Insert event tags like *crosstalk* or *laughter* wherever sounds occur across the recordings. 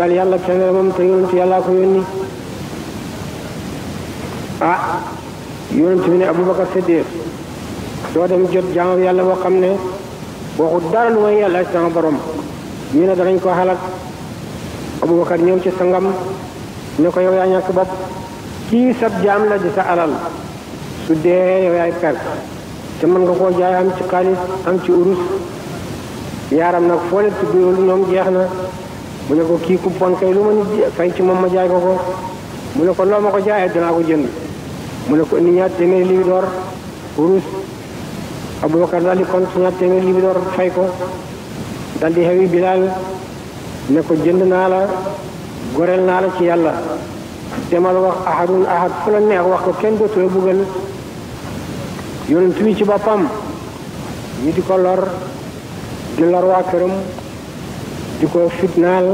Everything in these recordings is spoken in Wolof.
ragal yàlla keneen moom te yonent yàlla ko yónni ah yonent bi ne abubakar siddiq doo dem jot jaamu yàlla boo xam ne waxu dara lu may yàlla sama ko xalaat abubakar ñëw sangam ne ko yow yaa ñàkk bopp kii sab jaam la di sa alal su dee yow yaay perte te mën nga ko jaay am ci xaalis am ci urus yaaram nag foo leen tudd loolu jeex na mu ne ko kii ku bon kay lu ma nit fay ci moom ma jaay ko ko mu ne ko loo ma ko jaayee danaa ko jënd mu ne ko indi ñaar téeméeri libi door wurus Abubakar daal di compte ñaar téeméeri libi fay ko daal di xewi Bilaal ne ko jënd naa la goreel naa la ci yàlla demal wax ahadun ahad fu la neex wax ko kenn dootu la buggal yonent bi ci boppam ñu di ko lor di lor waa këram di ko fitnaal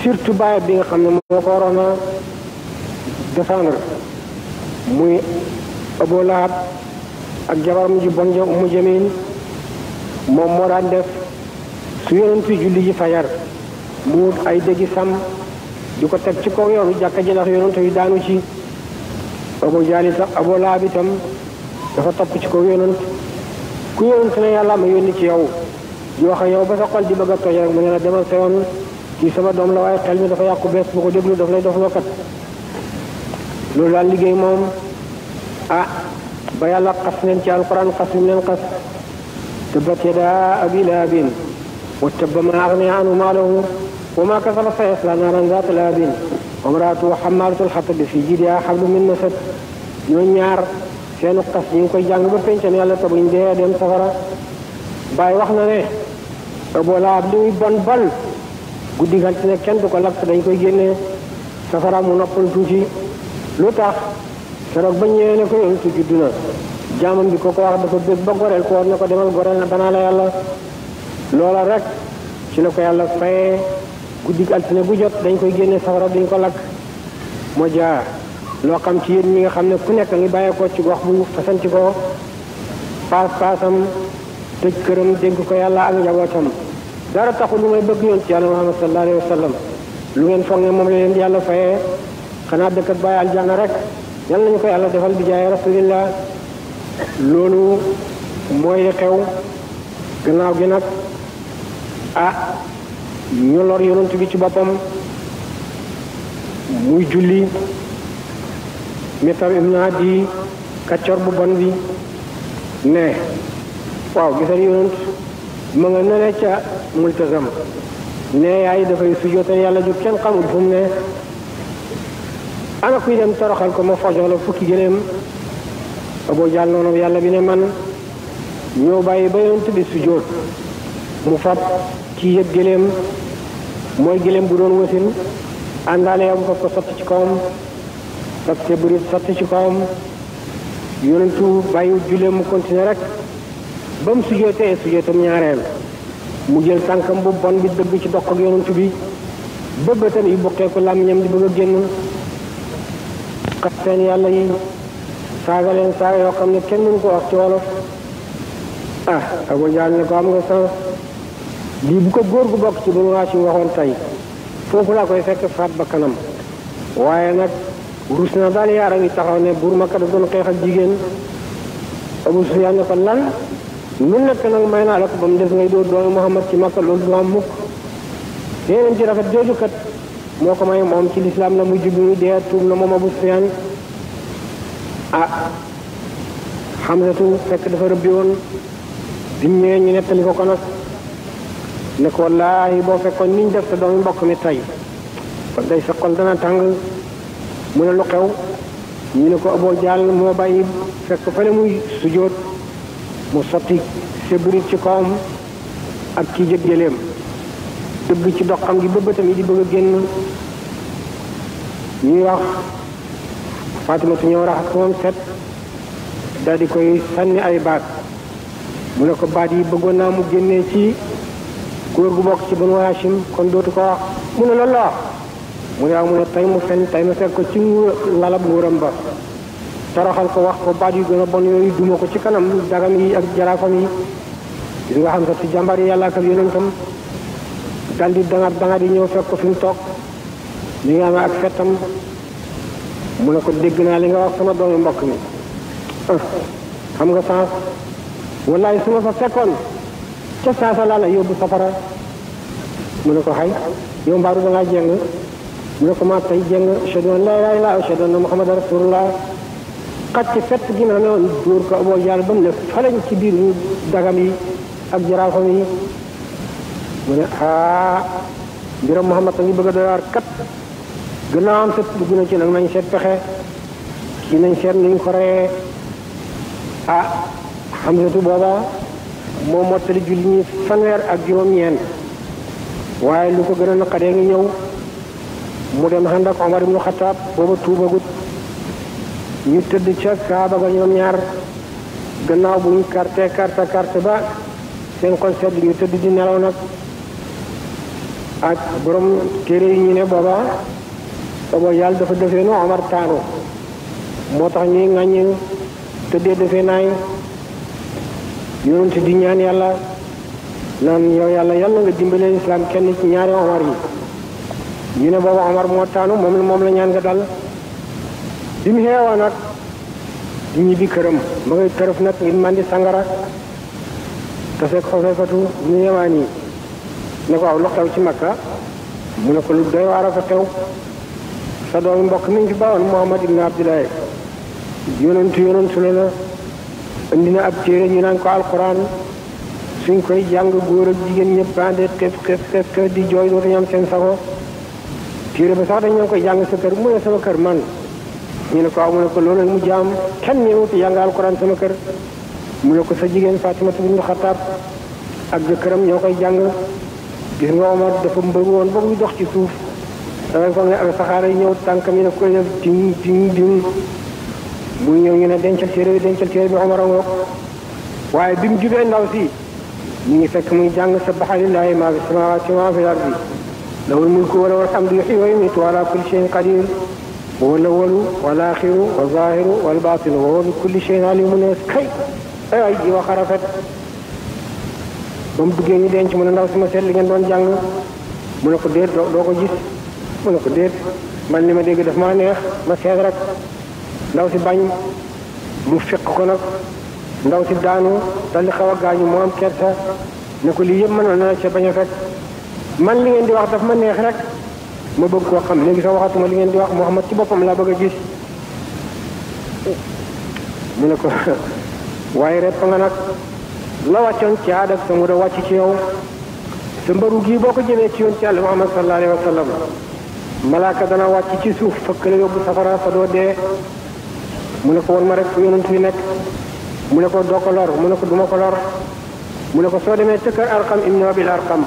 surtout baay bi nga xam ne moo ko waroon a muy Abu Lahab ak jabar mu ji bon ja moom moo daan def su yonent julli ji fajar mu wut ay déggi sam ju ko teg ci kaw yoonu jàkk ji ndax yonent yi daanu ci Abu Jahl itam Abu Lahab itam dafa topp ci kaw yonent ku yonent ne yàlla ma yónni ci yow di wax ak yow ba sa xol di ba a toj rek mu ne la demal sa yoon kii sama doom la waaye xel mi dafa yàqu bees bu ko déglu daf lay dof loo kat loolu daal liggéey moom ah ba yàlla xas leen ci alquran xas lim leen xas tabbat yadaa abii lahabin wa tabba maa aghnaa anhu maaluhu wa maa kasaba sayaslaa naaran zaata lahabin wa imra'atuhu hammaalatal hatab fii jiidihaa hablum min masad ñoo ñaar seenu xas ñu ngi koy jàng ba pencam yàlla tabuñ dee dem safara Baay wax na ne Ebola ak li muy bon bon ne kenn du ko lakk dañ koy génne safara mu noppal tuuti lu tax keroog ba ñëwee ne ko yow su juddu na jaamam bi ko ko wax ko bég ba goreel ko war ne ko demal goreel na banaa la yàlla loola rek ci la ko yàlla fayee guddi altine bu jot dañ koy génne safara duñ ko lakk moo loo xam ci yéen ñi nga xam ne ku nekk ngi bàyyeekoo ci gox bu fasanti ko paas paasam tëj këram dénk ko yàlla ak njabootam dara taxul lu may bëgg yoon ci yàlla Muhammad sallallahu alayhi wa sallam ne moom la leen yàlla fayee xanaa dëkk ak bàyyi aljanna rek yal nañu ko yàlla defal bi jaay rasulillah loolu mooy xew gannaaw gi nag ah ñu lor yonent bi ci boppam muy julli mitam im naa di kaccor bu bon bi ne waaw gisal yonent ma nga nene ca multazam ne yaay dafay sujjóotal yàlla ju kenn xamul fu mu ne ana kuy dem toroxal ko ma fojoo la fukki gëléem aboo jàll noonu yàlla bi ne man ñoo bàyyi ba yonent bi sujjóot mu fab ci yëpp gëléem mooy gëléem bu doon wasin àndaale am faf ko sotti ci kawam faf te bërit sotti ci kawam yonentu bàyyiwut jullee mu continuer rek ba mu sujjóotee sujjóotam ñaareel mu jël tànkam bu bon bi dëgg ci dox ak yonent bi bëggatam yi bokkeeku di bëgg a génn xasteen yàlla yi saaga leen saaga yoo xam ne kenn mënu ko wax ci wolof ah Abu Jahl ne ko am nga sa lii bu ko góor gu bokk ci bu waa ci waxoon tey foofu laa koy fekk faat ba kanam waaye nag rus na daal yaara ngi taxaw ne buur Makka daf doon xeex ak jigéen Abu Sufyaan ne ko lan lu nekk nag may naa la ko ba mu des ngay dóor doomu Muhammad ci Makka loolu du am mukk ci rafet jooju kat moo ko may moom ci lislaam la mu jublu dee tuub na moom Abu xam ah Xamsatu fekk dafa rëbbi woon biñ ñu nettali ko ko nag ne ko boo fekkoon niñ def sa doomi mbokk mi tey kon day fekkoon dana tàng mu ne lu xew ñu ne ko Abu Jahl moo bàyyi fekk fa ne muy sujjóot mu sotti sébrit ci kawam ak ci jëg gëléem dëgg ci am gi bëbëtam yi di bëgg a génn ñuy wax Fatima su ñëw raxas moom set daal koy sànni ay baat mu ne ko baat yi bëggoon naa mu génnee ci góor gu bokk ci Banu Hashim kon dootu ko wax mu ne loolu la wax mu ne waaw mu ne ko ci lala bu nguuram ba toroxal ko wax ko baat yu gën ko ci kanam dagam yi ak jaraafam yi li nga xam sax ci jàmbar yi yàlla ak yonentam dal di dangat dangat yi ñëw fekk ko fi mu toog li nga amee ak mu ne ko dégg naa li nga wax sama doomi mbokk mi xam nga saas wallaay su ma fa fekkoon ca saasa laa la yóbbu safara mu ne ko xay yow mbaaru da jeng mu ne ko maa tey jeng ashhadu an laa ilaaha illallaah ashhadu anna xacc fett gi nga xam ne woon dóor ko ba ne falañ ci biir ñu dagam yi ak jaraafam yi mu ne aa mbiram Muhammad a ngi bëgg a doy waar kat gannaawam sët dugg ci nag nañ seet pexe kii nañ seet nuñ ko reyee ah Hamsatu booba weer mottali julli ñi ak juróom-ñeent waaye lu ko gën a naqaree ngi ñëw mu dem ànd ak Omar ibnu Xataab booba tuubagut ñu tëdd ca kaaba ga ñoom ñaar gannaaw bu ñu karte karte karte ba seen xol sedd ñu tëdd di nelaw nag ak borom téere yi ñu ne booba booba dafa defe nu Omar taanu moo tax ñu ŋàññ tëddee defe naay yonent di ñaan yàlla naan yow yàlla yàlla nga dimbalee islam kenn ci ñaari Omar yi ñu ne booba Omar moo taanu moom la moom la ñaan nga dal bi mu xeewoo nag di ñibbi këram ma ngay tërëf nag ngir mandi sangara te fekk xosefatu ñu yewaan yi ne ko aw lu xew ci makka mu ne ko lu doy a fa tew sa doomi mbokk mi ngi fi bawoon Muhammad ibn Abdullahi yonentu yonentu la la indi na ab téere ñu naan ko alquran suñ koy jàng góor ak jigéen ñëpp bandee di jooy dootuñu am seen sago téere bi sax dañ dañu koy jàng sa kër mu ne sama kër man ñu ne ko aw ah, mu ne ko loolu mu jaam kenn ñëwuti yaa nga alxuraan sama kër mu ne ko sa jigéen Fatimatu bintu Xattaab ak jëkkëram ñoo koy jàng gis nga Omar dafa mbëru woon ba muy dox ci suuf dangay foog ne ak saxaara yi ñëw tànkam yi ne koy def diŋ diŋ diŋ muy ñëw ñu ne dencal téere bi dencal téere bi Omar a ngoog waaye bi mu jubee ndaw si ñu ngi fekk muy jàng sabbaha lillaahi maa fi samaawaati wa maa fi l-ardi lahul mulku wa lahul hamdu yuhyi wa yumiitu wa alaa kulli shay'in qadiir وهو الأول والآخر والظاهر والباطن وهو بكل شيء عليم nees kay ay ay ji wax a rafet ba mu duggee ñu denc mu ne ndaw si ma seet li ngeen doon jàng mu ne ko déet doo ko gis mu ne ko déet man li ma dégg daf maa neex ma seet rek ndaw si bañ mu fekk ko nag ndaw si daanu daldi xaw a gaañu mu am kersa ne ko lii yëpp mënoon na ca bañ a fekk man li ngeen di wax daf ma neex rek ma bëgg koo xam léegi sax waxatuma li ngeen di wax Muhammad ci boppam laa bëgg a gis mu ne ko waaye repp nga nag la wàccoon ci aada sa mu da wàcc ci yow sa mbaru gii boo ko jëmee ci yoon ci àll mu sallallahu alayhi wa sallam malaaka dana wàcc ci suuf fëkk la yóbbu safara sa doo dee mu ne ko woon ma rek fu yonent nekk mu ne ko doo ko lor mu ne ko duma ko lor mu ne ko soo demee ca kër Arqam ibnu Abil Arqam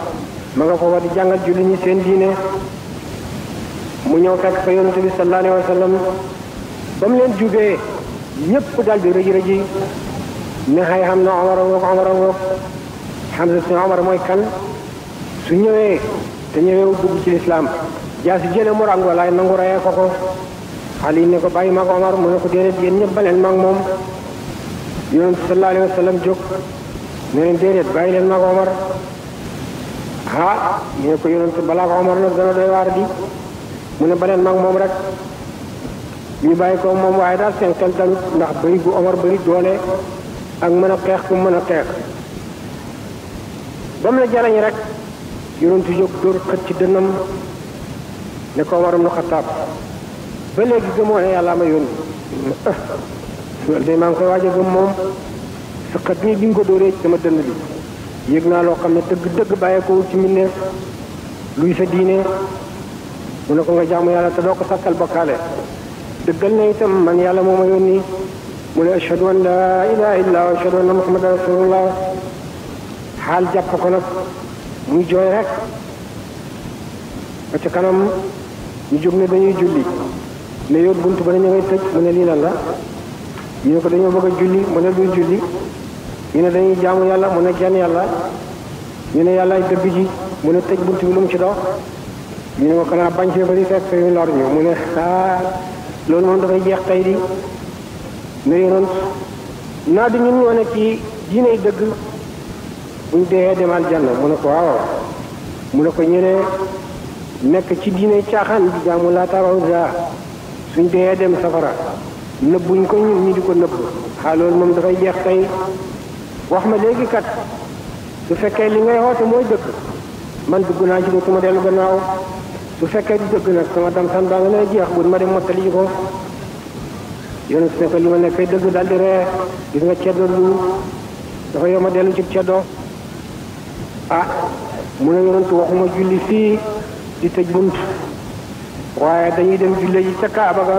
ma nga foofa di jàngal julli ñi seen diine mu ñëw fekk fa yonente bi sallallahu alayhi wa sallam ba mu leen jubee ñëpp dal di rëji rëji ne xay xam na omar a ngoog omar a ngoog xam ne omar mooy kan su ñëwee te ñëweewu dugg ci lislaam jaa si jële mu rango laay nangu rayee ko ko xali ne ko bàyyi maag omar mu ne ko déedéet yéen ñëpp baleen maag moom yonente sallallahu alayhi wa sallam jóg ne leen déedéet bàyyi leen maag omar ah ñu ne ko yonente balaa ko omar nag dana doy waar di mu ne beneen mag moom rek ñu bàyyi ko moom waaye daal seen xel dalut ndax bëri bu Omar bëri doole ak mën a xeex ku mën a xeex ba mu la jarañ rek yonentu jóg dóor xët ci dënnam ne ko Omar ibn Xattaab ba léegi gëmoo ne yàllaa ma yónni de maa ngi koy waaj gëm moom sa xët nii bi nga ko dóoree ci dënn bi yëg naa loo xam ne dëgg dëgg bàyyeekowul ci mbindeef luy sa diine mu ne ko nga jaamu yàlla te doo ko sàkkal bokkaale dëggal na itam man yàlla moo ma yónni mu ne ashhadu an laa ilaha illa wa ashhadu anna muhammadan rasulullah xaal jàpp ko nag muy jooy rek ba ca kanam ñu jóg ne dañuy julli ne yoon bunt ba ne ñu ngay mu ne lii lan la ñu dañoo bëgg a julli mu ne duñ julli ne dañuy jaamu yàlla mu ne genn yàlla ñu ne yàllaay dëgg ji mu ne tëj bunt bi lu ci dox ñu ne ko xanaa bañ fee ba di fekk yu lor mu ne ah, loolu moom dafay jeex tey di na yonent naa di ñun wane ci dëgg buñ dee demal janna mu ne ne ko ñeneen nekk ci diiney caaxaan di jaamu laata wala suñ dee dem safara nëbbuñ ko ñun ñu di ko nëbb xaa ah, loolu moom dafay jeex tey wax ma léegi kat su fekkee li ngay xoote mooy dëkk man dugg naa ci dootuma dellu gannaaw su fekkee di dëgg nag sama tam tam daa nga jeex bu ma dem mottali ji ko yonent ne ko li ma nekkee dëgg daal di ree gis nga ceddo lu dafa yomb a dellu ci ceddo ah mu ne yonent waxuma julli fii di tëj bunt waaye dañuy dem julli ji ca Kaaba ga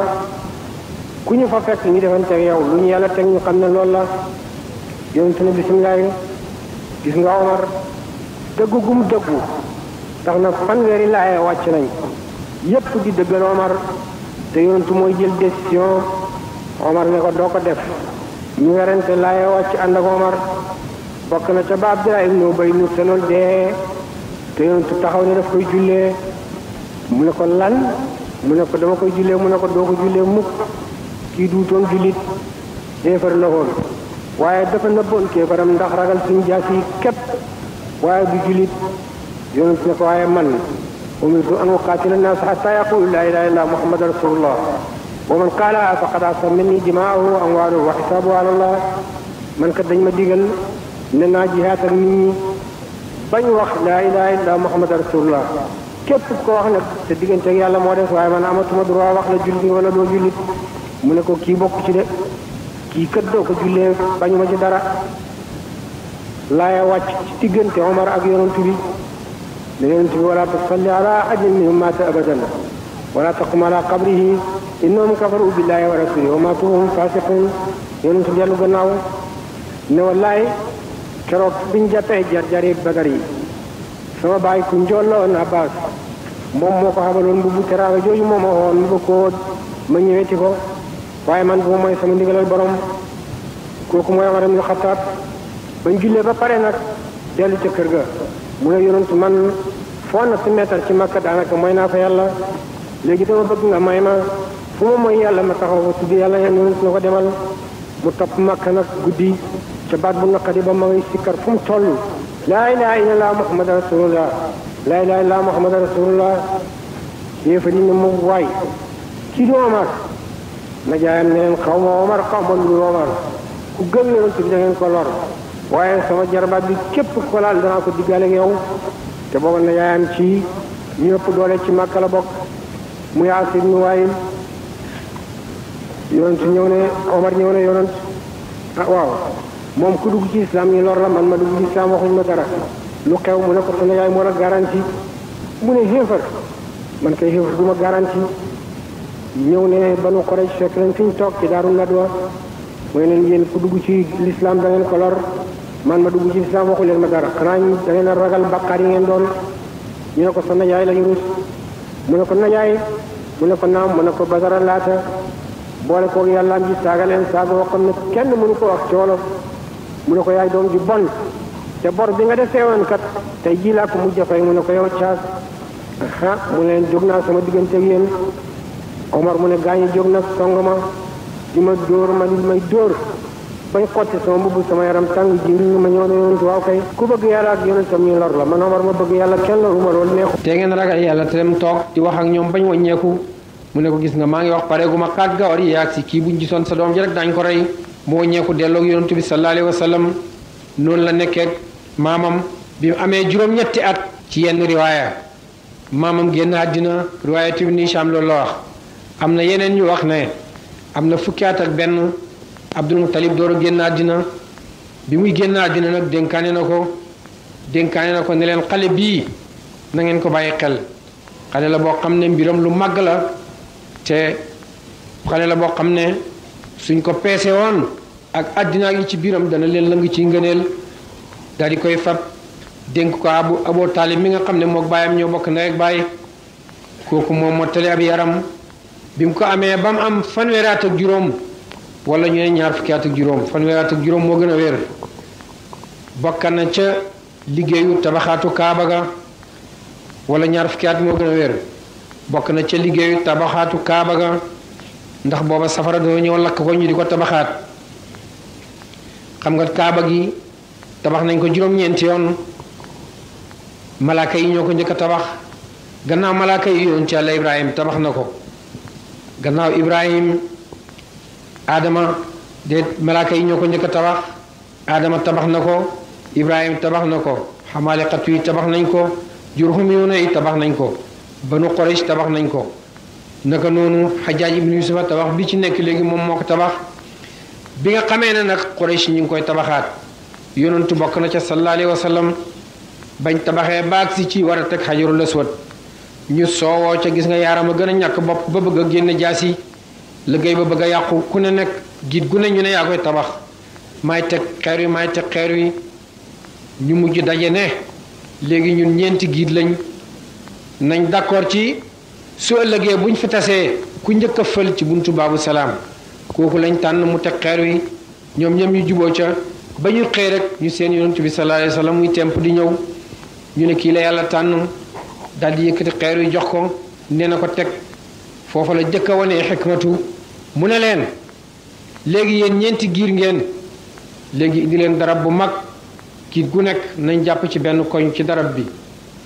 ku ñu fa fekk ñu defanteeg yow lu ñu yàlla teg ñu xam ne loolu la yonent ne bisimilaay gis nga Omar dëggu gum dëggu tax na fanweeri laaya wàcc nañ yépp di dëggal Omar te yonentu mooy jël décision Omar ne ko doo ko def ñu werante laaya wàcc ànd ak Omar bokk na ca ba Abdullah ibnu Ubay nu senoon dee te yonentu taxaw ne daf koy jullee mu ne ko lan mu ne ko dama koy jullee mu ne ko doo ko jullee mukk kii duutoon jullit kéefar la woon waaye dafa nëbboon kéefaram ndax ragal suñu jaas yi képp waaye du jullit yonent ne ko waaye man umirtu an uqaatila naas xataa yaqulu laa ilaaha illa muhammad rasulullah wa man faqad asa minni dimaahu wa wa xisaabuhu allah man kat dañ ma digal ne naa jihaat ak bañu wax laa ilaaha illa muhammad rasulullah képp ko wax nag te diggante ak yàlla moo des waaye ma amatuma droit wax la jullit wala doo jullit mu ne ko kii bokk ci de kii kat doo ko jullee bañuma ci dara laaya wàcc ci diggante Omar ak yonent لينت ولا تصلي على أحد منهم مات أبدا ولا تقم على قبره إنهم كفروا بالله ورسوله وماتوا ne wallaay keroog biñ jàppee jarjari badar yi sama baay ku njool la woon moom moo ko xamaloon bu bu teraanga jooju moom a woon mu ko ma ñëweeti ko waaye man bu mooy sama ndigalal borom kooku mooy Omar ibn Xattaab bañ jullee ba pare nag dellu ca kër ga mu ne yonent man foo na si meetar ci makka daanaka mooy naa fa yàlla léegi dama bëgg nga may ma fu ma mooy yàlla ma taxaw tudd yàlla yonent na ko demal mu topp makka nag guddi ca baat bu naqari ba ma ngay sikkar fu mu toll laa ilaha illallah muhammad rasulullah laa ilaha illallah muhammad rasulullah yéefa di ne mu waay kii di Omar na jaayam ne leen xaw ma Omar xaw ma lu Omar ku gëm yonent bi da ngeen ko lor waaye sama jarbaat bi képp ko laal danaa ko diggaale yow te booba na yaayam ci ñu doole ci màkk la bokk mu yaasir ñu waaye yonent ñëw ne omar ñëw ne yonent ah waaw moom ku dugg ci islam ñu lor la man ma dugg ci islam ma dara lu xew mu ne ko sama yaay moo la ne xéefar man kay xéefar du garanti ñëw ne banu Quraysh fekk nañ fi toog ci daaru nadwa mooy leen yéen ku dugg ci l'islam da ko lor man ma dugg ci lislaam waxu leen ma dara xanaa ñu da ngeen ragal bàkkaar yi ngeen doon ñu ne ko sa najaay lañu rus mu ne ko najaay mu ne ko naam mu ne ko basara laata boole koog yàllaam ji saaga leen saaga woo xam ne kenn mënu ko wax ci wolof mu ne ko yaay doom ji bon te bor bi nga defee woon tey jii laa ko mujj a mu ne ko yow caas ah mu ne leen jóg naa sama diggante ak yéen Omar mu ne gaañu jóg nag song ma di ma dóor ma di may dóor bañ xotti sama mbubb sama yaram tàng jiw ma ñëw ne yonent waaw kay ku bëgg yàlla ak yonentam ñu lor la man Omar ma bëgg yàlla kenn loru ma loolu te ngeen ragal yàlla te dem toog di wax ak ñoom bañ waññeeku mu ne ko gis nga maa ngi wax pare gu ma xaat gawar yi yaag si kii buñ gisoon sa doom ji rek daañ ko rey mu wàññeeku delloog yonentu bi sallallahu alayhi wa sallam noonu la nekkee maamam bi mu amee juróom-ñetti at ci yenn riwaaya maamam génn àddina riwaaya Ibn Hisham loolu la wax am na yeneen ñu wax ne na fukki at Abdul Muttalib door a génn àddina bi muy génn àddina nag dénkaane na ko dénkaane na ko ne leen xale bii na ngeen ko bàyyi xel xale la boo xam ne mbiram lu màgg la te xale la boo xam ne suñ ko peese woon ak àddinaa gi ci biiram dana leen lëng ci ngëneel daal di koy fab dénk ko abu aboo taalib mi nga xam ne mook baayam ñoo bokk na bàyyi kooku moom mottali ab yaram bi mu ko amee ba mu am fanweeri ak juróom wala ñu ne ñaar fukki at ak juróom fanweeri at ak juróom moo gën a wér bokk na ca liggéeyu tabaxaatu kaaba ga wala ñaar fukki moo gën a wér bokk na ca liggéeyu tabaxaatu kaaba ga ndax booba safara doo ñëw lakk ko ñu di ko tabaxaat xam nga kaaba gi tabax nañ ko juróom-ñeenti yoon malaaka yi ñoo ko njëkk tabax gannaaw malaaka yi yoon ci Yàlla Ibrahim tabax na ko gannaaw Ibrahim Adama de malaaka yi ñoo ko njëkk a tabax Adama tabax na ko Ibrahima tabax na ko xamaaliqatu yi tabax nañ ko jurhumiyuuna it tabax nañ ko ba banu Quraysh tabax nañ ko naka noonu Xajaaj ibnu Yusufa tabax bi ci nekk léegi moom moo ko tabax bi nga xamee ne nag yi ñu ngi koy tabaxaat yonentu bokk na ca sallallahu alayhi wa sallam bañ tabaxee baag si ci war a teg xajarul aswad ñu soowoo ca gis nga a gën a ñàkk bopp ba bëgg a génn jaasi liggéey ba bëgg a yàqu ku ne nag giit gu ne ñu ne yaa koy tabax may teg xeer yi may teg xeer wi ñu mujj daje ne léegi ñun ñeenti giit lañ nañ d'accord ci su ëllëgee buñ fi tasee ku njëkk a fël ci buntu baabu salaam kooku lañ tànn mu teg xeer wi ñoom ñoom ñu juboo ca ba ñu xëy rek ñu seen yonent bi sallallahu alayhi wa sallam muy temp di ñëw ñu ne kii la yàlla tànn daal di xeer wi jox ko nee na ko teg foofa la jëkk a wane xikmatu mu ne leen léegi yéen ñeenti giir ngeen léegi indi leen darab bu mag kiit gu nekk nañ jàpp ci benn koñ ci darab bi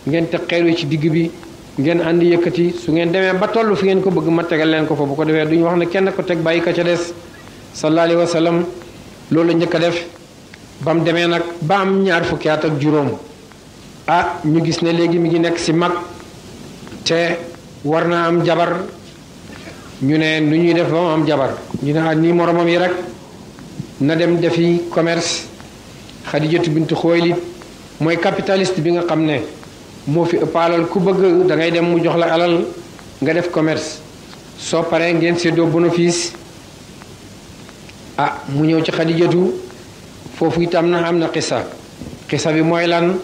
ngeen teg xeer ci digg bi ngeen ànd yëkkati su ngeen demee ba toll fi ngeen ko bëgg ma tegal leen ko fa bu ko defee duñu wax ne kenn ko teg bàyyi ka ca des sallallahu alayhi wa sallam loolu la njëkk a def ba mu demee nag ba am ñaar fukkiyaat ak juróom ah ñu gis ne léegi mi ngi nekk ci mag te war naa am jabar ñu ne nu ñuy def ba mu am jabar ñu ne ah nii moromam yi rek na dem defi commerce Xadijatu bint Xuwaylid mooy capitalist bi nga xam ne moo fi ëpp alal ku bëgg dangay dem mu jox la alal nga def commerce soo paree ngeen séddoo bénéfice ah mu ñëw ci Xadijatu foofu itam na am na xisa xisa bi mooy lan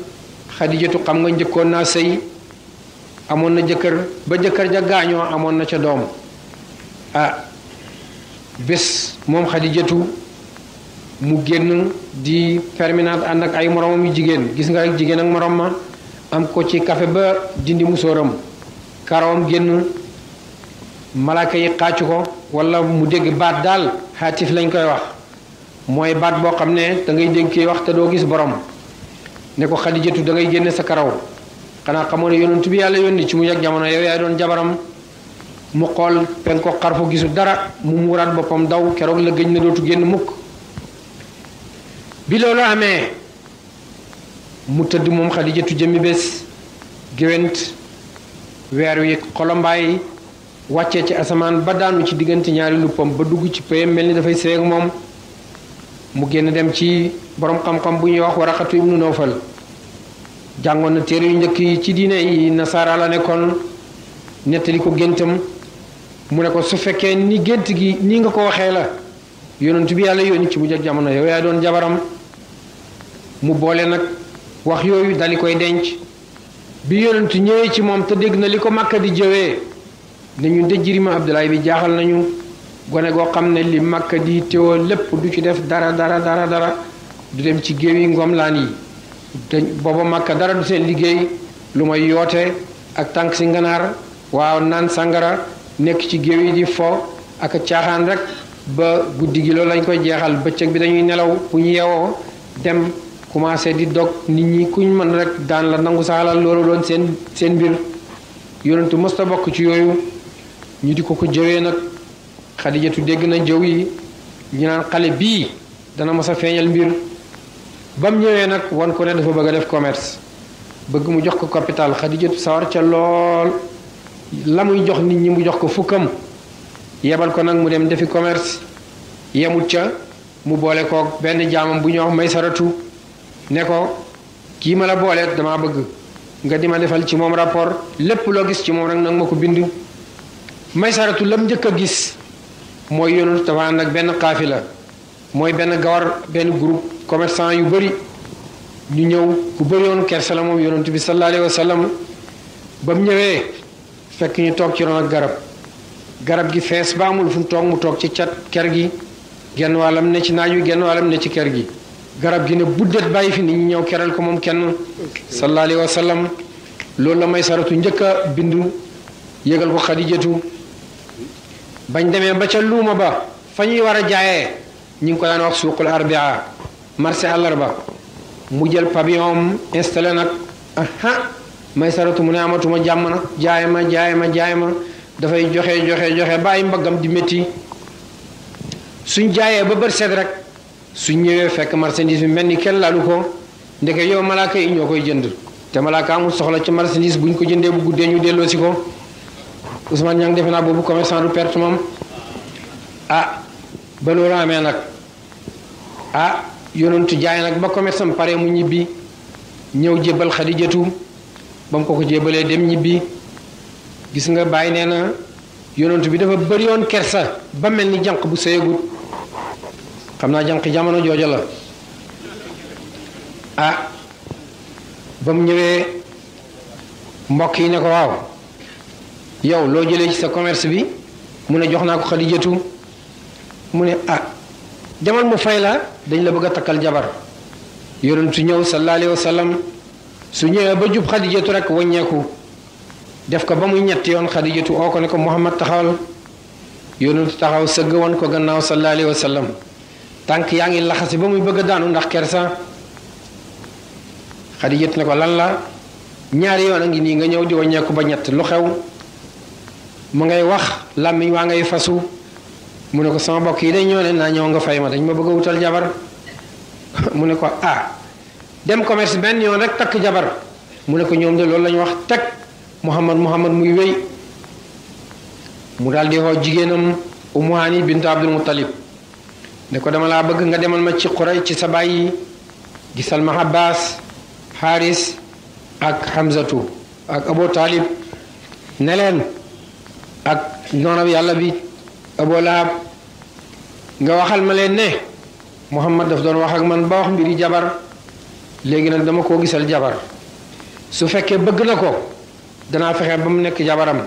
Xadijatu xam nga njëkkoon naa sëy amoon na jëkkër ba jëkkër ja gaañoo amoon na ca doom ah bés moom xadijatu mu génn di permanente ànd ak ay moromam yu jigéen gis nga jigéen ak morom ma am ko ci kafe ba dindi musóoram karawam génn malaaka yi xàccu ko wala mu dégg baat daal xaatif lañ koy wax mooy baat boo xam ne da ngay dégg kiy wax te doo gis borom ne ko xadijatu da ngay génne sa karaw xanaa xamoon ne yonent bi yàlla yónni ci mu yàgg jamono yow yaay doon jabaram mu xool pen ko xarfu gisu dara mu muuraat boppam daw keroog la gëj na dootu génn mukk bi loolu amee mu tëdd moom xadijatu jëmmi bés géwént weer wi xolombaay wàccee ci asamaan ba daanu ci diggante ñaari luppam ba dugg ci payam mel ni dafay seeg moom mu génn dem ci boroom xam-xam bu ñuy wax waraqatu ibnu nawfal jàngoon na téere yu njëkk yi ci diine yi nasaara la nekkoon nettali ko géntam mu ne ko su fekkee ni gént gi ni nga ko waxee la yonent bi yàlla yónni ci bu njëkk jamono yow yaa doon jabaram mu boole nag wax yooyu dali koy denc bi yonent ñëwee ci moom te dégg na li ko màkka di jëwee nañu ñun de jirima bi jaaxal nañu gone goo xam ne li màkka di teewoo lépp du ci def dara dara dara dara du dem ci géew yi ngomlaan yi te booba màkka dara du seen liggéey lu may yoote ak tànk si nganaar waaw naan sàngara nekk ci géew yi di fo ak caaxaan rek ba guddi gi loolu lañ koy jeexal bëccëg bi dañuy nelaw bu ñu yeewoo dem commencé di dog nit ñi kuñ mën rek daan la nangu saalal loolu doon seen seen mbir yonentu mësta bokk ci yooyu ñu di ko ko jëwee nag xadijatu dégg na jëw yi ñu naan xale bii dana mos a feeñal mbir bam mu ñëwee nag wan ko ne dafa bëgg a def commerce bëgg mu jox ko capital xadijatu sawar ca lool la muy jox nit ñi mu jox ko fukkam yebal ko nag mu dem defi commerce yemut ca mu boole kook benn jaamam bu ñuy wax may saratu ne ko kii ma la booleet damaa bëgg nga di ma defal ci moom rapport lépp loo gis ci moom rek nag ma ko bind may saratu lam njëkk a gis mooy yonent dafa ànd ak benn xaafila mooy benn gawar benn groupe commerçant yu bëri ñu ñëw ku bëri woon kersa la moom yonent bi sallallahu alayhi wa sallam ba mu ñëwee fekk ñu toog ci ron ak garab garab gi fees ba amul fu mu toog mu toog ci cat ker gi genn wàllam ne ci naaj wi genn wàllam ne ci ker gi garab gi ne buddet bàyyi fi nit ñi ñëw keral ko moom kenn sallallahu alayhi wa sallam loolu la may saratu njëkk a bindu yëgal ko xadijatu bañ demee ba ca luuma ba fa ñuy war a jaayee ñu ngi ko daan wax suuqul arbia marché àllarba mu jël pavillon installé nag aha may saratu mu ne amatuma jàmm nag jaay ma jaay ma jaay ma dafay joxe joxe joxe bàyyi mbaggam di métti suñ jaayee ba bër set rek suñ ñëwee fekk marchandise bi mel ni kenn laalu ko ndeke yow malaaka yi ñoo koy jënd te malaaka amul soxla ci marchandise buñ ko jëndee bu guddee ñu delloo si ko Ousmane Niang defe naa boobu commerçant du perte moom ah ba loolu amee nag ah jaay nag ba commerçant pare mu ñibbi ñëw jébbal Xadijatu ba mu ko ko jébalee dem ñibbi gis nga bàyyi nee na yonent bi dafa bëri yoon kersa ba mel ni jànq bu sëyagut xam naa jànq jamono jooja la ah ba mu ñëwee mbokk yi ne ko waaw yow loo jëlee ci sa commerce bi mu ne jox naa ko xadijatu mu ne ah jamal mu fay la dañ la bëgg a takkal jabar yonentu ñëw sallallahu alayhi wa sallam su ñëwee ba jub xadijatu rek waññeeku def ko ba muy ñetti yoon xadijatu oo ko ne ko muhammad taxawal yonentu taxaw sëgg woon ko gannaaw sallallahu alayhi wa sallam tànk yaa ngi laxasi ba muy bëgg a daanu ndax kersa xadijatu ne ko lan la ñaari yoon a ngi nii nga ñëw di waññeeku ba ñett lu xew mu ngay wax làmmiñ waa ngay fasu mu ne ko sama bokk yi day ñoo ne naa ñëw nga fay ma dañ ma bëgg a wutal jabar *laughs* mu ne ko ah dem commerce benn yoon rek takk jabar mu ne ko ñoom de loolu la ñu wax teg Muhammad Muhammad muy wéy mu daal di woo jigéenam Ummu Hani bint Abdul Muttalib ne ko dama laa bëgg nga demal ma ci Quraysh ci sa baay yi gisal ma Abbas Haris ak Hamzatu ak Abu Talib ne leen ak noonab yàlla bi Abu Lahab nga waxal ma leen ne Muhammad daf doon wax ak man ba wax mbiri jabar léegi nag dama koo gisal jabar su fekkee bëgg na ko danaa fexee ba mu nekk jabaram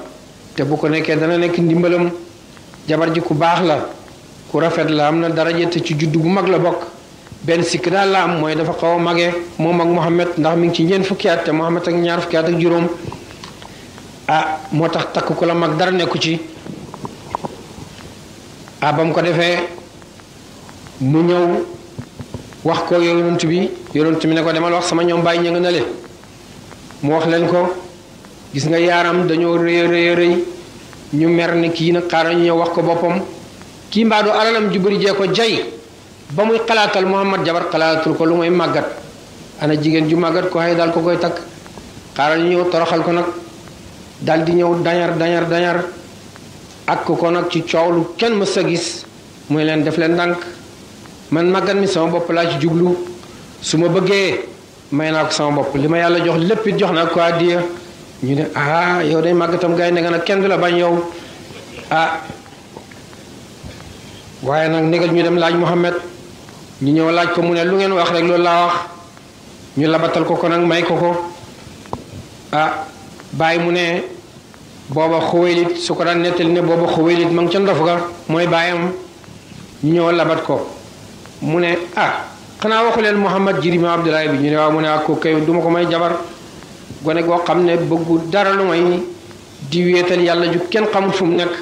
te bu ko nekkee dana nekk ndimbalam jabar ji ku baax la ku rafet la am na daraje te ci juddu bu mag la bokk benn sikk daal la am mooy dafa xaw a magee moom ak Mouhamed ndax mi ngi ci ñeent fukki at te Mouhamed ak ñaar fukki ak juróom ah moo tax takk ko la mag dara nekku ci ah ba mu ko defee mu ñëw. wax ko yonent bi yonent bi ne ko demal wax sama ñoom bàyyi ña nga nale mu wax leen ko gis nga yaaram dañoo rëy rëy ñu mer ne kii nag xaaral ñu ñëw wax ko boppam kii mbaadu alalam ju bëri jee ko jay ba muy xalaatal Muhammad jabar xalaatul ko lu muy màggat ana jigéen ju màggat ko xëy daal ko koy takk xaaral ñu ñëw toroxal ko nag daal di ñëw dañar dañar dañar ak ko nag ci coow lu kenn mës a gis muy leen def leen ndànk man màggan mi sama bopp laa ci jublu su ma bëggee may naa ko sama bopp li ma yàlla jox lépp jox naa ko addiya ñu ne ah yow day màggatam gars yi ne nag kenn du la bañ yow ah waaye nag négal ñu dem laaj Muhammad ñu ñëw laaj ko mu ne lu ngeen wax rek loolu laa wax ñu labatal ko ko nag may ko ko ah bàyyi mu ne booba xuwéylit su ko daan nettali ne booba xuwéylit ma ngi ca ndof ga mooy baayam ñu ñëw labat ko mu ne ah xanaa waxu leen Mouhamad Jirima Abdoulaye bi ñu ne waaw mu ne ak ah, ko kay du ma ko may jabar gone goo xam ne bëggu dara lu may di yàlla ju kenn xamul fu mu nekk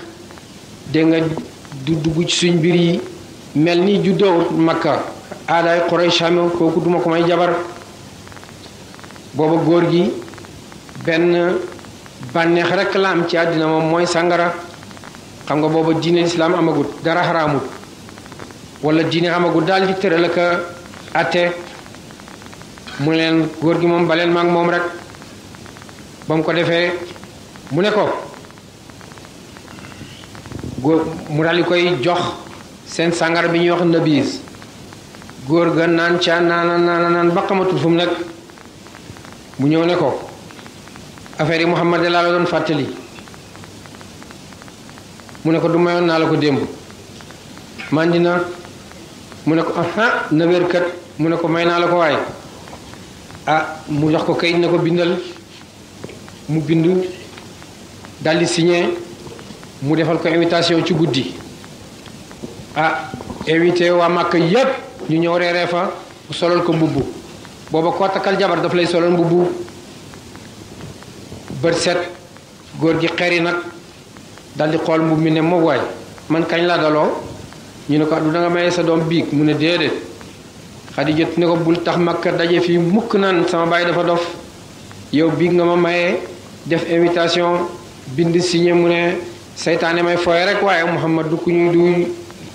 dégg nga du dugg ci suñ mbir yi mel ni juddoo makka aadaay xoroy same kooku duma ko may jabar booba góor gi benn bànneex rekk la am ci àddina moom mooy sàngara xam nga booba diine lislaam amagut dara xaraamut wala diine xamagul daal di tëral ak atte mu leen góor gi moom baleen maak moom rek ba mu ko defee mu ne ko góor mu daal di koy jox seen sàngara bi ñuy wax nabiis góor ga naan ca naan naan naan ba xamatul fu mu nekk mu ñëw ne ko affaire yi Muhammad laa la doon fàttali mu ne ko du mayoon naa la ko démb màndi mu ne ko aha na wér mu ne ko may naa la ko waay ah mu jox ko kayit na ko bindal mu bind daldi signé mu defal ko invitation ci guddi ah invité waa Màkka yépp ñu ñëw reeree fa mu solal ko mbubb booba koo takkal jabar daf lay solal mbubb bët set góor gi xeri nag daldi xool mbubb mi ne moom waay man kañ laa daloo ñu ne ko ah, du da nga maye sa doom biig mu ne déedéet xadijat ne ko bul tax makka daje fii mukk naan sama baay dafa dof yow biig nga ma maye def invitation bind signé mu ne seytaane may fooye rek waaye muhammad du ku ñuy du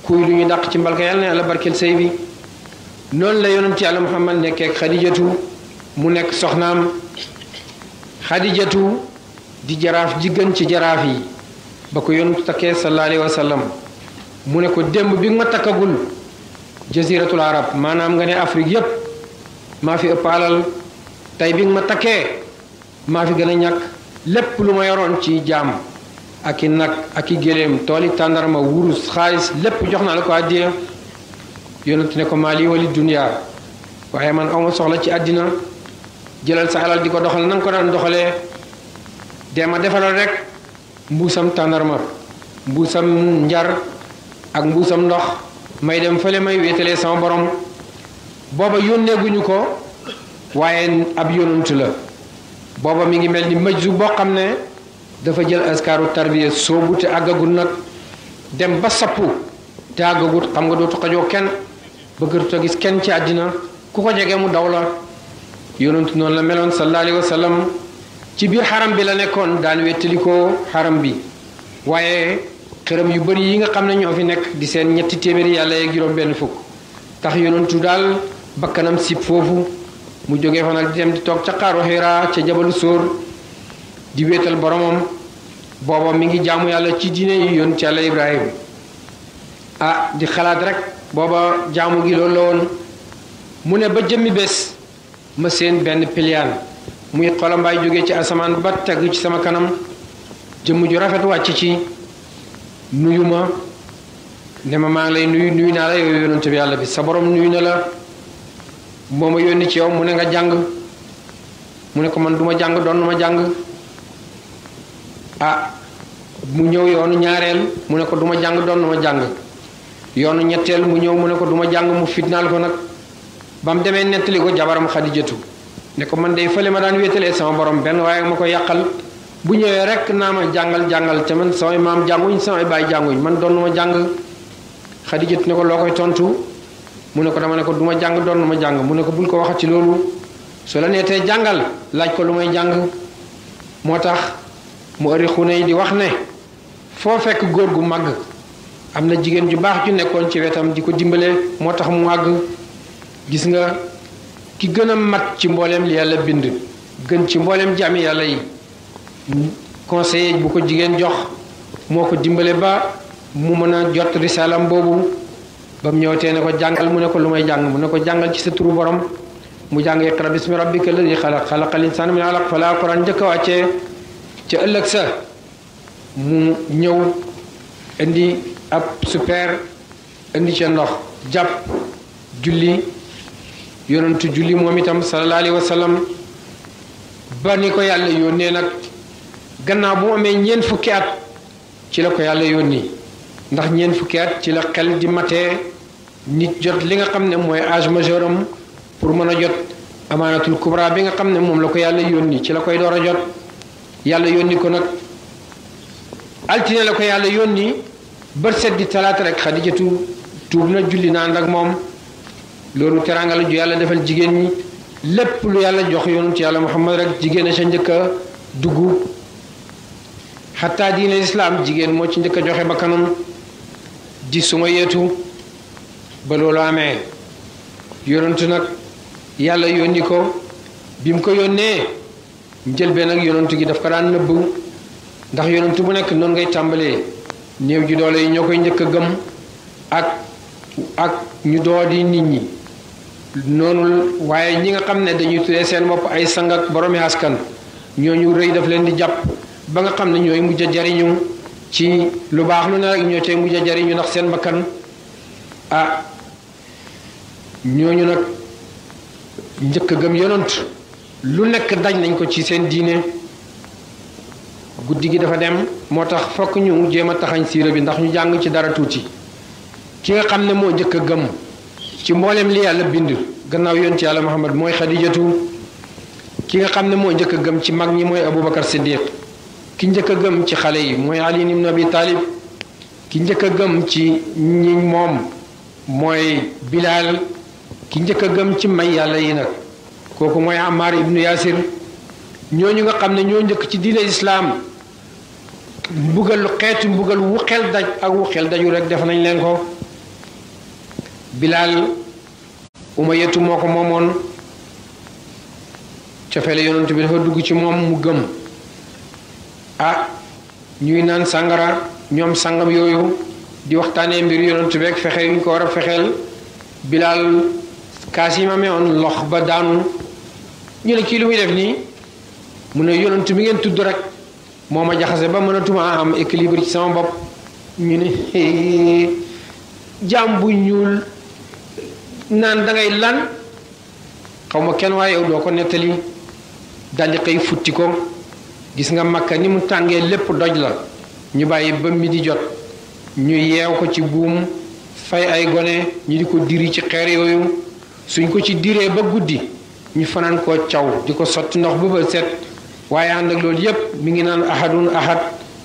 kuy du ñu daq ci mbalka yàlla na yàlla barkeel sëy bi noonu la yonent yàlla muhammad nekkee xadijatu mu nekk soxnaam xadijatu di jaraaf ji ci jaraaf yi ba ko yonent takkee sallallahu alayhi wa mu ne ko démb bi ma takkagul jaziratul arab maanaam nga ne Afrique yépp maa fi ëpp alal tey bi ma takkee maa fi gën a ñàkk lépp lu ma yoroon ci jaam ak i nag ak i géléem tooli tàndarma wurus xaalis lépp jox naa la ko àddiya yonent ne ko maa lii wali duniyaa waaye man awma soxla ci àddina jëlal sa alal di ko doxal nanga ko daan doxalee dee ma defaral rek mbuusam tàndarma mbuusam njar ak mbuusam ndox may dem fële may wéetalee sama borom booba yónneeguñu ko waaye ab yonantu la booba mi ngi mel ni majzu boo xam ne dafa jël askaaru tarbiya soobu te àggagul nag dem ba sappu te àggagut xam nga dootu xajoo kenn bëggatu gis kenn ci àddina ku ko jege mu daw la yonantu noonu la meloon sallallahu alayhi wa sallam ci biir xaram bi la nekkoon daan wettalikoo xaram bi waaye xërëm yu bëri yi nga xam ne ñoo fi nekk di seen ñetti téeméeri yàlla yeeg juróom benn fukk tax yonentu daal bakkanam sib foofu mu jóge fa nag di dem di toog ca xaaru Hira ca jabalu sóor di wéetal boromam booba mi ngi jaamu yàlla ci diine yu yonent yàlla Ibrahima ah di xalaat rek booba jaamu gi loolu la woon mu ne ba jëmmi bés ma seen benn piliyaan muy xolambaay jóge ci asamaan ba tegu ci sama kanam jëmm ju rafet wàcc ci nuyu ma ne ma maa ngi lay nuyu nuyu naa la yow yonent bi yàlla bi sa borom nuyu na la moo ma yónni ci yow mu ne nga jàng mu ne ko man duma jàng doon ma jàng ah mu ñëw yoonu ñaareel mu ne ko duma jàng doon ma jàng yoonu ñetteel mu ñëw mu ne ko duma jàng mu fitnaal ko nag ba mu demee nettali ko jabaram xadijatu ne ko man de fële ma daan wéetalee sama borom benn waaye ma ko yàqal bu ñëwee rek naa ma jàngal jàngal te man samay maam jànguñ samay baay jànguñ man doon ma jàng Xadija ne ko loo koy tontu mu ne ko dama ne ko du ma jàng doon ma jàng mu ne ko bul ko waxati loolu su la nee tey jàngal laaj ko lu may jàng moo tax mu ëri xune yi di wax ne foo fekk góor gu màgg am na jigéen ju baax ju nekkoon ci wetam di ko dimbale moo tax mu màgg gis nga ki gën a mat ci mbooleem li yàlla bind gën ci mbooleem jaami yàlla yi conseiller bu ko jigéen jox moo ko dimbale ba mu mën a jot risalam boobu ba mu ñëwatee ne ko jàngal mu ne ko lu may jàng mu ne ko jàngal ci sa turu borom mu jàng iqra bismi rabbika alladi xalaq xalaqal insaana min alaq falaa quran njëkk a wàccee ca ëllëg sa mu ñëw indi ab super indi ca ndox jàpp julli yonentu julli moom itam sallallahu alayhi ba ni ko yàlla yónnee nag gannaaw bu mu amee ñeent fukki at ci la ko yàlla yónni ndax ñeent fukki at ci la xel di matee nit jot li nga xam ne mooy âge majeur am pour mën a jot amaanatul kubra bi nga xam ne moom la ko yàlla yónni ci la koy door a jot yàlla yónni ko nag altine la ko yàlla yónni bët set di talaata rek xadijatu tuub na julli naan ak moom loolu teraanga la ju yàlla defal jigéen ñi lépp lu yàlla jox yonent yàlla muhammad rek jigéen a sa njëkk a xataa diine lislaam jigéen moo ci njëkk joxe ba kanam di suma yeetu ba loolu amee yonentu nag yàlla yónni ko bi mu ko yónnee njëlbeen nag yonentu gi daf ko daan nëbb ndax yonentu bu nekk noonu ngay tàmbalee néew ji doole yi ñoo koy njëkk a gëm ak ak ñu di nit ñi noonu waaye ñi nga xam ne dañuy tuddee seen bopp ay sang ak boroomi askan ñooñu rëy daf leen di jàpp ba nga xam ne ñooy mujj a jariñu ci lu baax lu ne rek ñoo cay mujj a jariñu ndax seen bakkan ah ñooñu nag njëkk a gëm yonant lu nekk daj nañ ko ci seen diine guddi gi dafa dem moo tax fokk ñu jéem a taxañ siira bi ndax ñu jàng ci dara tuuti ki nga xam ne moo njëkk a gëm ci mboolem li yàlla bind gannaaw yoon ci yàlla Muhammad mooy xadijatu ki nga xam ne moo njëkk a gëm ci mag ñi mooy Aboubacar Siddiq ki njëkk a gëm ci xale yi mooy Ali ibn Abi Talib ki njëkk a gëm ci ñi moom mooy Bilal ki njëkk a gëm ci may yàlla yi nag kooku mooy Ammar ibnu Yasir ñu nga xam ne ñoo njëkk ci diine islaam mbugal xeetu mbugal wu xel daj ak wu daju rek def nañ leen ko Bilal umayatu moo ko moomoon cofeele yonent bi dafa dugg ci moom mu gëm ah ñuy naan sàngara ñoom sàngam yooyu di waxtaanee mbir yonent beeg fexe yu ñu ko war a fexeel bilaal kaas yi ma meewoon lox ba daanu ñu ne kii lu muy def nii mu ne yonent bi ngeen tudd rek moo ma jaxase ba mënatumaa am équilibre ci sama bopp ñu ne jaam bu ñuul naan dangay lan xaw ma kenn waaye yow doo ko nettali daldi xëy futti ko gis nga makka ni mu tàngee lépp doj la ñu bàyyi ba mi di jot ñu yeew ko ci buum fay ay gone ñu di ko diri ci xeer yooyu suñ ko ci diree ba guddi ñu fanaan koo caw di ko sotti ndox bu ba set waaye ànd loolu yépp mi ngi naan ahadun ahad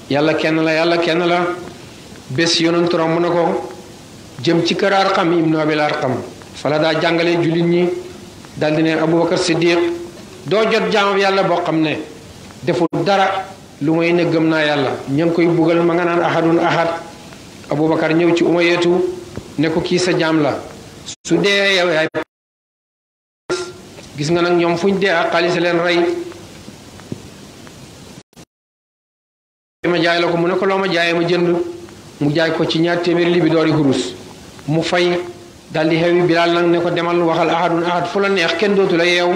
yàlla kenn la yàlla kenn la bés yonentu romb na ko jëm ci kër arqam ibnu abil arqam fala daa jàngale jullit ñi daldi ne abubakar siddiq doo jot jaamab yàlla boo xam ne deful dara lu may ne gëm naa yàlla ña koy bugal ma nga naan ahadun ahad abubakar ñëw ci uma yeetu ne ko kii sa jaam la su dee yow yaay gis nga nag ñoom fuñ dee ak xaalis leen rey ma jaay la ko mu ne ko loo ma jaayee ma jënd mu jaay ko ci ñaar téeméeri li bi doori hurus mu fay daldi xewi bilaal nag ne ko demal waxal ahadun ahad fu la neex kenn dootul a yeew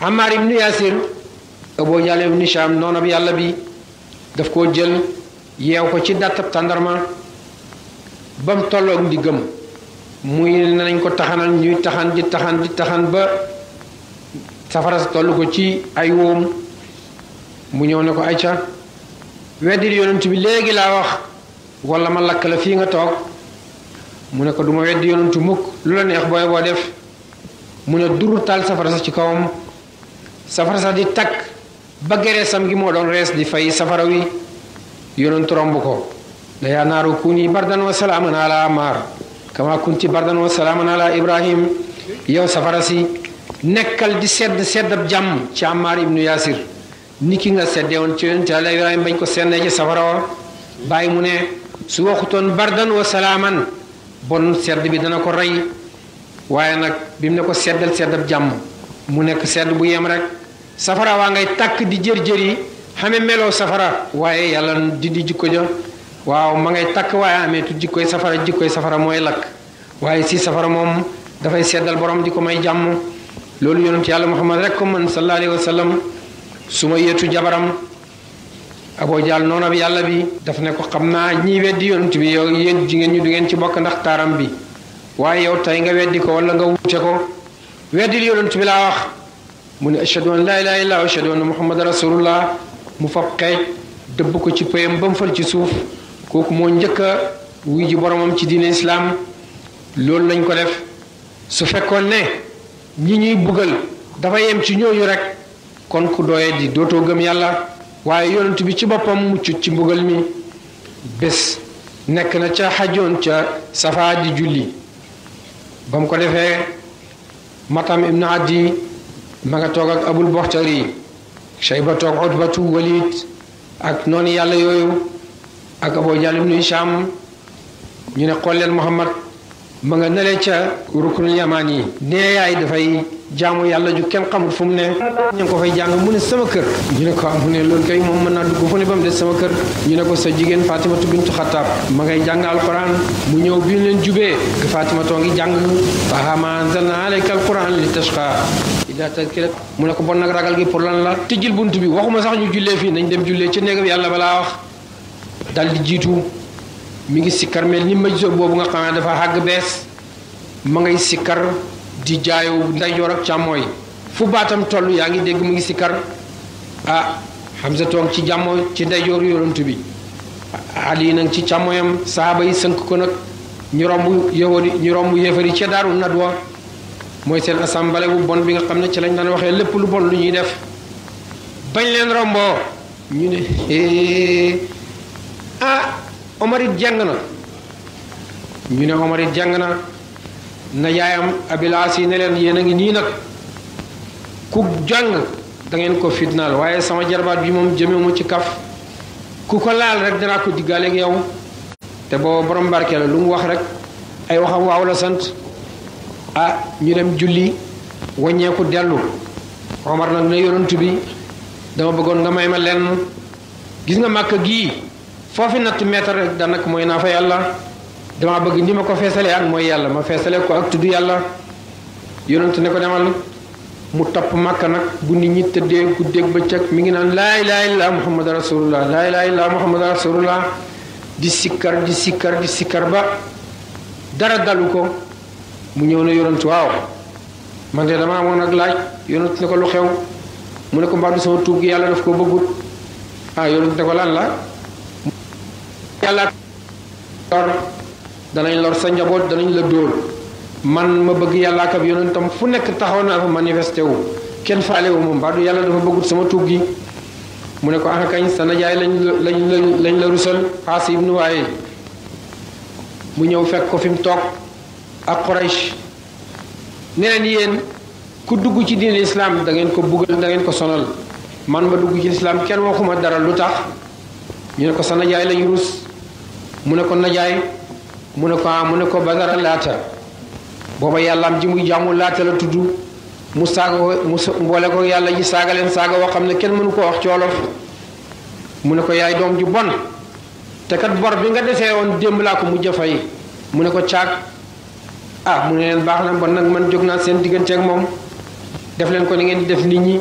amaar ibnu yaasir Abu Jahl ibn Hisham noonab yàlla bi daf koo jël yeew ko ci dàttab tàndarma ba mu tolloog ndiggam muy ne nañ ko taxanal ñuy taxan di taxan di taxan ba safara sa toll ko ci ay wóom mu ñëw ne ko ay ca weddil yonent bi léegi laa wax wala ma lakk la fii nga toog mu ne ko du ma weddi yonentu mukk lu la neex booy boo def mu ne dur taal safara sa ci kawam safara sa di takk ba gereesam gi moo doon rees di fay safara wi yonent romb ko ne yaa naaru kuuni bardan wa salaaman ala maar bardan wa salaaman ibrahim yow safara si nekkal di sedd seddab jàmm ci Ammar ibnu Yaasir ni ki nga seddee woon ci yonent Yàlla Ibrahima bañ ko sennee ci safara mu ne su waxutoon sedd bi dana ko rey waaye nag ko seddal seddab jàmm mu nekk sedd bu yem rek safara waa ngay tàkk di jër-jër yi xame meloo safara waaye yàlla dindi jikko ja waaw ma ngay takk waaye ameetu jikkoy safara jikkoy safara mooy lakk waaye si safara moom dafay seddal boroom di ko may jàmm loolu yonent yàlla muhammad rek ko man sallallahu alayhi wa sallam su ma yeetu jabaram aboo jaal noonu ab yàlla bi daf ne ko xam naa ñiy weddi yonent bi yow yéen jigéen ñu du ngeen ci bokk ndax taaram bi waaye yow tey nga weddi ko wala nga wuute ko weddil yonent bi laa mu ne ashhadu an laa ilaaha illallaah ashhadu anna muhammadan rasulullah mu fab xeej dëbb ko ci payam ba mu fal ci suuf kooku moo njëkk a wuy ji boromam ci diine islaam loolu lañ ko def su fekkoon ne ñi ñuy buggal dafa yem ci ñooñu rek kon ku dooye di dootoo gëm yàlla waaye yonent bi ci boppam muccut ci mbugal mi bés nekk na ca xajoon ca safaa di julli ba mu ko defee matam ibnu addi ma nga toog ak abul boxtari yi shayba toog utbatu walid ak noonu yàlla yooyu ak aboo jahl ibnu hisham ñu ne xool leen muhammad ma nga nele ca ruknul yamaan yi nee yaay dafay jaamu yàlla ju kenn xamul fu mu ne ñu ngi ko fay jàng mu ne sama kër ñu ne ko ah mu ne loolu kay moom mën naa dugg fu ne sama kër ñu ne ko sa jigéen fatimatu bintu xattaab ma ngay jàng alquran mu ñëw bi ñu leen jubee faatimatoo ngi jàng fahamaa anzalnaa alayka alquran li tashqaa ida mu ne ko bon nag ragal gi pour lan la tijjil bunt bi waxuma sax ñu jullee fii nañ dem jullee ci néegam yàlla balaa wax dal di jiitu mu ngi sikkar mel ni majso boobu nga xam ne dafa xàgg bees ma ngay sikkar di jaayu ndeyjoor ak càmmooy fu baatam toll yaa ngi dégg mu ngi sikkar ah Hamza toog ci jàmmo ci ndeyjoor yonent bi Ali ci càmmoyam saaba yi sënk ko nag ñu romb yahudi ñu romb yéefari ca daaru nadwa mooy seen assemblée bu bon bi nga xam ne ci lañ daan waxee lépp lu bon lu ñuy def bañ leen romboo ñu ne ah Omarit jàng na ñu ne Omarit jàng na na yaayam abilaas yi ne leen yéen a ngi nii nag ku jàng da ngeen ko fitnaal waaye sama jarbaat bi moom jëmewu mu ci kaf ku ko laal rek danaa ko diggaaleeg yow te booba borom barke la lu mu wax rek ay waxam waaw la sant ah ñu dem julli waññeeku dellu Omar nag ne yonent bi dama bëggoon nga may ma lenn gis nga màkk gii foofi natt meetar rek daanaka mooy naa fa yàlla dama bëgg ni ma ko feesalee ak mooy yàlla ma feesalee ko ak tudd yàlla yonent ne ko demal mu topp màkk nag bu nit ñi tëddee guddeeg bëccëg mi ngi naan laa ilaaha illallaa muhammad rasulullah laa ilaaha illallaa muhammad rasulullah di sikkar di sikkar di sikkar ba dara dalu ko mu ñëw ne yonent waaw man de damaa amoon ak laaj yonent ne ko lu xew mu ne ko mbaa du sama tuub yàlla daf ko bëggut ah yonent ne ko lan la yàlla lor danañ lor sa njaboot danañ la dóor man ma bëgg yàlla ak ab yonentam fu nekk taxaw naa fa manifesté wu kenn faale wu ma mbaa du yàlla dafa bëggut sama tuub gi mu ne ko ana sa najaay lañ lañ lañ la rusal Aas ibnu Waayil mu ñëw fekk ko fi mu toog ak Quraysh ne leen yéen ku dugg ci diine islam da ngeen ko buggal dangeen ko sonal man ma dugg ci islam kenn waxuma dara lu tax ñu ne ko sa najaay lañu rus mu ne ko najaay mu ne ko ah, mu ne ko badara laata booba yàllaam ji muy jaamu laata la tudd mu saaga mu mboole ko yàlla ji saaga leen saaga woo xam ne kenn mënu koo wax ci wolof mu ne ko yaay doom ji bon te kat bor bi nga desee woon démb laa ko mu a fay mu ne ko caag. ah mu ne leen baax na bon nag man jóg naa seen diggante ak moom def leen ko ni ngeen di def nit ñi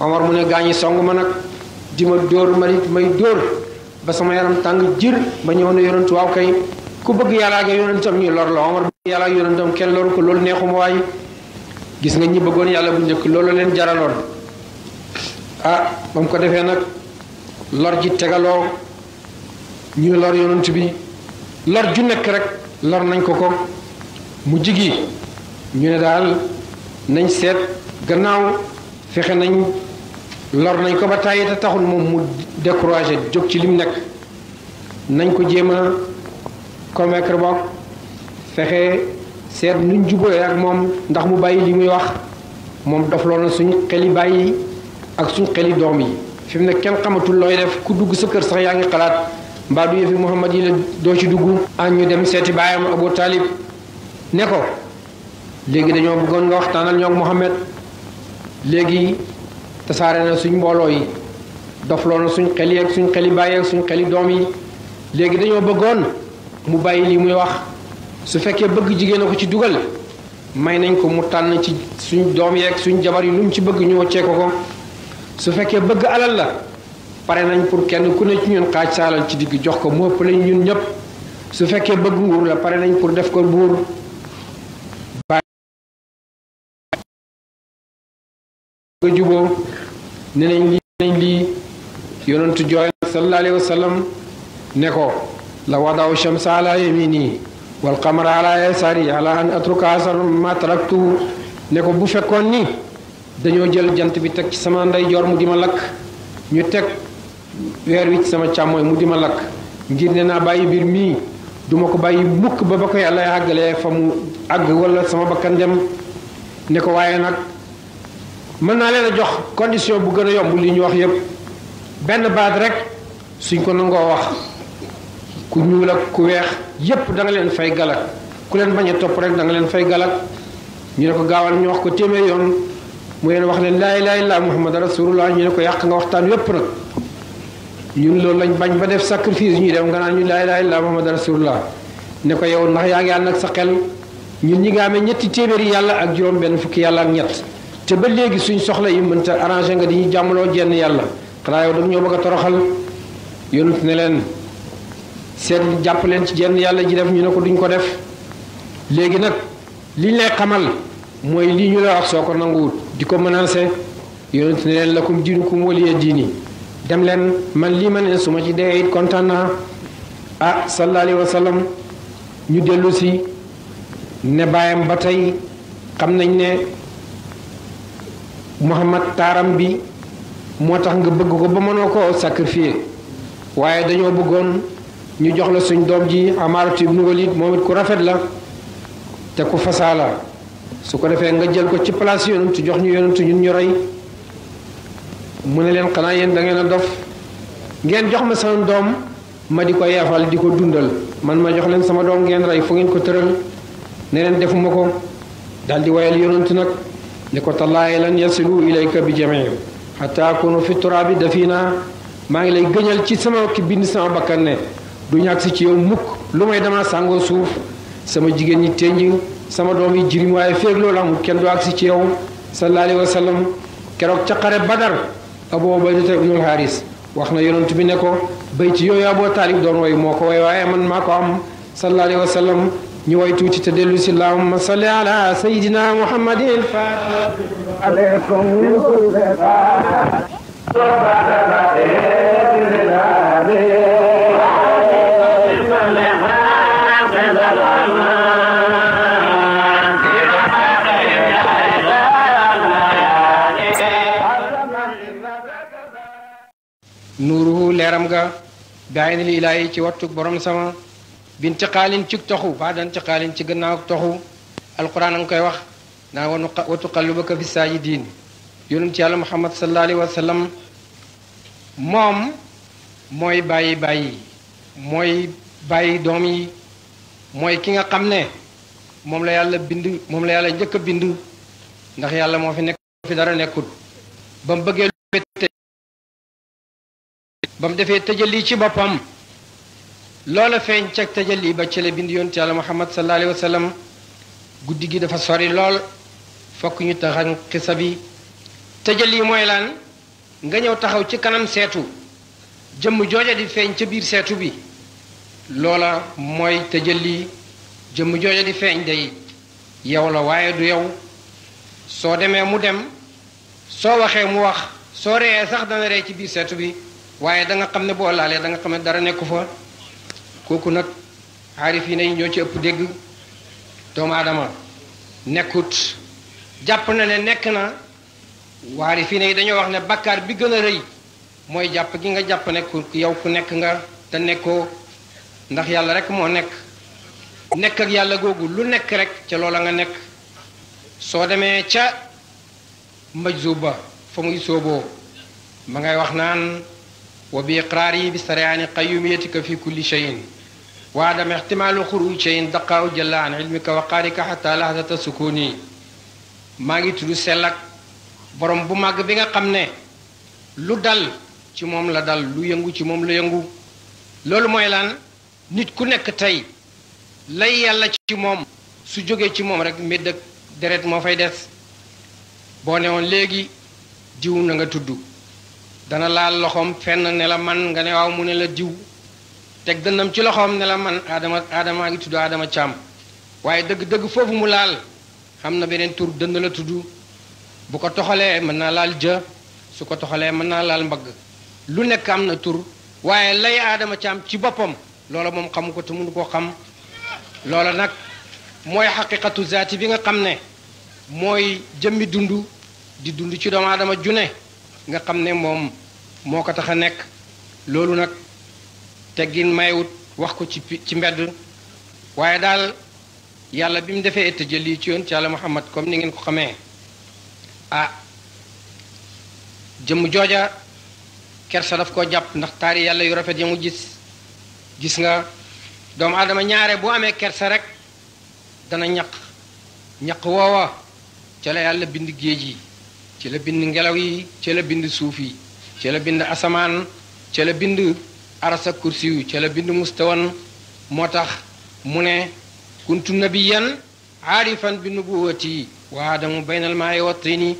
Omar mu ne gaañi song ma nag di ma dóor ma nit may dóor ba sama yaram tàng jir ba ñëw na yonentu waaw ku bëgg yàlla ak yonentam ñu lor la Omar bëgg yàlla ak ko loolu neexuma waay gis nga ñi bëggoon yàlla bu njëkk loolu leen jaraloon ah ba ko defee nag lor ji tegaloo ñu lor yonent bi lor ju nekk rek lor nañ ko ko mu jigi ñu ne daal nañ seet gannaaw fexe nañ lor nañ ko ba tàyyi te taxul moom mu découragé jóg ci lim nekk nañ ko jéem a convaincre boog fexe seet nuñ jubóoyee ak moom ndax mu bàyyi li muy wax moom dof loo na suñ xeli bàyyi ak suñ xeli doom yi fi mu ne kenn xamatul looy def ku dugg sa kër sax yaa ngi xalaat mbaa du yëfi Muhammad yi la doo ci dugg. an ñu dem seeti baayam Abu taalib ne ko léegi dañoo bëggoon nga waxtaanal ñoog Muhammad léegi tasaare na suñ mbooloo yi dofloo na suñ xel yeeg suñ xel yi xeli bàyyeeg suñ yi doom yi léegi dañoo bëggoon mu bàyyi lii muy wax su fekkee bëgg jigéen ko ci dugal may nañ ko mu tànn ci suñ doom yeeg suñ jabar yi lu mu ci bëgg ñu waccee ko ko su fekkee bëgg alal la pare nañ pour kenn ku ne ci ñun xaaj saalal ci digg jox ko mu ëpp lañ ñun ñëpp su fekkee bëgg nguur la pare nañ pour def ko buur nga juboo ne nañ lii joxe sallallahu alayhi wa ne ko la wadaw shamsa ala yamini wal qamara ala yasari ala an atruka asar ma ne ko bu fekkoon ni dañoo jël jant bi teg ci sama ndeyjoor mu di ma lakk ñu teg weer wi ci sama càmmooy mu di ma lakk ngir ne bàyyi mbir mii duma ko bàyyi mukk ba ba ko yàlla àggalee fa mu àgg wala sama bakkan dem ne ko waaye nag mën naa leen a jox condition bu gën a yomb li ñu wax yépp benn baat rek suñ ko nangoo wax ku ñuul ak ku weex yépp da nga leen fay galak ku leen bañ a topp rek da nga leen fay galak ñu ne ko gaawal ñu wax ko téeméer yoon mu yéen wax leen laa ilaaha illallaah muhammad rasulullah ñu ne ko yàq nga waxtaan yépp nag ñun loolu lañ bañ ba def yu ñuy dem nga naan ñu laa ilaaha illallaah muhammad rasulullah ne ko yow ndax yaa ngi ànd ak sa xel ñun ñi nga amee ñetti téeméeri yàlla ak juróom benn fukki yàlla ak ñett te ba léegi suñ soxla yi mënta arrangé nga di jàmmaloo jenn yàlla xanaa yow daf ñoo bëgg a toroxal yonut ne leen seet jàpp leen ci jenn yàlla ji def ñu ne ko duñu ko def léegi nag liñ lay xamal mooy lii ñu la wax soo ko nanguwut di ko menacé yonent ne leen lakum diinukum waliya diini dem leen man lii ma ne su ci dee it kontaan naa ah sallallahu alayhi ñu dellu si ne bàyyam ba tey xam nañ ne Muhammad taaram bi moo tax nga bëgg ko ba mënoo koo sacrifier waaye dañoo bëggoon ñu jox la suñ doom ji Amaaratu ibnu Walid moom it ku rafet la te ku fasaala su ko defee nga jël ko ci place yonentu jox ñu yonentu ñun ñu rey mu ne leen xanaa yéen da ngeen a dof ngeen jox ma sama doom ma di ko yafal di ko dundal man ma jox leen sama doom ngeen rey fu ngeen ko tëral ne leen defuma ko daal di wayal yonentu nag ni ko tallaaye lan yasilu ilayka bi jamee xataa kunu fi turaabi dafina maa ngi lay gëñal ci sama ki bind sama bakkan ne du ñàkk si ci yow mukk lu may dama sàngoo suuf sama jigéen ñi ténj sama doom yi jirim waaye féeg loolu amul kenn du ak si ci yow sallallahu alayhi wa keroog ca xare badar abu ubaydata ibnul haris wax na yonent bi ne ko bay ci yooyu aboo taalib doon way moo ko way waaye man maa ko am sallallahu alayhi wa ñu way tuuti te dellu si allahumma salli ala sayyidina muhammadin nuuruhu leeram ga gaayni li ilaahi ci wattuk borom sama binti xaalin ci toxu ba dan ci xaalin ci gannaaw toxu alquran a nga koy wax naa wanu watu xallubaka fi saajidiin yonent yàlla muhammad sallallahu alayhi wa sallam moom mooy bàyyi bàyyi mooy bàyyi doom yi mooy ki nga xam ne moom la yàlla bind moom la yàlla njëkk a bind ndax yàlla moo fi nekk fi dara nekkul ba bëggee lu ba mu defee tëjali ci boppam loola feeñ cag tajalli ba ci la bind yonent yàlla muhammad sallallahu alayhi wa sallam guddi gi dafa sori lool fokk ñu taxan xisa bi tajalli mooy lan nga ñëw taxaw ci kanam seetu jëmm jooja di feeñ ca biir seetu bi loola mooy tajalli jëmm jooja di feeñ day yow la waaye du yow soo demee mu dem soo waxee mu wax soo reyee sax dana rey ci biir seetu bi waaye danga xam ne boo laalee da nga xam ne dara nekku fa kooku nag aarifina yi ñoo ci ëpp dégg doomu aadama nekkut jàpp na ne nekk na waari fii ne dañoo wax ne bakkaar bi gën a rëy mooy jàpp gi nga jàpp ne ku yow ku nekk nga te nekkoo ndax yàlla rek moo nekk nekk ak yàlla googu lu nekk rek ca loola nga nekk soo demee ca majzub ba fa muy sooboo ma ngay wax naan wa bi iqraar yi bi sareyaani qayumiyatika fi kulli shay'in وعدم احتمال خروج شيء دقا جل عن علمك وقارك حتى لحظة سكوني maa ngi tudd sellak boroom bu màgg bi nga xam ne lu dal ci moom la dal lu yëngu ci moom la yëngu loolu mooy laan nit ku nekk tey lay yàlla ci moom su jógee ci moom rek médd ak deret moo fay des boo ne woon léegi diw na nga tudd dana laal loxoom fenn ne la man nga ne waaw mu ne la diw teg dënnam ci loxoom ne la man aadama Adama ngi tudd Adama Thiam waaye dëgg-dëgg foofu mu laal xam na beneen tur dënn la tudd bu ko toxalee mën naa laal jë su ko toxalee mën naa laal mbagg lu nekk am na tur waaye lay Adama Thiam ci boppam loola moom xamu ko te mënu koo xam loola nag mooy xaqiqatu zaati bi nga xam ne mooy jëmmi dund di dund ci doomu aadama june nga xam ne moom moo ko tax a nekk loolu nag teggin mayewut wax ko ci ci mbedd waaye daal yàlla bi mu defee jël tëjëli ci yoon ci yàlla muhammad comme ni ngeen ko xamee ah jëmm jooja kersa daf koo jàpp ndax taari yàlla yu rafet ya mu gis gis nga doom aadama ñaare bu amee kersa rek dana ñaq ñaq woowa ci la yàlla bind géej yi ci la bind ngelaw yi ci la bind suuf yi ci la bind asamaan ci la bind arasa kursiyu ca la bind mustawan moo tax mu ne kuntu nabiyan aarifan bi nubuwati wa adamu baynal maayi wa tini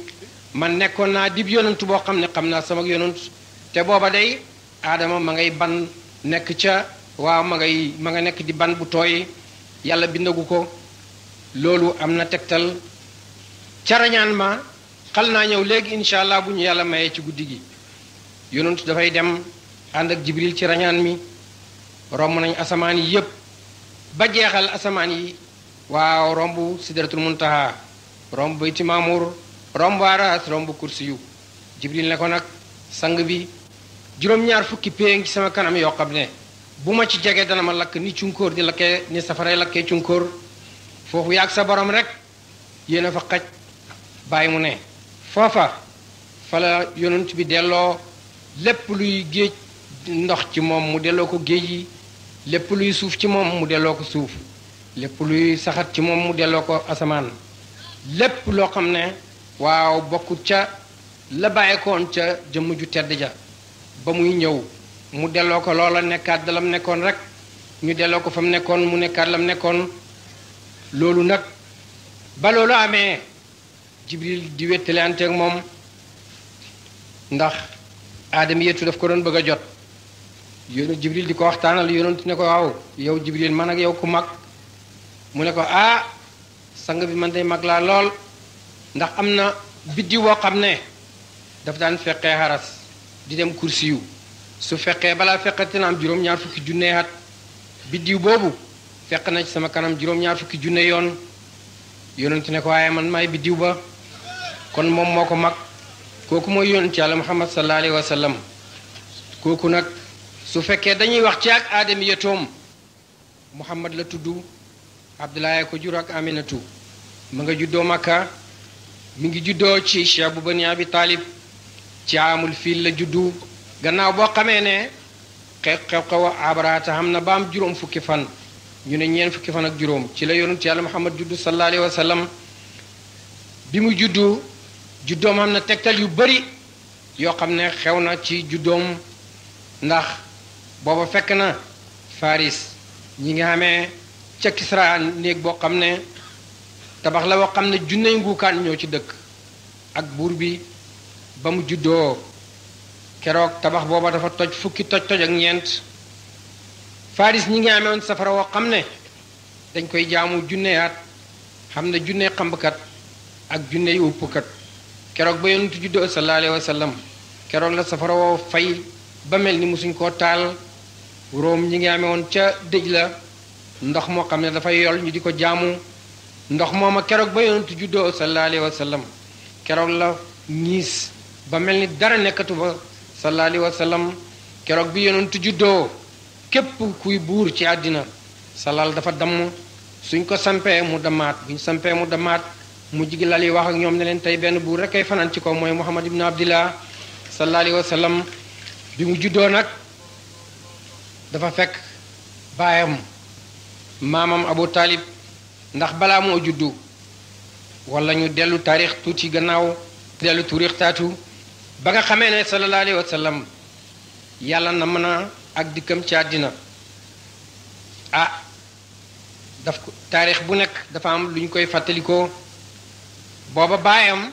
man nekkoon naa dib yonantu boo xam ne xam naa sama yonantu te booba day aadama ma ngay ban nekk ca waaw ma nga nekk di ban bu tooy yàlla bindagu ko loolu am na tegtal carañaan ma xal naa ñëw léegi incha allah bu ñu yàlla mayee ci guddi gi yonantu dafay dem ànd ak jibril ci rañaan mi romb nañ asamaan yi yépp ba jeexal asamaan yi waaw romb sidratul muntaha romb bayti maamur romb araas romb kursi jibril ne ko nag sang bi juróom-ñaar fukki péeng ci sama kanam yoo xam ne bu ma ci jege dana ma lakk ni cunkóor di lakkee ni safara lakkee cunkóor foofu ak sa borom rek yéen a fa xaj bàyyi mu ne foofa fala yonent bi delloo lépp luy géej ndox ci moom mu delloo ko géej yi lépp luy suuf ci moom mu delloo ko suuf lépp luy saxaat ci moom mu delloo ko asamaan lépp loo xam ne waaw bokkut ca la bàyyeekoon ca jëmm ju tedd ja ba muy ñëw mu delloo ko loola nekkaat dalam nekkoon rek ñu delloo ko fa mu nekkoon mu nekkaat la mu nekkoon loolu nag ba loolu amee jibril di wéttalante moom ndax aadama yétu daf ko doon bëgg a jot yónni Jibril di ko waxtaanal yonent ne ko aw yow Jibril man ak yow ku mag mu ne ko aa ah, sang bi man day mag laa lool ndax am na biddiw boo xam ne daf daan feqee di dem kursiyu su feqee balaa feqati na am juróom-ñaar fukki junne at biddiw boobu feq na ci sama kanam juróom-ñaar fukki junne yoon yonent ne ko waaye man maay biddiw ba kon moom moo ko mag kooku mooy yonent yàlla Muhammad sallallahu alayhi wa sallam kooku nag su fekkee dañuy wax ci ak aadami yatoom muhammad la tudd abdoulaye ko jur ak aminatu mu nga juddoo makka mi ngi juddoo ci bu bani abi taalib ci amul fii la juddu gannaaw boo xamee ne xew xew xew abarata na ba am juróom fukki fan ñu ne ñeen fukki fan ak juróom ci la yonent yàlla muhammad juddu sallallahu alayhi wa sallam bi mu juddu juddoom am na tegtal yu bari yoo xam ne xew na ci juddoom ndax booba fekk na faris ñi nga xamee ca kisra néeg boo xam ne tabax la woo xam ne junney nguukaan ñoo ci dëkk ak buur bi ba mu juddoo keroog tabax booba dafa toj fukki toj toj ak ñeent faris ñi nga xamee woon safara woo xam ne dañ koy jaamu junneyaat xam na junne xambkat ak junne yu uppkat keroog ba yonent juddoo sallallahu alayhi wa sallam keroog la safara woo fay ba mel ni musuñ koo taal Room ñi ngi amewoon ca dëj la ndox moo xam ne dafay yol ñu di ko jaamu ndox mooma keroog ba yonent juddoo sallallahu alayhi wa sallam keroog la ñiis ba mel ni dara ba sallallahu alayhi wa sallam keroog bi yonent juddoo képp kuy buur ci àddina salal dafa damm suñ ko sampee mu damaat buñ sampee mu damaat mu jigi lal yi wax ak ñoom ne leen tey benn buur rek kay fanaan ci ko mooy Muhammad ibn Abdillah sallallahu alayhi wa bi mu juddoo nag dafa fekk baayam maamam abu taalib ndax balaa moo juddu wala ñu dellu taarix tuuti gannaaw dellu tuurix taatu ba nga xamee ne sallallahu alayhi wa sallam yàlla na mën a ak dikkam ci àddina a ah, daf ko taarix bu nekk dafa am lu ñu koy fàttalikoo booba baayam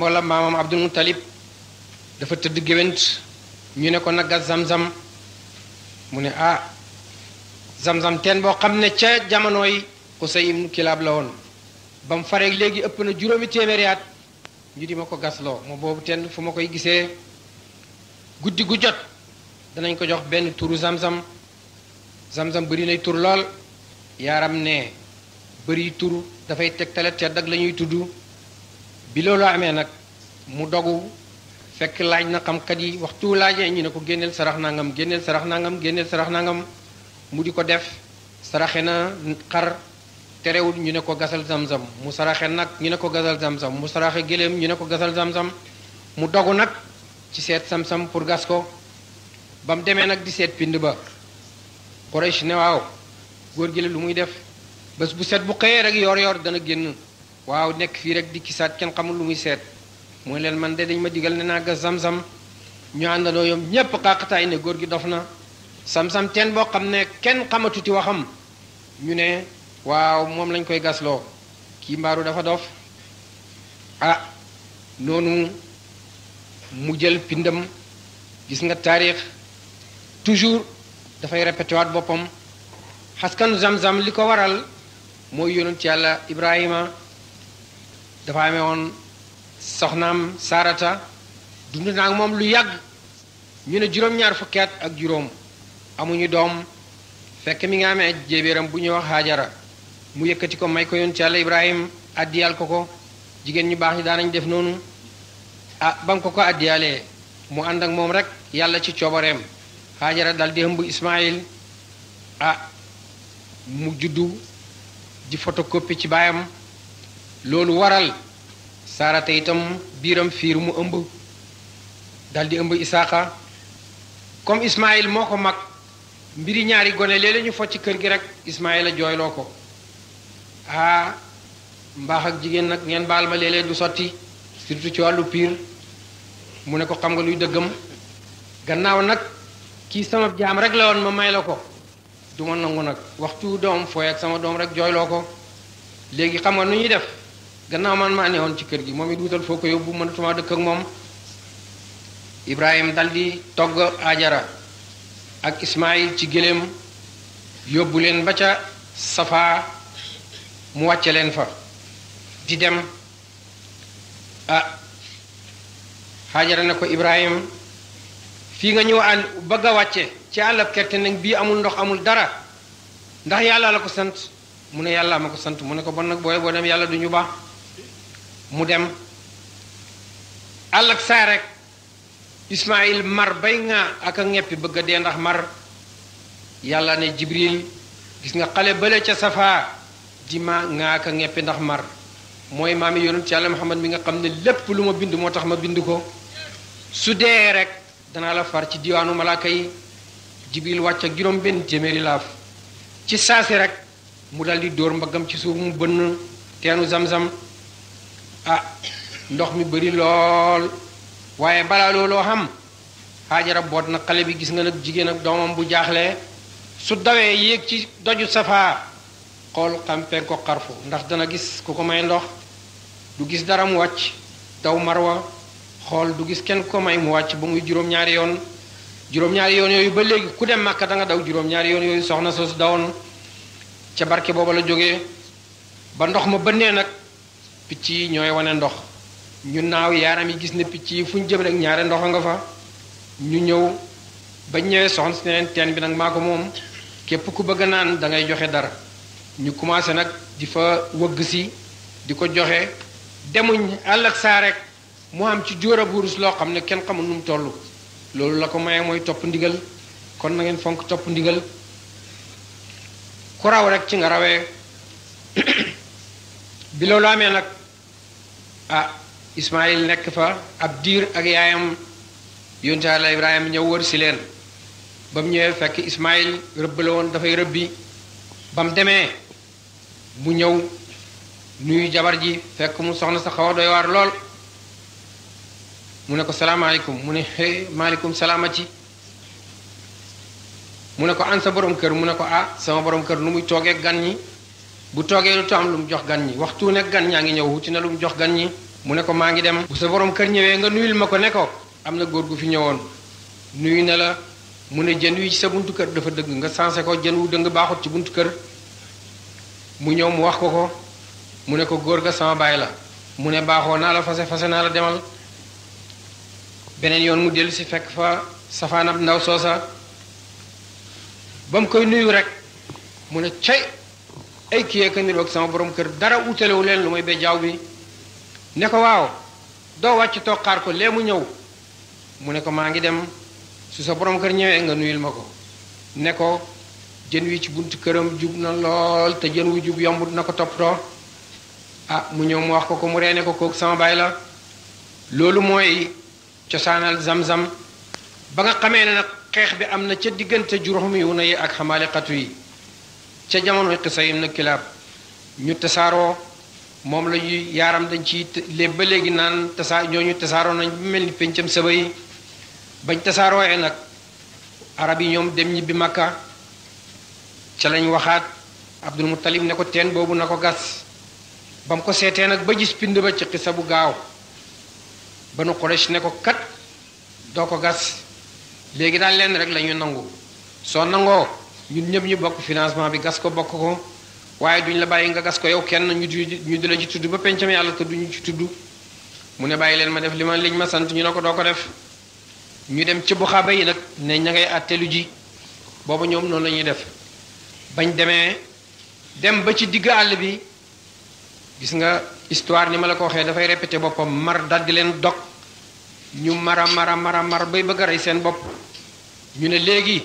wala maamam abdul muttalib dafa tëdd géwént ñu ne ko nag a zam-zam mu ne ah zam-zam boo xam ne ca jamonoy Qusay ibnu Kilaab la woon ba mu faree léegi ëpp na juróomi téeméeri at di ma ko gasloo moo boobu teen fu ma koy gisee guddi gu jot danañ ko jox benn turu zam-zam zam-zam bëri nay tur lool yaaram ne bëri tur dafay tegtale tedd ak lañuy tudd bi loolu amee nag mu dogu fekk laaj na xamkat yi waxtu laajee ñu ne ko génneel sarax nangam génneel sarax nangam génneel sarax nangam mu di ko def saraxe na xar terewul ñu ne ko gasal zamzam mu saraxe nag ñu ne ko gasal zamzam mu saraxe géléem ñu ne ko gasal zamzam mu dogu nag ci seet sam sam pour gas ko ba mu demee nag di seet pind ba Quraysh ne waaw góor gi la lu muy def bés bu seet bu xëyee rek yor yor dana génn waaw nekk fii rek di kisaat kenn xamul lu muy seet mooy leen man de dañ ma digal ne naa gas sam-sam ñu àndandoo yom ñépp xàqataay ne góor gi dof na sam teen boo xam ne kenn xamatuti waxam ñu ne waaw moom lañ koy gasloo kii mbaaru dafa dof ah noonu mu jël pindam gis nga taarix toujours dafay répété waat boppam xaskanu zam-zam li ko waral mooy yonent yàlla ibrahima dafa amee woon soxnaam Sarata dund naa ak moom lu yàgg ñu ne juróom-ñaar fukki at ak juróom amuñu doom fekk mi nga amee jébéeram bu ñuy wax xaajara mu yëkkati ko may ko yoon ci Yàlla Ibrahim addiyal ko ko jigéen ñu baax ñi daanañ def noonu ah ba nga ko ko addiyalee mu ànd ak moom rek yàlla ci coobareem xaajara dal di ëmb Ismaïl ah, mu juddu di photocopie ci baayam loolu waral saara te itam biiram fiir mu ëmb daldi ëmb isaaqa comme ismail moo ko mag mbiri ñaari gone léeg ñu fo ci kër gi rek ismail a jooyloo ko ah mbaax ak jigéen nag ngeen baal ba léeg-léeg du sotti surtout ci wàllu piir mu ne ko xam nga luy dëggam gannaaw nag kii sama jaam rek la woon ma may la ko du ma nangu nag waxtu doom fooy ak sama doom rek jooyloo ko léegi xam nga nu ñuy def gannaaw man maa woon ci kër gi moom it wutal foo ko yóbbu mënatuma dëkk ak moom ibrahim daldi togg ajara ak ismail ci gëléem yóbbu leen ba ca safaa mu wàcce leen fa di dem ah xaajara na ko ibrahim fii nga ñëw àll bëgg a wàcce ci àllab kerte nag bii amul ndox amul dara ndax yàlla la ko sant mu ne yàlla ma ko sant mu ne ko bon nag booy boo dem yàlla du ñu baax mu dem àll ak saa rek Ismaayil mar bay ŋaa ak a ñeppi bëgg a dee ndax mar yàlla ne Jibril gis nga xale bële ca safaa di ma ŋaa ak a ñeppi ndax mar mooy maami yonent yàlla Muhammad mi nga xam ne lépp lu ma bind moo tax ma bind ko su dee rek danaa la far ci diwaanu malaaka yi Jibril wàcc ak juróom benn téeméeri laaf ci saasi rek mu dal di dóor mbaggam ci suuf mu bënn teenu zam-zam ah ndox mi bari lool waaye balaa looloo xam Haajara boot na xale bi gis nga nag jigéen ak doomam bu jaaxlee su dawee yéeg ci doju safaa xool xampen ko xarfu ndax dana gis ku ko may ndox du gis dara mu wàcc daw marwa xool du gis kenn ku ko may mu wàcc ba muy juróom-ñaari yoon juróom-ñaari yoon yooyu ba léegi ku dem màkka da nga daw juróom-ñaari yoon yooyu soxna soosu dawoon ca barke booba la jógee ba ndox ma bënnee nag picc yi ñooy wane ndox ñu naaw yaaram yi gis ne picc yi fu ñu jëm rek ñaare ndox nga fa ñu ñëw bañ ñëwee soxna si neen teen bi nag maa ko moom képp ku bëgg a naan da ngay joxe dara ñu commencé nag di fa wëgg si di ko joxe demuñ àll ak saa rek mu am ci jóor a burus loo xam ne kenn xamul nu mu toll loolu la ko maye mooy topp ndigal kon na fonk topp ndigal ku raw rek ci nga rawee *coughs* bi loolu amee nag ah Ismaayil nekk fa ab diir ak yaayam yonte Yàlla Ibrahima ñëw wër si leen ba mu ñëwee fekk Ismaayil rëbb la woon dafay rëbbi ba mu demee mu ñëw nuyu jabar ji fekk mu soxna sa xaw a doy waar lool mu ne ko salaamaaleykum mu ne xëy maaleykum salaama ci mu ne ko an sa boroom kër mu ne ko ah sama boroom kër nu muy toogee gan ñi bu toogee lu am lu mu jox gan ñi waxtu nekk gan ñaa ngi ñëw wuti na lu mu jox gan ñi mu ne ko maa ngi dem bu sa borom kër ñëwee nga nuyul ma ko ne ko am na góor gu fi ñëwoon nuyu ne la mu ne jën wi ci sa buntu kër dafa dëgg nga sansé ko jën wu dëng baaxut ci buntu kër mu ñëw mu wax ko ko mu ne ko góor ga sama baay la mu ne baaxoo naa la fase fase naa la demal beneen yoon mu dellu si fekk fa safaanab ndaw soosa ba mu koy nuyu rek mu ne c ay kii ak niroog sama borom kër dara utalewu leen lu muy be jaaw bi ne ko waaw doo wàcc toqaar ko lee mu ñëw mu ne ko maa ngi dem su sa borom kër ñëwee nga nuyul ma ko ne ko jën wi ci buntu këram jub na lool te jën wu jub yombut na ko toppatoo a ah, mu ñëw mu wax ko ko mu reene ko kook sama baay la loolu mooy cosaanal zam-zam ba nga xamee ne nag xeex bi am na ca diggante juróomi wu na yi ak xamaaliqatu yi ca jamonoy xisa yim na kilaab ñu tasaaroo moom la ñuy yaaram dañ ci léeb ba léegi naan tasaa ñooñu tasaaroo nañ bu mel ni péncam saba yi bañ tasaaroo ee nag arab yi ñoom dem ñibbi Makka ca lañ waxaat Abdul Muttalib ne ko teen boobu na ko gas ba ko seetee nag ba gis pind ba ci xisa bu gaaw ba nu Quraysh ne ko kat doo ko gas léegi daal lenn rek lañu ñu nangu soo nangoo ñun ñëpp ñu bokk financement bi gas ko bokk ko waaye duñ la bàyyi nga gas ko yow kenn ñu ñu di la ci tudd ba pencam yàlla te duñu ci tudd mu ne bàyyi leen ma def li ma liñ ma sant ñu ne ko doo ko def ñu dem ci buxaaba yi nag ne ña ngay àttelu ji boobu ñoom noonu lañuy def bañ demee dem ba ci digg àll bi gis nga histoire ni ma la ko waxee dafay répété boppam mar daldi leen dog ñu mara mara mara mar bay bëgg a rey seen bopp ñu ne léegi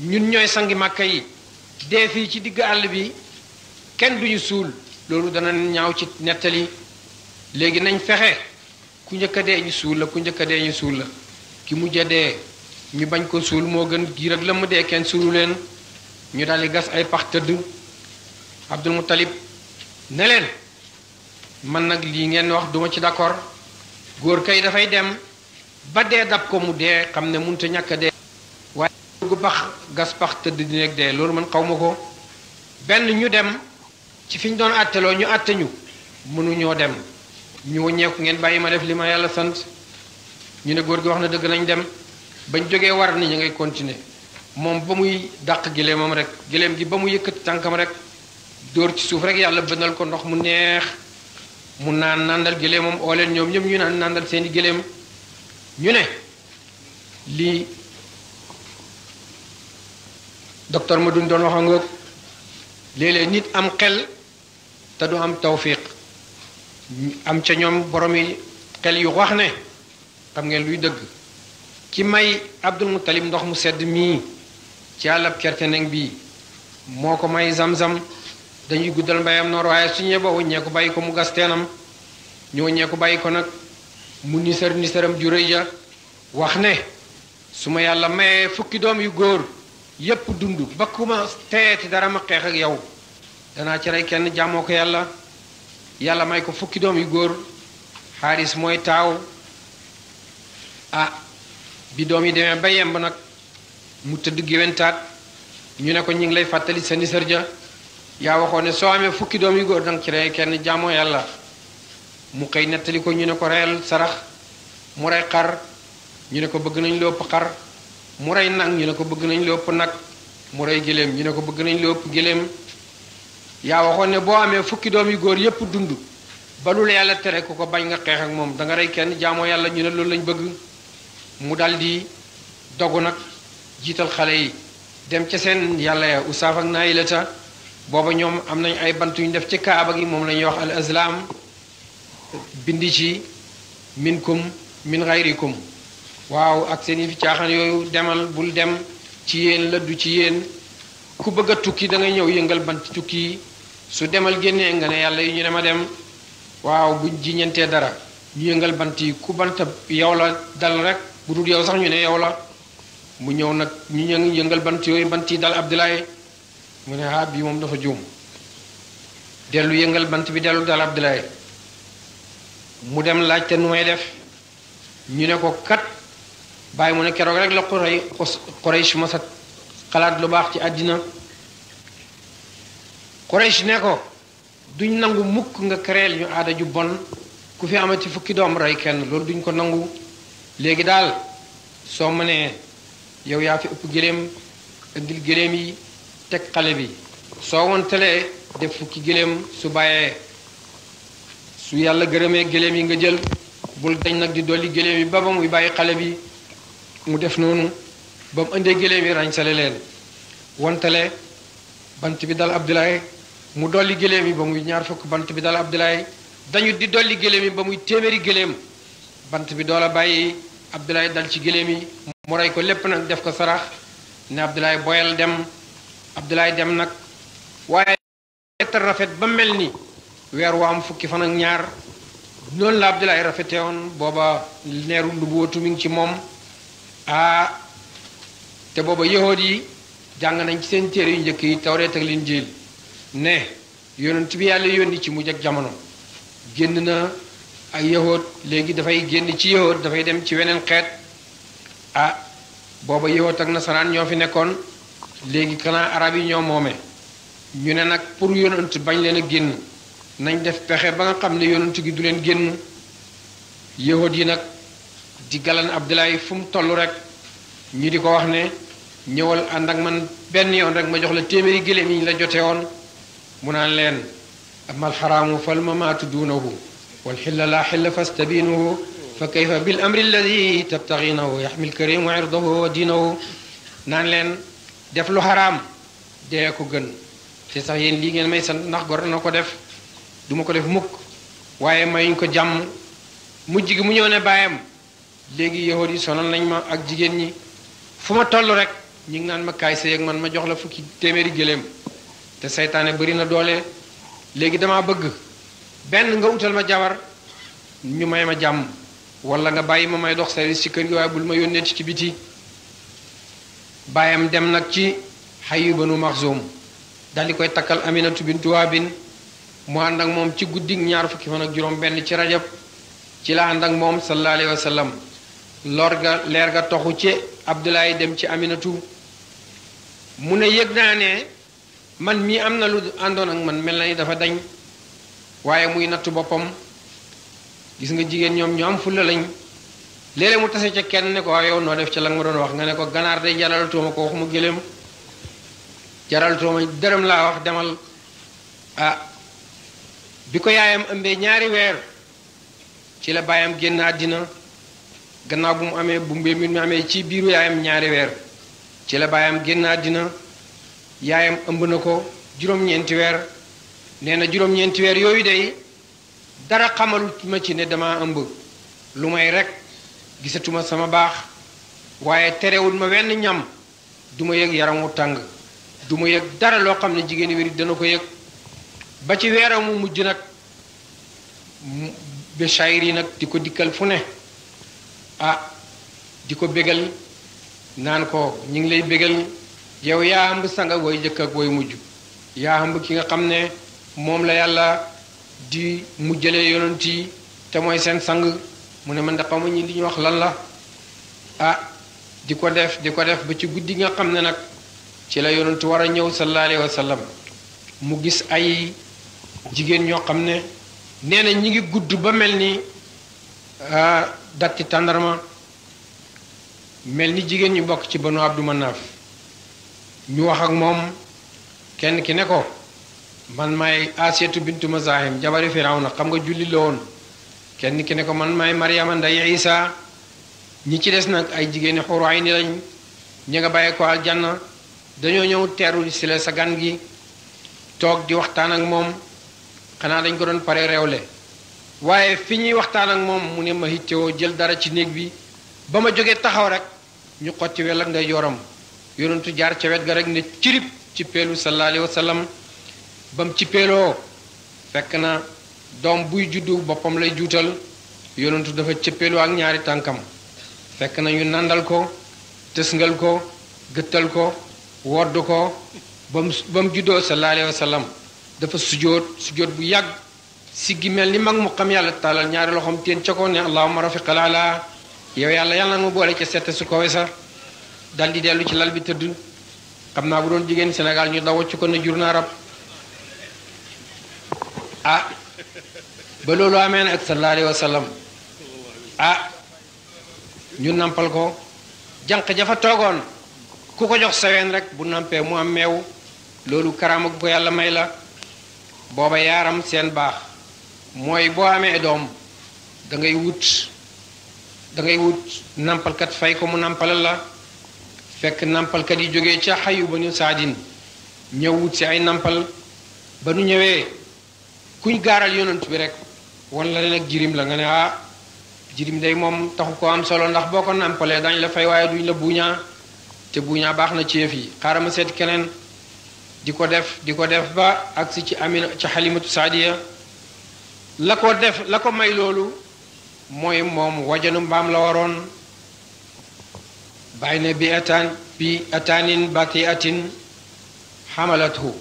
ñun ñooy sangi màkka yi dee fii ci digg àll bi kenn duñu suul loolu dana ñaaw ci nettali léegi nañ fexe ku njëkk a dee ñu suul la ku njëkk a dee suul la ki mujj a dee ñu bañ ko suul moo gën gii rek la mu dee kenn suulu leen ñu daldi gas ay pax tëdd Abdul Muttalib ne leen man nag lii ngeen wax duma ci d'accord góor kay dafay dem ba dee dab ko mu dee xam ne mënut a ñàkk dee waaye gu pax gas pax tëdd di nekk dee loolu man xaw ma ko benn ñu dem ci fi ñu doon àtteloo ñu àtte ñu mënuñoo dem ñu wëññeeku ngeen bàyyi ma def li ma yàlla sant ñu ne góor gi wax na dëgg nañ dem bañ jógee war ni ñu ngay continuer moom ba muy dàq gileemam rek gëléem gi ba mu yëkkati tànkam rek dóor ci suuf rek yàlla bënal ko ndox mu neex mu naan nàndal gileemam oo leen ñoom ñëpp ñu naan nàndal seeni gileem ñu ne lii docteur ma duñ doon wax ngoog léeg nit am xel te du am tawfiq am ca ñoom borom yi xel yu wax ne xam ngeen luy dëgg ci may Abdul Muttalib ndox mu sedd mii ci àllab kerteneng bii moo ko may zam-zam dañuy guddal mbayam noor waaye suñu ñe boobu ñee ko bàyyi ko mu gasteenam teenam ñee ko bàyyi ko nag mu nisar nisaram ju ja wax ne su ma yàlla mayee fukki doom yu góor yépp dund ba ku ma teeti dara ma xeex ak yow danaa ci rey kenn jàmmoo ko yàlla yàlla may ko fukki doom yu góor xaaris mooy taaw ah bi doom yi demee ba yemb nag mu tëdd géwéntaat ñu ne ko ñu ngi lay fàttali sa nisër ja yaa waxoon ne soo amee fukki doom yu góor danga ci rey kenn jàmmoo yàlla mu xëy nettali ko ñu ne ko reyal sarax mu rey xar ñu ne ko bëgg nañ lu ëpp mu rey nag ñu ne ko bëgg nañ lu ëpp nag mu rey gëléem ñu ne ko bëgg nañ lu ëpp géléem yaa waxoon ne boo amee fukki doom yu góor yépp dund ba lu la yàlla tere ku ko bañ nga xeex ak moom danga rey kenn jaamoo yàlla ñu ne loolu lañu bëgg mu daldi dogu nag jiital xale yi dem ca seen yàlla ya usaaf ak naayilata booba ñoom am nañ ay bant yu ñu def ci kaaba gi moom la ñuy wax al azlam bindi ci minkum min xayrikum waaw ak seen yi fi caaxaan yooyu demal bul dem ci yéen la du ci yéen ku bëgg a tukki da ngay ñëw yëngal bant tukki su demal génnee nga ne yàlla yi ñu dema dem waaw buñ jiñantee dara ñu yëngal bant yi ku bant yow la dal rek bu yow sax ñu ne yow la mu ñëw nag ñu yëngal bant yooyu bant yi dal Abdoulaye mu ne ah bii moom dafa juum dellu yëngal bant bi dellu dal Abdoulaye mu dem laajte nu may def ñu ne ko kat bàyyi mu ne keroog rek la xuray Quraysh masa xalaat lu baax ci àddina Quraysh ne ko duñ nangu mukk nga kereel ñu aada ju bon ku fi amati fukki doom rey kenn loolu duñ ko nangu léegi daal soo mënee yow yaa fi ëpp géléem indil géléem yi teg xale bi soo wontelee def fukki géléem su bàyyee su yàlla gërëmee géléem yi nga jël bul dañ nag di dolli géléem yi ba ba muy bàyyi xale bi mu def noonu ba mu indee gëléem yi ràñsale leen wantale bant bi dal Abdoulaye mu dolli gëléem yi ba muy ñaar fukk bant bi dal Abdoulaye dañu di dolli gëléem yi ba muy téeméeri gëléem bant bi doola bàyyi Abdoulaye dal ci gëléem yi mu rey ko lépp nag def ko sarax ne Abdoulaye boyal dem Abdoulaye dem nag waaye te rafet ba mel ni weer waa am fukki fan ak ñaar noonu la Abdoulaye rafetewoon booba neeru ndubuwatu mi ngi ci moom ah te booba yahood yi jàng nañ ci seen téere yu njëkk yi tawreet ak linjiil ne yonent bi yàlla yónni ci mujj ak jamono génn na ak yahood léegi dafay génn ci yahood dafay dem ci weneen xeet ah booba yahood ak sanaan ñoo fi nekkoon léegi kanaa arab yi ñoo moome ñu ne nag pour yonent bañ leen a génn nañ def pexe ba nga xam ne yonent gi du leen génn yahood yi nag di galan Abdoulaye fu mu toll rek ñu di ko wax ne ñëwal ànd man benn yoon rek ma jox la téeméeri gëléem yi ñu la jote woon mu naan leen amal xaraamu fal mamaatu duunahu wal xilla laa xilla fastabiinuhu fa kayfa bil amri alladi tabtaxinahu yaxmil karimu irdahu wa diinahu naan leen def lu xaraam dee ko gën te sax yéen lii ngeen may sant ndax gor na ko def duma ko def mukk waaye mayuñ ko jàmm mujj gi mu ñëw ne baayam léegi yahud yi sonal nañ ma ak jigéen ñi fu ma toll rek ñu ngi naan ma kaay sëy ak man ma jox la fukki téeméeri gëléem te saytaane bari na doole léegi dama bëgg benn nga wutal ma jabar ñu may ma jàmm wala nga bàyyi ma may dox service ci kër gi waaye bul ma yónnee ci biti baayam dem nag ci xayu banu maxzum dal di koy takkal aminatu bintu waabin mu ànd ak moom ci guddi ñaar fukki fan ak juróom benn ci rajab ci la ànd ak moom sallallahu alayhi wa sallam lor ga leer ga toxu ci Abdoulaye dem ci Aminatu mu ne yëg naa ne man mii am na lu àndoon ak man mel na ni dafa dañ waaye muy nattu boppam gis nga jigéen ñoom ñu am fulla lañ léeg mu tase ca kenn ne ko waaw yow noo def ca la nga ma doon wax nga ne ko ganaar day jaral tooma ko mu gëléem jaral tooma dërëm laa wax demal ah, bi ko yaayam ëmbee ñaari weer ci la baayam génn àddina gannaaw bu mu amee bu mbir mi amee ci biiru yaayam ñaari weer ci la baayam génn dina yaayam ëmb na ko juróom-ñeenti weer nee na juróom-ñeenti weer yooyu day dara xamalu ma ci ne dama ëmb lu may rekk gisatuma sama baax waaye terewul ma wenn ñam duma ma yëg yaramu tàng du ma yëg dara loo xam ne jigéen wéri dana ko yëg ba ci weeramu mujj nag ba shayri nag di ko dikkal fu ne ah di ko bégal naan ko ñu ngi lay bégal yow yaa ëmb sanga woy jëkk ak wooy mujj yaa ëmb ki nga xam ne moom la yàlla di mujjalee yonent yi te mooy seen sang mu ne man da xaw ma ñi li ñu wax lan la ah di ko def di ko def ba ci guddi nga xam ne nag ci la yonent war a ñëw sallallahu alayhi wa sallam mu gis ay jigéen ñoo xam ne nee na ñi ngi gudd ba mel ni ah, datti tàndarma mel ni jigéen ñu bokk ci banu Abdu Manaaf ñu wax ak moom kenn ki ne ko man may Asiyatu bintu Mazahim jabari Firawna xam nga julli la woon kenn ki ne ko man maay Maryama nday Isa ñi ci des nag ay jigéeni xuru ni lañ ñi nga bàyyi ko aljanna dañoo ñëw teeru si la sa gan gi toog di waxtaan ak moom xanaa dañ ko doon pare réewle waaye fi ñuy waxtaan ak moom mu ne ma hittewoo jël dara ci néeg bi ba ma jógee taxaw rek ñu xotti wel ak nday yoram yonentu jaar ca wet ga rek ne cirib ci peelu sallallahu alayhi wa sallam ba mu ci fekk na doom buy juddu boppam lay juutal yonentu dafa cëppeelu ak ñaari tànkam fekk nañu ñu nandal ko tësngal ko gëttal ko wodd ko ba mu ba mu juddoo sallallahu alayhi wa sallam dafa sujoot sujoot bu yàgg siggi mel ni mag mu xam yàlla taalal ñaari loxoom teen ca ko ne allahumma rafiqal ala yow yàlla yàlla nga boole ca sette su kawe sa dal di dellu ci lal bi tëdd xam naa bu doon jigéen senegal ñu daw ci ko ne jur naa rab ah ba loolu amee nag sallallahu alayhi wa ah ñu nampal ko jànq jafa toogoon ku ko jox saween rek bu nampee mu am meew loolu karaama ko yàlla may la booba yaaram seen baax mooy boo amee doom dangay wut dangay ngay wut nampalkat fay ko mu nampalal la fekk nampalkat yi jóge ca xayu ba ñu saadin ñëw wut si ay nampal ba nu ñëwee kuñ gaaral yonent bi rek wan la leen ak jirim la nga ne ah jirim dey moom taxu ko am solo ndax boo ko nampalee dañ la fay waaye duñ la buuñaa te buuñaa baax na ci yëf yi xaaral ma seet keneen di ko def di ko def ba agsi ci amina ci xalimatu saadiya la ko def la ko may loolu mooy moom wajanu mbaam la waroon bàyyi ne bi ataan bi ataanin bati atin xamalatu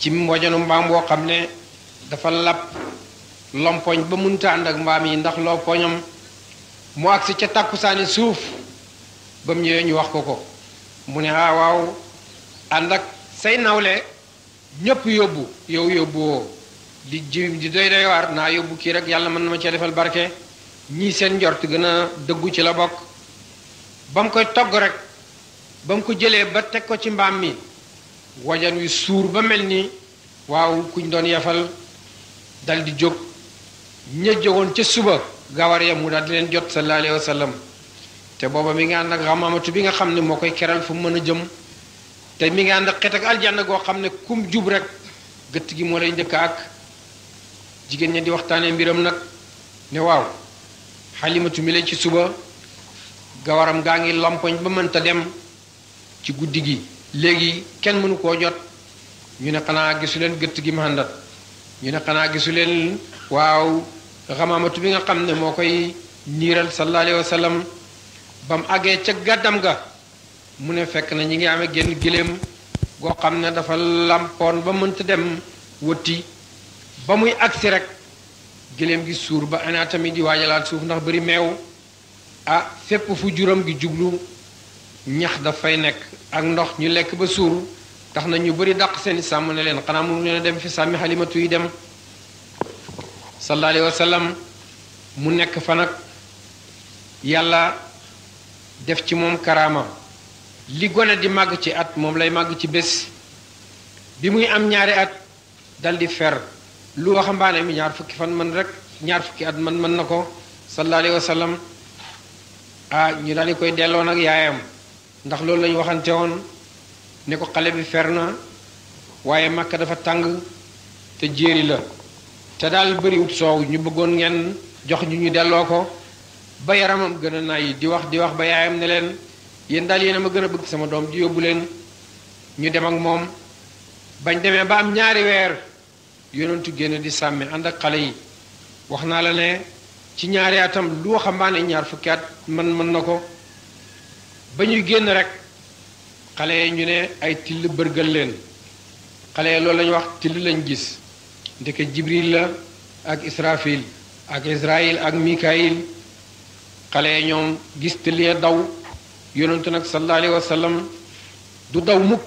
ci wajanu mbaam woo xam ne dafa lap lompoñ ba munta ànd ak mbaam yi ndax lompoñam mu agsi ca tàkku tàkkusaani suuf ba mu ñëwee ñu wax ko ko mu ne ah waaw ànd ak say nawle ñépp yóbbu yow yóbbu li jiw di doy doy waar naa yóbbu kii rek yàlla mën na ma cee defal barke ñii seen njort gën a dëggu ci la bokk ba mu koy togg rek ba mu ko jëlee ba teg ko ci mbaam mi wajan wi suur ba mel ni waaw kuñ doon yefal dal di jóg ña jógoon ca suba gawar ya mu daal di leen jot sallallahu alayhi wa sallam te booba mi ngi ànd ak bi nga xam ne moo koy keral fu mu mën a jëm te mi ngi ànd xet ak aljanna goo xam ne kum jub rek gëtt gi moo lay njëkk ak jigéen ña di waxtaanee mbiram nag ne waaw xalimatu mi la ci suba gawaram gaa ngi làmpoñ ba mënta dem ci guddi gi léegi kenn mënu koo jot ñu ne xanaa gisu leen gëtt gi mahandat ñu ne xanaa gisu leen waaw xamaamatu bi nga xam ne moo koy niiral sallallahu alayhi wa sallam ba mu àggee ca gàddam ga mu ne fekk na ñi ngi amee génn giléem goo xam ne dafa làmpoon ba mënta dem wëtti ba muy agsi rek gëléem gi suur ba ana di waajalaat suuf ndax bari meew a ah, fépp fu juróom gi jublu ñax dafay nekk ak ndox ñu lekk ba suur tax na ñu bari dàq seeni sàmm ne leen xanaa mënu leen a dem fi sàmmi xalimatu yi dem sallallahu alayhi mu nekk fa nag yàlla def ci moom karaama li gone di màgg ci at moom lay màgg ci bés bi muy am ñaari at dal di fer lu waxambaane mi ñaar fukki fan man rek ñaar fukki at man mën na ko sallallahu alayhi wa sallam ah ñu daal koy delloo nag yaayam ndax loolu lañu waxante woon ne ko xale bi fer na waaye màkk dafa tàng te jéeri la te daal bëriwut soow ñu bëggoon ngeen jox ñu ñu delloo ko ba yaram yaramam gën a nay di wax di wax ba yaayam ne leen yéen daal yéen ma gën a bëgg sama doom di yóbbu leen ñu dem ak moom bañ demee ba am ñaari weer yonentu génn di sàmme ànd ak xale yi wax naa la ne ci ñaari atam lu waxambaane ñaar fukki at man mën na ko ba ñuy génn rek xale yi ñu ne ay till bërgal leen xale yi loolu lañu wax till lañ gis ndeke jibril la ak israfil ak israil ak mikail xale yi ñoom gis till daw yonentu nag sallallahu alayhi wa du daw mukk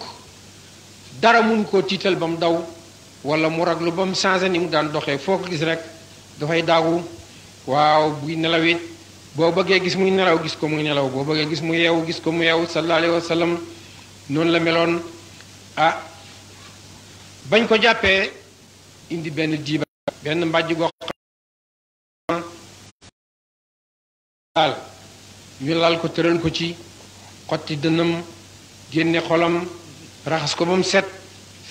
dara mun koo tiital ba mu daw wala mu lu ba mu changé ni mu daan doxee foo ko gis rek dafay daagu waaw buy nelaw boo bëggee gis muy nelaw gis ko muy nelaw boo bëggee gis mu yeewu gis ko mu yeewu sallallahu alayhi wa noonu la meloon ah bañ ko jàppee indi benn diiba benn mbàjj goo xam daal ñu lal ko tëral ko ci xotti dënam génne xolam raxas ko ba mu set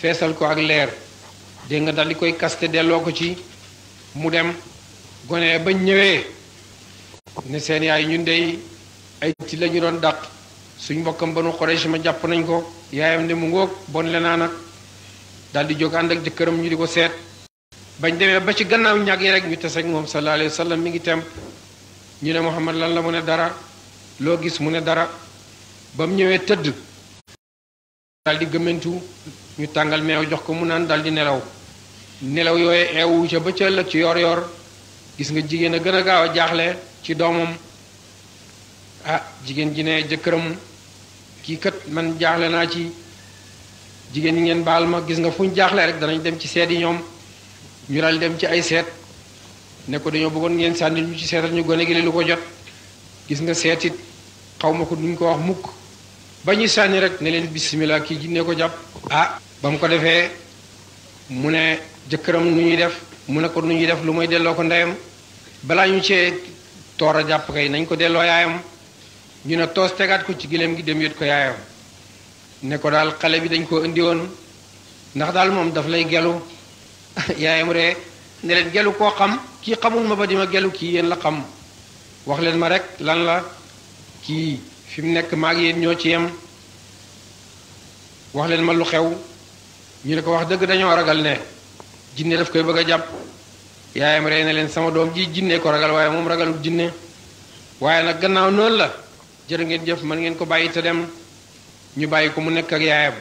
feesal ko ak leer dégg nga daal di koy kaste delloo ko ci mu dem gone bañ ñëwee ne seen yaay ñun dey ay ci la ñu doon dàq suñ mbokkam ba nu xoree ma jàpp nañ ko yaayam ne mu ngoog bon lenaa nag daal di jóg ànd ak jëkkëram ñu di ko seet bañ demee ba ci gannaaw ñàgg yi rek ñu tase moom sallallahu alayhi wa sallam mi ngi temp ñu ne Muhammad lan la mu ne dara loo gis mu ne dara ba mu ñëwee tëdd daal di gëmmentu ñu tàngal meew jox ko mu naan daal di nelaw nelaw yooyu eewu ca ba ca ci yoor yor gis nga jigéen a gën a gaaw a jaaxle ci doomam ah jigéen ji ne jëkkëramu kii kat man jaaxle naa ci jigéen ñi ngeen baal ma gis nga fuñ ñu jaaxle rek danañ dem ci seet yi ñoom ñu dal dem ci ay seet ne ko dañoo bëggoon ngeen sànni ñu ci seetal ñu gone gi lu ko jot gis nga seetit xaw ma ko duñ ko wax mukk ba ñuy sànni rek ne leen bisimilah kii ji ne ko jàpp ah ba mu ko defee mu ne jëkkëram nu ñuy def mu ne ko nu ñuy def lu may delloo ko ndeyam balaa ñu ci toor a jàpp kay nañ ko delloo yaayam ñu ne toos tegaat ko ci gileem gi dem yët ko yaayam ne ko daal xale bi dañ koo indi woon ndax daal moom daf lay gelu *laughs* yaayam ree ne leen gelu koo xam kii xamul ma ba di ma gelu kii yéen la xam wax leen ma rekk lan la kii fi mu nekk maag yéen ñoo ci yem wax leen ma lu xew ñu ne ko wax dëgg dañoo ragal ne jinne daf koy bëgg a jàpp yaayam rey na leen sama doom ji jinne ko ragal waaye moom ragalul jinne waaye nag gannaaw noonu la jërë ngeen jëf mën ngeen ko bàyyi te dem ñu bàyyi ko mu nekk ak yaayam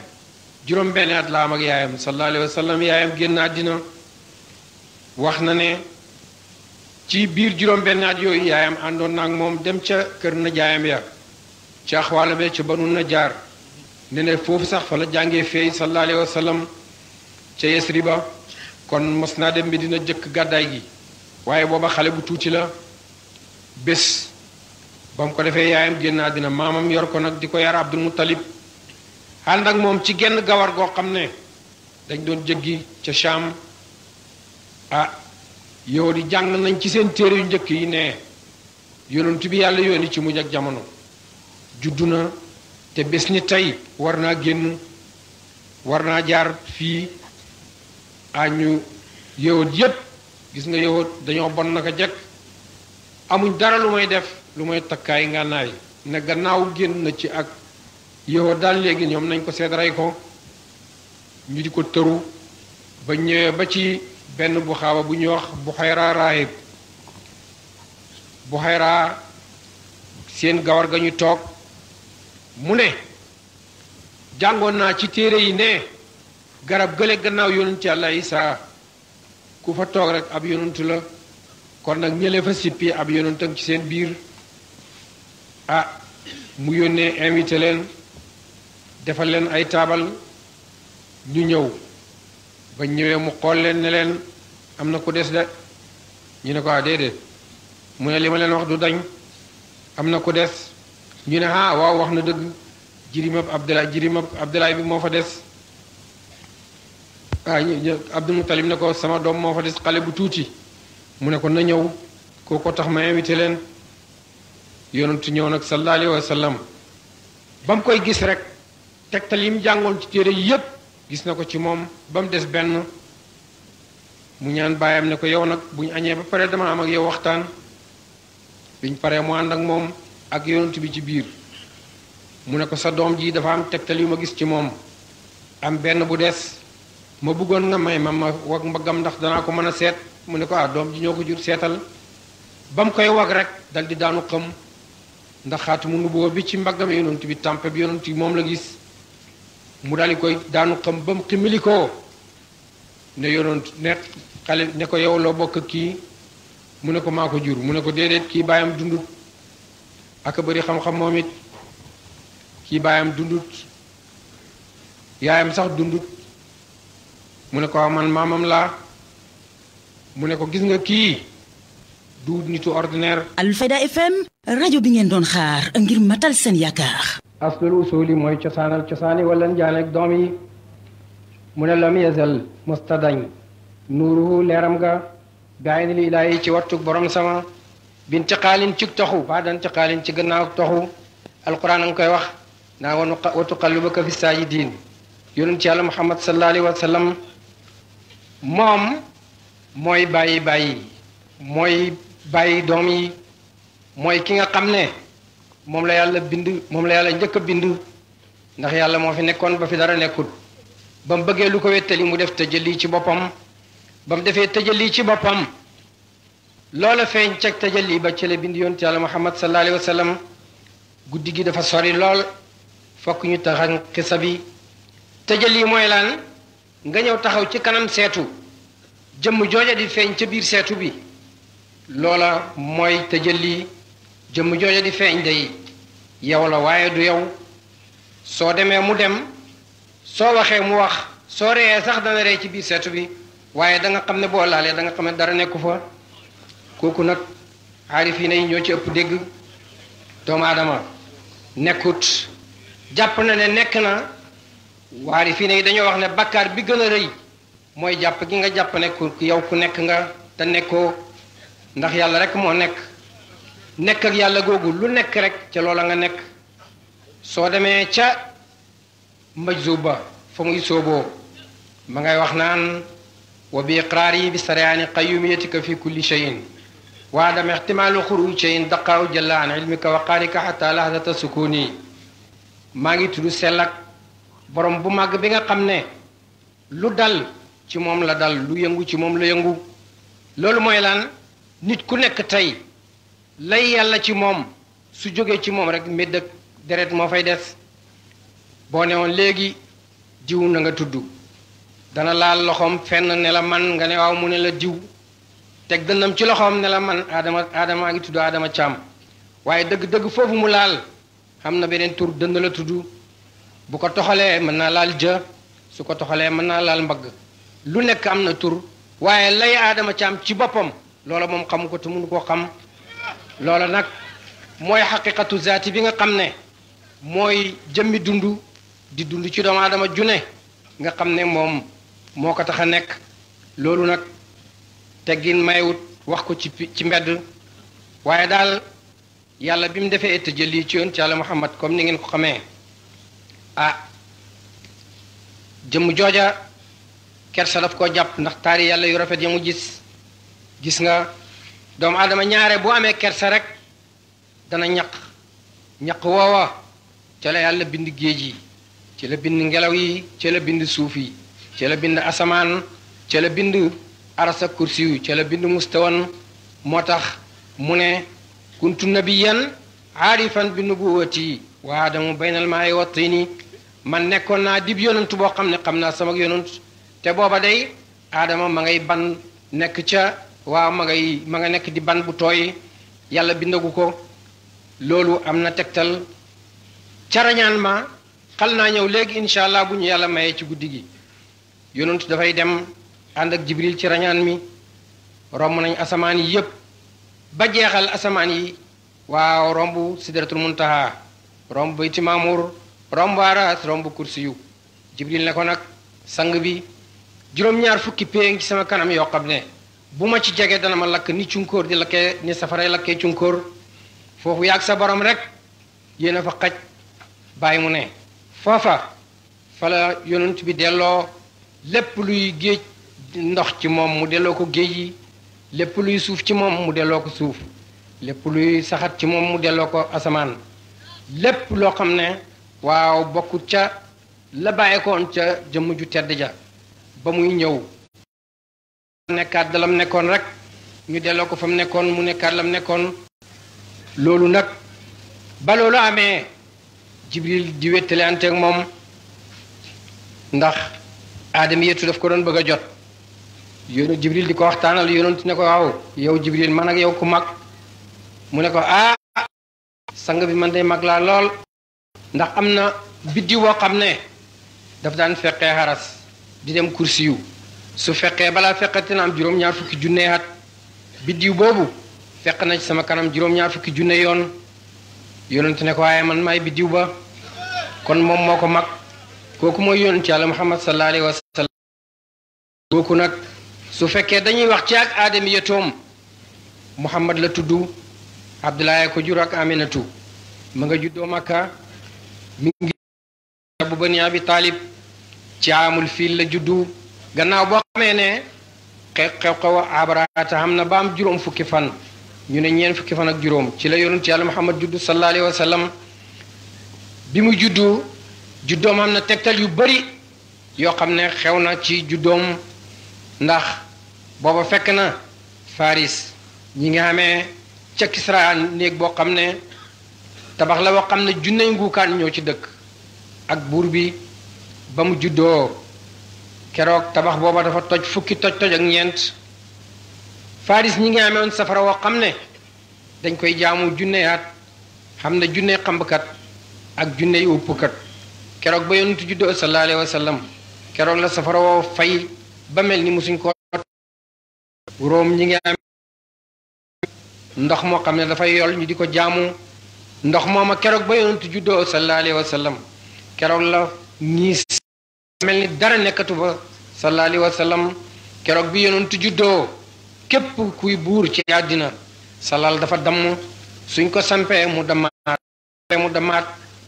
juróom benn at la am ak yaayam sallallahu alayhi wa sallam yaayam génn àddina wax na ne ci biir juróom benn at yooyu yaayam àndoon na ak moom dem ca kër na jaayam ya ca axwaala be ca banu na jaar ne ne foofu sax fa la jàngee feey sallallahu alayhi wa ca Yasriba kon mos naa dem bi dina jëkk gàddaay gi waaye booba xale bu tuuti la bés ba mu ko defee yaayam génn àddina maamam yor ko nag di ko yar Abdul Muttalib ànd ak moom ci genn gawar goo xam ne dañ doon jéggi ca Sham ah yow di jàng nañ ci seen téere yu njëkk yi ne yonent bi yàlla yooni ci mujj ak jamono juddu na te bés ni tey war naa génn war naa jaar fii añu yowut yépp gis nga yowut dañoo bon naka jekk amuñ dara lu may def lu may takkaay ngànnaay ne gannaaw génn na ci ak yowut daal léegi ñoom nañ ko seet rey ko ñu di ko tëru ba ñëwee ba ci benn bu xaaba bu ñuy wax Buxayra raahib Buxayra seen gawar ga ñu toog mu ne jàngoon naa ci téere yi ne garab gële gannaaw yonent yàlla Isaa ku fa toog rek ab yonent la kon nag ñële fa sippi ab yonentam ci seen biir ah mu yónnee invité leen defal leen ay taabal ñu ñëw ba ñëwee mu xool leen ne leen am na ku des de ñu ne ko ah déedéet mu ne li ma leen wax du dañ am na ku des ñu ne ah waaw wax na dëgg jirimab Abdallah jirimab Abdallah bi moo fa des ah Abdul Mutalib ne ko sama doom moo fa des xale bu tuuti mu ne ko na ñëw koo ko tax ma invité leen yonentu ñëw nag sallallahu alayhi wa sallam ba mu koy gis rek tegtal yi mu jàngoon ci téere yépp gis na ko ci moom ba mu des benn mu ñaan baayam ne ko yow nag bu ñu añee ba pare dama am ak yow waxtaan biñ paree mu ànd ak moom ak yonent bi ci biir mu ne ko sa doom ji dafa am tegtal yu ma gis ci moom am benn bu des ma bëggoon nga may ma ma wag mbaggam ndax danaa ko mën a seet mu ne ko ah doom ji ñoo ko jur seetal ba mu koy wag rek dal di daanu xam ndax xaatimu nubuwa bi ci mbaggam yonent bi tàmpe bi yonent moom la gis mu daal di koy daanu xam ba mu ximili ko ne yonent ne xale ne ko yow loo bokk kii mu ne ko maa ko jur mu ne ko déedéet kii baayam dundut ak bari bëri xam-xam moom it kii baayam dundut yaayam sax dundut mu ko ah, man maamam laa mu ne ko gis nga kii du nitu ordinaire. Alfayda FM rajo bi ngeen doon xaar ngir matal sen yaakaar. aslul usuli mooy cosaanal cosaani wala njaan ak doom yi mu ne lam yazal mustadañ nuuruhu leeram ga gaay ni li ci wattuk borom sama bintiqaalin ci taxu ba dan tiqaalin ci gannaaw taxu alquran a nga koy wax naa wanu watu qallubaka fi saajidiin yonent yàlla muhammad sallallahu alayhi wa sallam moom mooy bàyyi bàyyi mooy bàyyi doom yi mooy ki nga xam ne moom la yàlla bind moom la yàlla njëkk a bind ndax yàlla moo fi nekkoon ba fi dara nekkul ba mu bëggee lu ko wettali mu def tëjali ci boppam ba mu defee tëjël tëjali ci boppam loola feeñ ceg tëjali ba cële bind yonent yàlla muhammad sallallahu alayhi wa sallam guddi gi dafa sori lool fokk ñu taxan xisa bi tëjali mooy lan nga ñëw taxaw ci kanam seetu jëmm jooja di feeñ ca biir seetu bi loola mooy te tëjëli jëmm jooja di feeñ day yow la waaye du yow soo demee mu dem soo waxee mu wax soo reyee sax dana rey ci biir seetu bi waaye danga xam ne boolaalee laalee da nga xam ne dara nekku fa kooku nag aarifiina yi ñoo ci ëpp dégg doomu aadama nekkut jàpp na ne nekk na waari fii ne dañoo wax ne bakkaar bi gën a rëy mooy jàpp gi nga jàpp ne ku yow ku nekk nga te nekkoo ndax yàlla rek moo nekk nekk ak yàlla googu lu nekk rek ca loola nga nekk soo demee ca majzuba fa muy sooboo ma ngay wax naan wa bi iqraari bi sarayaani qayumiyatika fi kulli cheyin wa adam ixtimaalu xuruj cheyin daqaaw jalla an ilmika wa qaarika xata lahdata sukuni maa ngi tudd sell ak borom bu màgg bi nga xam ne lu dal ci moom la dal lu yëngu ci moom la yëngu loolu mooy lan nit ku nekk tey lay yàlla ci moom su jógee ci moom rek médd ak deret moo fay des boo ne woon léegi diw na nga tudd dana laal loxoom fenn ne la man nga ne waaw mu ne la diw teg dënnam ci loxoom ne la man aadama aadamaa ngi tudd aadama caam waaye dëgg-dëgg foofu mu laal xam na beneen tur dënn la tudd bu ko toxalee mën naa laal jë su ko toxalee mën naa laal mbagg lu nekk am na tur waaye lay aadama caam ci boppam loola moom xamu ko te mënu koo xam loola nag mooy xaqiqatu zaati bi nga xam ne mooy jëmmi dund di dund ci doomu june nga xam ne moom moo ko tax a nekk loolu nag teggin maywut wax ko ci ci mbedd waaye daal yàlla bi mu defee ëtt jël lii ci yoon ci yàlla muhammad comme ni ngeen ko xamee Ah, jëmm jooja kerse daf ko jàpp ndax taari yàlla yu rafet ya mu gis gis nga doomu aadama ñaare bu amee kerse rek dana ñaq ñaq woowa ca la yàlla bind géej yi ci la bind ngelaw yi ci la bind suuf yi ci la bind asamaan ci la bind arasa kursi yu la bind mustawan moo tax mu ne kuntu fan bind bi nubuwati wa aadamu baynal maayi wa tini man nekkoon naa dib yonantu boo xam ne xam naa sama yonantu te booba day aadama ma ngay ban nekk ca waa ma ngay ma nga nekk di ban bu tooy yàlla bindagu ko loolu am na tegtal carañaan ma xal naa ñëw léegi incha allah bu ñu yàlla mayee ci guddi gi yonantu dafay dem ànd ak jibril ci rañaan mi romb nañ asamaan yi yépp ba jeexal asamaan yi waaw romb sidratul muntaha romb bayti maamur romb aras romb kursi yu jibril ne ko nag sang bi juróom-ñaar fukki péeng ci sama kanam yoo xam ne bu ma ci jege dana ma lakk ni cunkóor di lakkee ni safaray lakkee cunkóor foofu yaag sa borom rek yéen a fa xaj bàyyi mu ne foofa fala yonent bi delloo lépp luy géej ndox ci moom mu delloo ko géej yi lépp luy suuf ci moom mu delloo ko suuf lépp luy saxat ci moom mu delloo ko asamaan lépp loo xam ne waaw bokkut ca la bàyyeekoon ca jëmm ju tedd ja ba muy ñëw nekkaat dalam nekkoon rek ñu delloo ko fa mu nekkoon mu nekkaat la lam nekkoon loolu nag ba loolu amee jibril di wéttaleanteeg moom ndax aadama yettu daf ko doon bëgg a jot yoonu jibril di ko waxtaanal yonent ne ko aw yow jibril man ak yow ku mag mu ne ko ah sang bi man day mag laa lool ndax am na biddi woo xam ne daf daan feqee xaras di dem kursi su feqee balaa feqati na am juróom-ñaar fukki junne at biddiw boobu feq na ci sama kanam juróom-ñaar fukki junne yoon yonent ne ko waaye man maay biddiw ba kon moom moo ko mag kooku mooy yonent yàlla muhammad sallallahu alayhi wa sallam kooku nag su fekkee dañuy wax ci ak aadami yatoom muhammad la tudd abdoulaye ko jur ak aminatu ma nga juddoo makka mi ngi bu taalib ci amul fiil la juddu gannaaw boo xamee ne xew xew xew abarata xam na ba am juróom fukki fan ñu ne ñeent fukki fan ak juróom ci la yonent yàlla muhammad juddu sallallahu alayhi wa bi mu juddu juddoom am na tegtal yu bari yoo xam ne xew na ci juddoom ndax booba fekk na faris ñi nga xamee ca kisra néeg boo xam ne tabax la boo xam ne junney nguukaan ñoo ci dëkk ak buur bi ba mu juddoo keroog tabax booba dafa toj fukki toj toj ak ñeent faris ñi ngi amewoon safara woo xam ne dañ koy jaamu junneyaat xam ne junne xambkat ak junne yu uppkat keroog ba yonent juddoo sallallahu alayhi wa sallam keroog la safara woo fay ba mel ni musuñ ko róom ñi ngi am ndox moo xam ne dafa yol ñu di ko jaamu ndox mooma keroog ba yonent juddoo sallallahu alayhi wa keroog la ñii mel ni dara nekkatu ba sallallahu keroog bi yonent juddoo képp kuy buur ci àddina salal dafa damm suñ ko sampee mu damaat mu damaat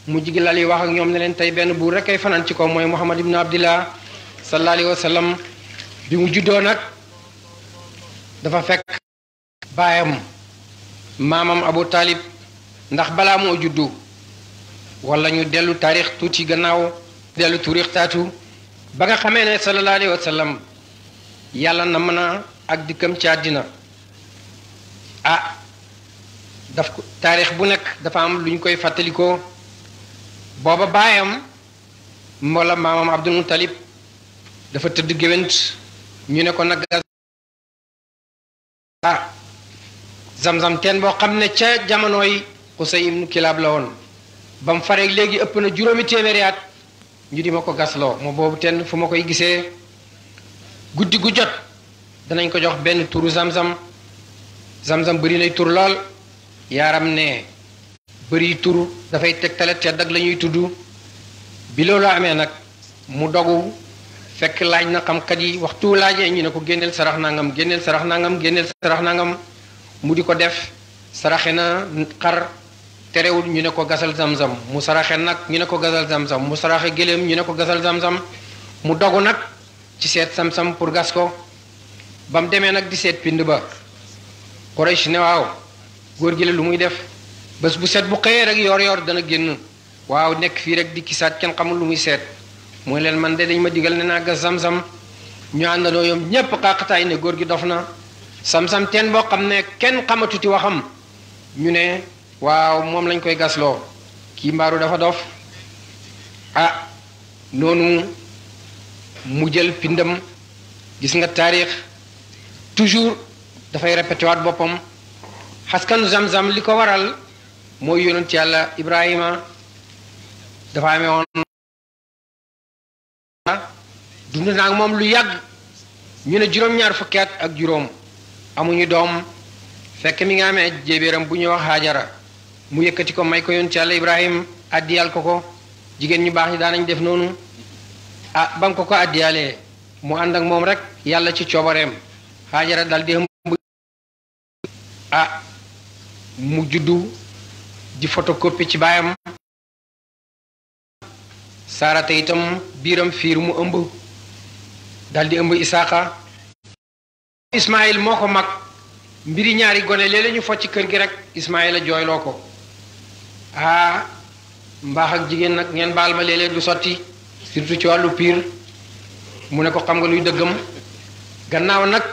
mu jigi lal yi wax ak ñoom ne leen tey benn buur rek ay fanaan ci ko mooy Muhammad ibn Abdillah sallallahu alayhi wa bi mu juddoo nag dafa fekk baayam maamam Abu Talib ndax balaa moo juddu wala ñu dellu taarix tuuti gannaaw dellu taarix taatu ba nga xamee ne sallallahu alayhi wa sallam yàlla na mën a ak dikkam ci àddina a ah, daf ko taarix bu nekk dafa am lu ñu koy fàttalikoo booba baayam mboola maamam Abdul Muttalib dafa tëdd géwént ñu ne ko nag ah zam teen boo xam ne ca jamono yi Xusay ibnu Kilaab la woon ba mu faree léegi ëpp na juróomi téeméeri at ñu di ma ko gasloo moo boobu tenn fu ma koy gisee guddi gu jot danañ ko jox benn turu zam-zam zam-zam bëri nay tur lool yaaram ne bëri tur dafay tegtale tedd ak la ñuy tudd bi loolu amee nag mu dogu fekk laaj na xamkat yi waxtu laajee ñu ne ko génneel sarax nangam génneel sarax nangam génneel sarax nangam mu di ko def saraxe na xar terewul ñu ne ko gasal zamzam mu saraxe nag ñu ne ko gasal zamzam mu saraxe gëléem ñu ne ko gasal zamzam mu dogu nag ci seet samsam pour gas ko ba mu demee nag di seet pind ba Quraysh ne waaw góor gi la lu muy def bés bu seet bu xëyee rek yor yor dana génn waaw nekk fii rek di kisaat kenn xamul lu muy seet mooy leen man de dañ ma digal ne naa gas zamzam ñu àndandoo yom ñépp xaqataay ne góor gi dof na samsam teen boo xam ne kenn xamatuti waxam ñu ne waaw moom lañ koy gasloo kii mbaaru dafa dof ah noonu mu jël pindam gis nga taarix toujours dafay répété waat boppam xaskanu zam-zam li ko waral mooy yonent yàlla Ibrahima dafa amee woon dund naa moom lu yàgg ñu ne juróom-ñaar fukki at ak juróom amuñu doom fekk mi nga amee jébéeram bu ñuy wax Haajara mu yëkkati ko may ko ci yàlla Ibrahim addiyal ko ko jigéen ñu baax ñi daanañ def noonu ah ba mu ko ko addiyalee mu ànd ak moom rek yàlla ci coobareem Haajara dal di ëmb ah mu juddu di photocopie ci baayam saarata itam biiram fiir mu ëmb dal di ëmb Isaaqa Ismaayil moo ko mag mbiri ñaari gone léeg-léeg ñu focc kër gi rek Ismaayil a jooyloo ko ah mbaax ak jigéen nag ngeen baal ma léeg-léeg du sotti surtout ci wàllu piir mu ne ko xam nga luy dëggam gannaaw nag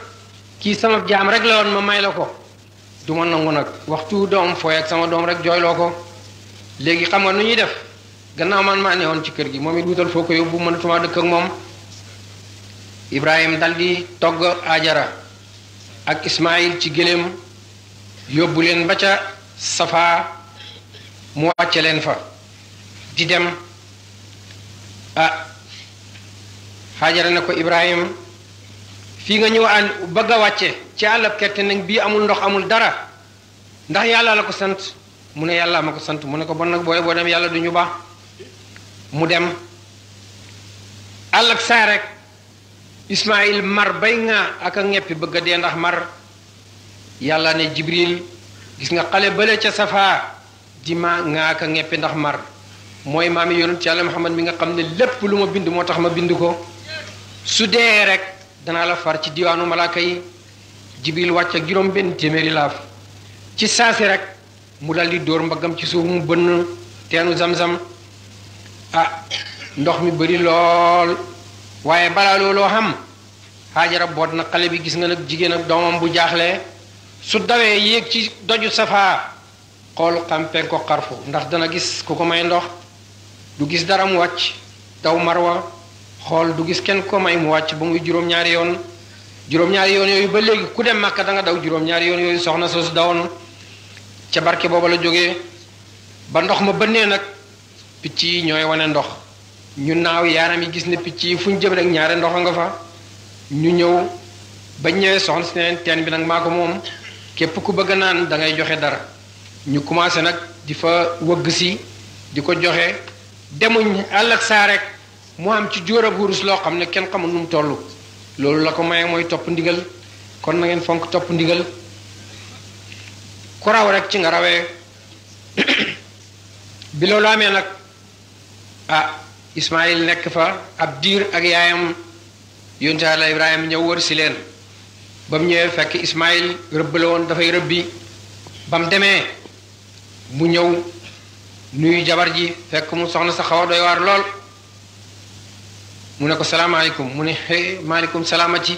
kii sama jaam rek la woon ma may la ko du ma nangu nag waxtu doom fooy ak sama doom rek jooyloo ko léegi xam nga nu ñuy def gannaaw man maa ne woon ci kër gi moom it wutal foo ko yóbbu mënatuma dëkk ak moom ibrahim dal di togg ajara ak ismail ci gëléem yóbbu leen ba ca safa mu wàcce leen fa di dem ah xaajara na ko Ibrahima fii nga ñëw àll bëgg a wàcce ci àllab kerte nag bii amul ndox amul dara ndax yàlla la ko sant mu ne yàlla ma ko sant mu ne ko bon nag booy boo dem yàlla duñu ñu baax mu dem àll ak saa rek Ismaayil mar bay nga ak a bëgg a dee ndax mar yàlla ne Jibril gis nga xale bële ca safaa di ma ŋaak a ngeppi ndax mar mooy maami yonent yàlla Muhammad mi nga xam ne lépp lu ma bind moo tax ma bind ko su dee rek danaa la far ci diwaanu malaaka yi jibil wàcc ak juróom benn téeméeri laaf ci saasi rek mu dal di dóor mbaggam ci suuf mu bënn teenu zam-zam ah ndox mi bari lool waaye balaa looloo xam xaajara boot na xale bi gis nga nag jigéen ak doomam bu jaaxle su dawee yéeg ci doju safaa xool xampen ko xarfu ndax dana gis ku ko may ndox du gis dara mu wàcc daw marwa xool du gis kenn ko may mu wàcc ba muy juróom-ñaari yoon juróom-ñaari yoon yooyu ba léegi ku dem màkka da nga daw juróom-ñaari yoon yooyu soxna soosu dawoon ca barke booba la jóge ba ndox ma bënnee nag picc yi ñooy wane ndox ñu naaw yaaram yi gis ne picc yi fu ñu jëm rek ñaare ndox nga fa ñu ñëw ba ñëwee soxna si neen teen bi nag maa ko moom képp ku bëgg naan da ngay joxe dara ñu commencé nag di fa wëgg si di ko joxe demuñ àll ak saa rek mu am ci jóor ab wurus loo xam ne kenn xamul nu mu toll loolu la ko maye mooy topp ndigal kon nangeen fonk topp ndigal ku raw rek ci nga rawee *coughs* bi loolu amee nag ah Ismaayil nekk fa ab diir ak yaayam yonte Yàlla Ibrahima ñëw wër si leen ba mu ñëwee fekk Ismaayil rëbb la woon dafay rëbbi ba mu demee mu ñëw nuyu jabar ji fekk mu soxna sa xawa doy waar lool mu ne ko salaamaaleykum mu ne xëy maaleykum salaamati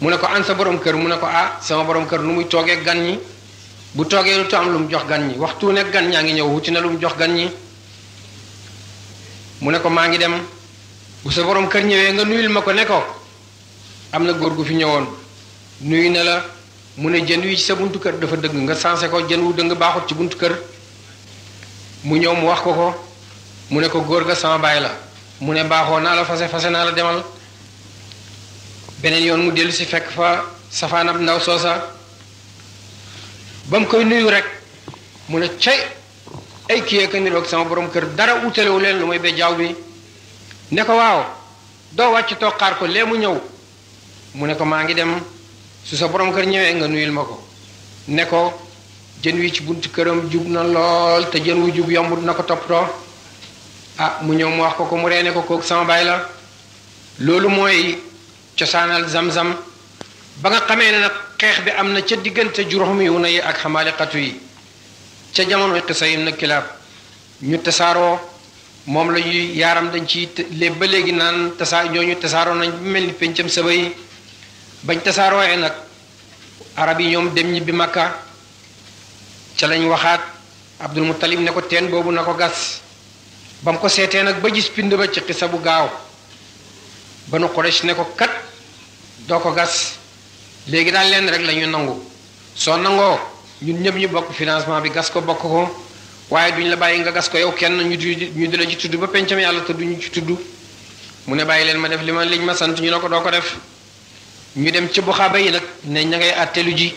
mu ne ko an sa boroom kër mu ne ko ah sama borom kër nu muy toogee gan ñi bu toogee lu am lu mu jox gan ñi waxtu nekk gan ñaa ngi ñëw wuti na lu mu jox gan ñi mu ne ko maa ngi dem bu sa boroom kër ñëwee nga nuyul ma ko ne ko am na góor gu fi ñëwoon nuyu na la. mu ne jënd wi ci sa buntu kër dafa dëgg nga sanse ko jën wu dëng baaxut ci buntu kër mu ñëw mu wax ko ko mu ne ko góor ga sama baay la mu ne baaxoo naa la fase fase naa la demal beneen yoon mu dellu si fekk fa safaanab ndaw soosa ba mu koy nuyu rek mu ne cay ay kii ak niroog sama borom kër dara utalewu leen lu may be jaaw bi ne ko waaw doo wàcc toqaar ko lee mu ñëw mu ne ko maa ngi dem su sa borom kër ñëwee nga nuyul ma ko ne ko jën wii ci buntu këram jub na lool te jën wu jub yombut na ko toppatoo a ah, mu ñëw mu wax ko ko mu reene ko kooku sama baay la loolu mooy cosaanal zam-zam ba nga xamee ne nag xeex bi am na ca diggante juróomi yu na yi ak xamaalixatu yi ca jamono xisa yi na kilaab ñu tasaaroo moom la ñuy yaaram dañ ci léeb ba léegi naan tasaa ñooñu tasaaroo nañ mel ni péncam saba yi bañ tasaarooyee nag arab yi ñoom dem ñibbi makka ca lañ waxaat abdul muttalib ne ko teen boobu na ko gas ba mu ko seetee nag ba gis pind ba ci xisa bu gaaw ba nu Quraysh ne ko kat doo ko gas léegi daal leen rek la ñu nangu soo nangoo ñun ñëpp ñu bokk financement bi gas ko bokk ko waaye duñ la bàyyi nga gas ko yow kenn ñu di ñu di la ci tudd ba pencam yàlla te duñu ci tudd mu ne bàyyi leen ma def li ma liñ ma sant ñu ne ko doo ko def ñu dem ci buxaaba yi nag ne ña ngay ji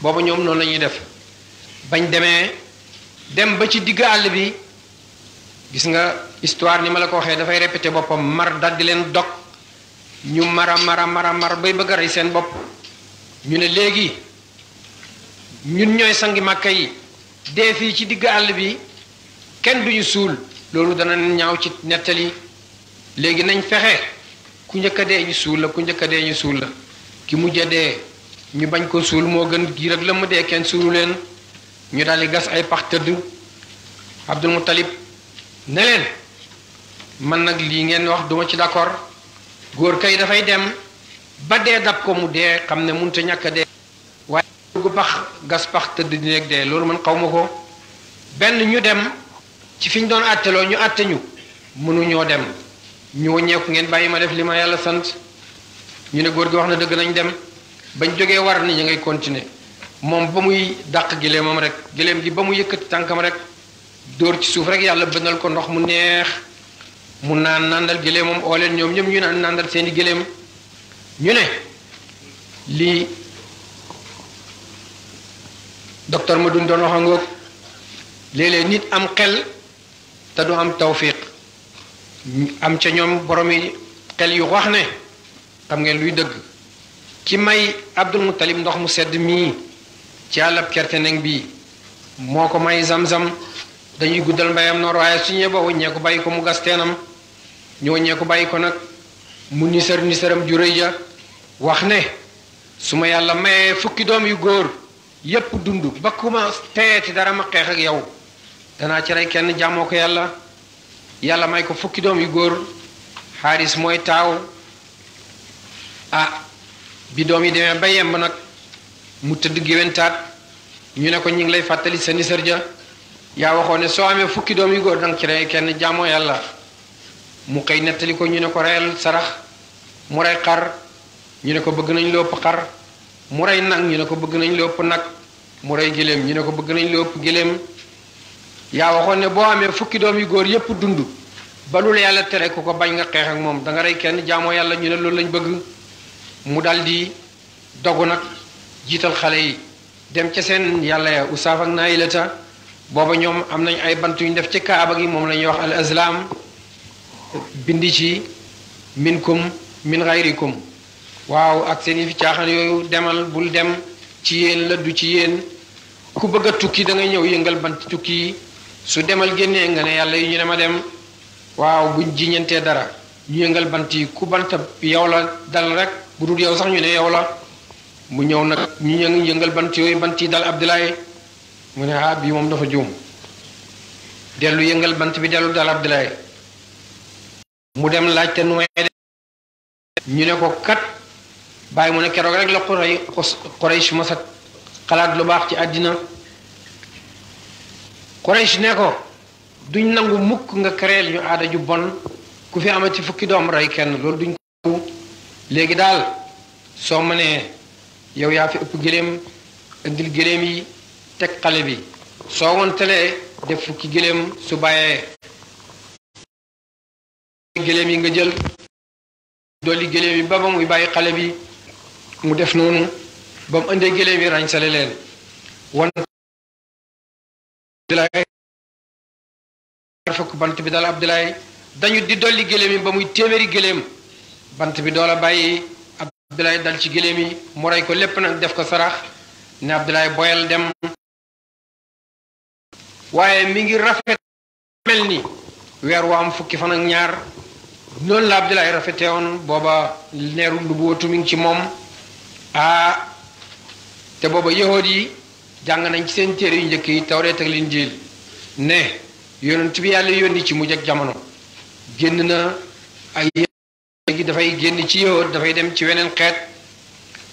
boobu ñoom noonu lañuy def bañ demee dem ba ci digg àll bi gis nga histoire ni ma la ko waxee dafay répété boppam mar daldi leen dog ñu mara mara mara mar bay bëgg a seen bopp ñu ne léegi ñun ñooy sangi màkka yi dee fii ci digg àll bi kenn duñu suul loolu dana ñaaw ci nettali léegi nañ fexe ku njëkk a dee ñu suul la ku njëkk a dee ñu suul la ki mujj a dee ñu bañ ko suul moo gën gi rek la mu dee kenn suulu leen ñu daal di gas ay pax tëdd Abdul Muttalib ne leen man nag lii ngeen wax duma ci d'accord góor kay dafay dem ba dee dab ko mu dee xam ne mënut a ñàkk a dee waaye dugg pax gas pax tëdd di nekk dee loolu man xaw ko benn ñu dem ci fi ñu doon àtteloo ñu àtte ñu mënuñoo dem ñu wàññeeku ngeen bàyyi ma def li ma yàlla sant ñu ne góor gi wax na dëgg nañ dem bañ jógee war ni ñu ngay continuer moom ba muy dàq gileemam rek gëléem gi ba mu yëkkati tànkam rek dóor ci suuf rek yàlla bënnal ko ndox mu neex mu naan nàndal gileemam oo leen ñoom ñëpp ñu naan nàndal seeni gileem ñu ne lii docteur ma duñ doon wax angoog léeg nit am xel te du am tawfiq am ca ñoom borom yi xel yu wax ne xam ngeen luy dëgg ci may Abdul Muttalib ndox mu sedd mii ci àllab kerteneng bi moo ko may zam-zam dañuy guddal mbayam noor waaye su ñee ba waññee ko bàyyi ko mu gas teenam ñu waññee ko bàyyi ko nag mu nisër nisëram ju rëy ja wax ne su ma yàlla mayee fukki doom yu góor yépp dund ba ku ma teeti dara ma xeex ak yow danaa ci kenn jàmmoo ko yàlla yàlla may ko fukki doom yu góor xaaris mooy taaw a ah, bi doom yi demee ba yemb nag mu tëdd géwéntaat ñu ne ko ñu ngi lay fàttali sa nisar ja yaa waxoo ne soo amee fukki doom yu góor danga ci rey kenn jaamoo yàlla mu xëy nettali ko ñu ne ko reyal sarax mu rey xar ñu ne ko bëgg nañ lu ëpp xar mu rey nag ñu ne ko bëgg nañ lu ëpp nag mu rey géléem ñu ne ko bëgg nañ lu ëpp géléem yaa waxoon ne boo amee fukki doom yu góor yépp dund balul yàlla tere ku ko bañ nga xeex ak moom da nga rey kenn jaamoo yàlla ñu ne loolu lañ bëgg mu daldi di dogu nag jiital xale yi dem ca seen yàlla ya usaaf ak naayilata booba ñoom am nañ ay bant yu ñu def ci kaaba gi moom lañuy wax al azlam bindi ci minkum min xayrikum waaw ak seen yi fi caaxaan yooyu demal bul dem ci yéen la du ci yéen ku bëgg a tukki da ngay ñëw yëngal bant tukki yi su demal génnee nga ne yàlla yi ñu ne ma dem waaw buñ jiñantee dara ñu yëngal bant yi ku bant yow la dal rek bu dul yow sax ñu ne yow la mu ñëw nag ñu yëngal bant yooyu bant yi dal Abdoulaye mu ne ah moom dafa juum dellu yëngal bant bi dellu dal Abdoulaye dem laajte ne ko kat bàyyi mu ne keroog rek la Quraysh masa xalaat lu baax ci àddina Quraysh ne ko duñ nangu mukk nga créel ñu aada ju bon ku fi amati fukki doom rey kenn loolu duñ ko léegi daal soo mënee yow yaa fi ëpp gëléem indil gëléem yi teg xale bi soo wontelee def fukki gëléem su bàyyee gëléem yi nga jël dolli gëléem yi ba ba muy bàyyi xale bi mu def noonu ba indee gëléem yi ràñsale leen won Abdoulaye bant bi daal Abdoulaye dañu di dolli gëléem yi ba muy téeméeri gëléem bant bi doola bàyyi Abdoulaye dal ci gëléem yi mu rey ko lépp nag def ko sarax ne Abdoulaye boyal dem waaye mi ngi rafet mel ni weer waa am fukki fan ak ñaar noonu la Abdoulaye rafetee woon booba neeru ndubuwatu mi ngi ci moom ah te booba yahood yi jàng nañ ci seen téere yu njëkk yi tawreet ak linjiil ne yonent bi yàlla yónni ci mujj ak jamono génn na ay léegi dafay génn ci yowat dafay dem ci weneen xeet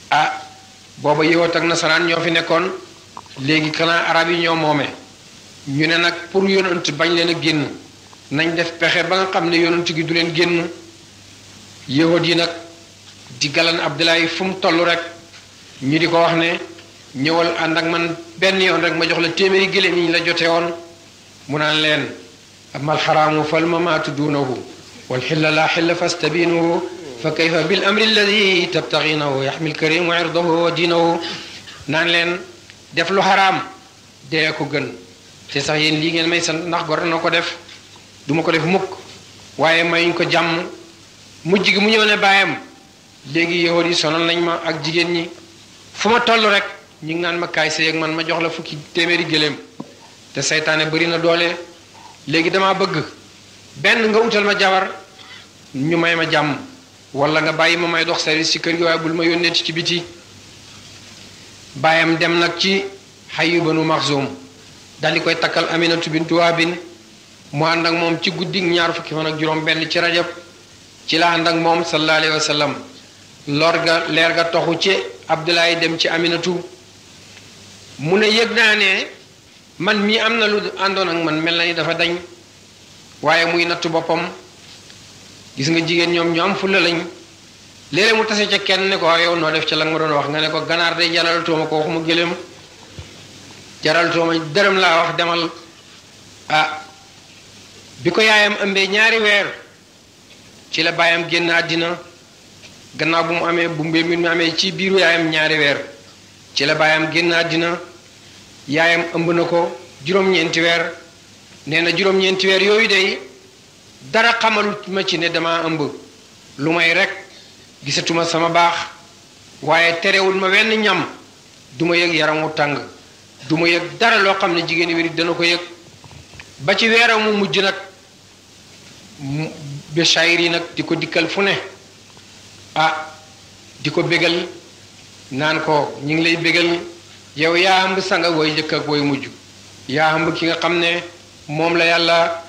ah booba yowat ak nasaraan ñoo fi nekkoon léegi kanaa arab yi ñoo moome ñu ne nag pour yonent bañ leen génn nañ def pexe ba xam ne yonent gi du leen génn yowat yi nag di galan Abdoulaye fu mu toll rek ñu di ko wax ne ñëwal ànd ak man benn yoon rek ma jox la téeméeri gëléem yi ñu la jote woon mu naan leen amal xaraamu fal mamaatu duunahu wal xilla laa xilla fastabinuhu fa kayfa bil amri alladi tabtaxinahu yaxmil karim wa irdahu wa diinahu naan leen def lu xaraam dee ko gën te sax yéen lii ngeen may sant ndax gor na ko def duma ko def mukk waaye mayuñ ko jàmm mujj gi mu ñëw ne bàyyam léegi yowoot yi sonal nañ ma ak jigéen ñi fu ma toll rek ñi ngi naan ma kaay sëy ak man ma jox la fukki téeméeri gëléem te seytaane bari na doole léegi damaa bëgg benn nga utal ma jabar ñu may ma jàmm walla nga bàyyi ma may dox service ci kër gi waaye bul ma yónnee ci biti bàyyam dem nag ci xayu banu maxzum dal di koy takkal aminatu bintu waabin mu ànd ak moom ci guddi ñaar fukki fan ak juróom benn ci rajab ci la ànd ak moom sallallahu alayhi wa sallam leer ga toxu ci abdullahi dem ci aminatu mu ne yëg naa ne man mii am na lu àndoon ak man mel na ni dafa dañ waaye muy nattu boppam gis nga jigéen ñoom ñu am fulla lañ léeg mu tase ca kenn ne ko yow noo def ca la nga doon wax nga ne ko ganaar day jaral tooma ko mu gëléem jaral tooma dërëm laa wax demal ah bi ko yaayam ëmbee ñaari weer ci la baayam génn àddina gannaaw bu mu amee bu mbéy mi amee ci biiru yaayam ñaari weer ci la baayam génn àddina yaayam ëmb na ko juróom-ñeenti weer nee na juróom-ñeenti weer yooyu day dara xamalu ma ci ne dama ëmb lu may rekk gisatuma sama baax waaye terewul ma wenn ñam du ma yëg yaramu tàng du ma yëg dara loo xam ne jigéen wérit dana ko yëg ba ci weeramu mujj nag béchayir yi nag di ko dikkal fu ne ah di ko bégal naan ko ñu ngi lay bégal yow yaa sang sanga wooy njëkk ak wooy mujj yaa am ki nga xam ne moom la yàlla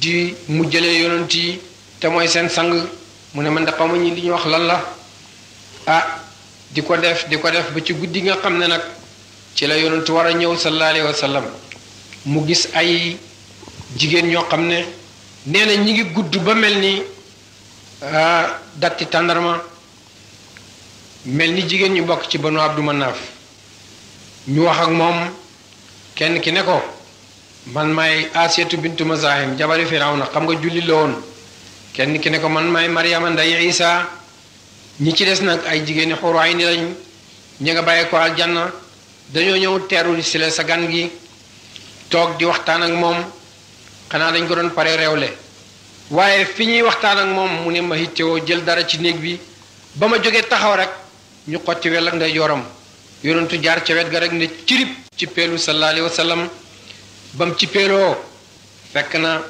di mujjalee yonent yi te mooy seen sang mu ne man dafa ma ñi li ñu wax lan la ah di ko def di ko def ba ci guddi nga xam ne nag ci la yonent war a ñëw sallallahu alayhi wa sallam mu gis ay jigéen ñoo xam ne nee na ñi ngi gudd ba mel ni ah, datti tàndarma mel ni jigéen ñu bokk ci banu Abdu Manaaf ñu wax ak moom kenn ki ne ko man maay Asiyatu bintu Mazaahim jabari Firawna xam nga julli la woon kenn ki ne ko man maay Maryama nday Isa ñi ci des nag ay jigéeni xuru ay ni lañu ñi nga bàyyi ko aljanna dañoo ñëw teeru si la sa gan gi toog di waxtaan ak moom xanaa dañ ko doon pare réewle waaye fi ñuy waxtaan ak moom mu ne ma hittewoo jël dara ci néeg bi ba ma jógee taxaw rek ñu xotti wel ak ndeyjooram yonentu jaar ca wet ga rek ne cirib ci peelu sallallahu alayhi wa sallam bam ci fekk na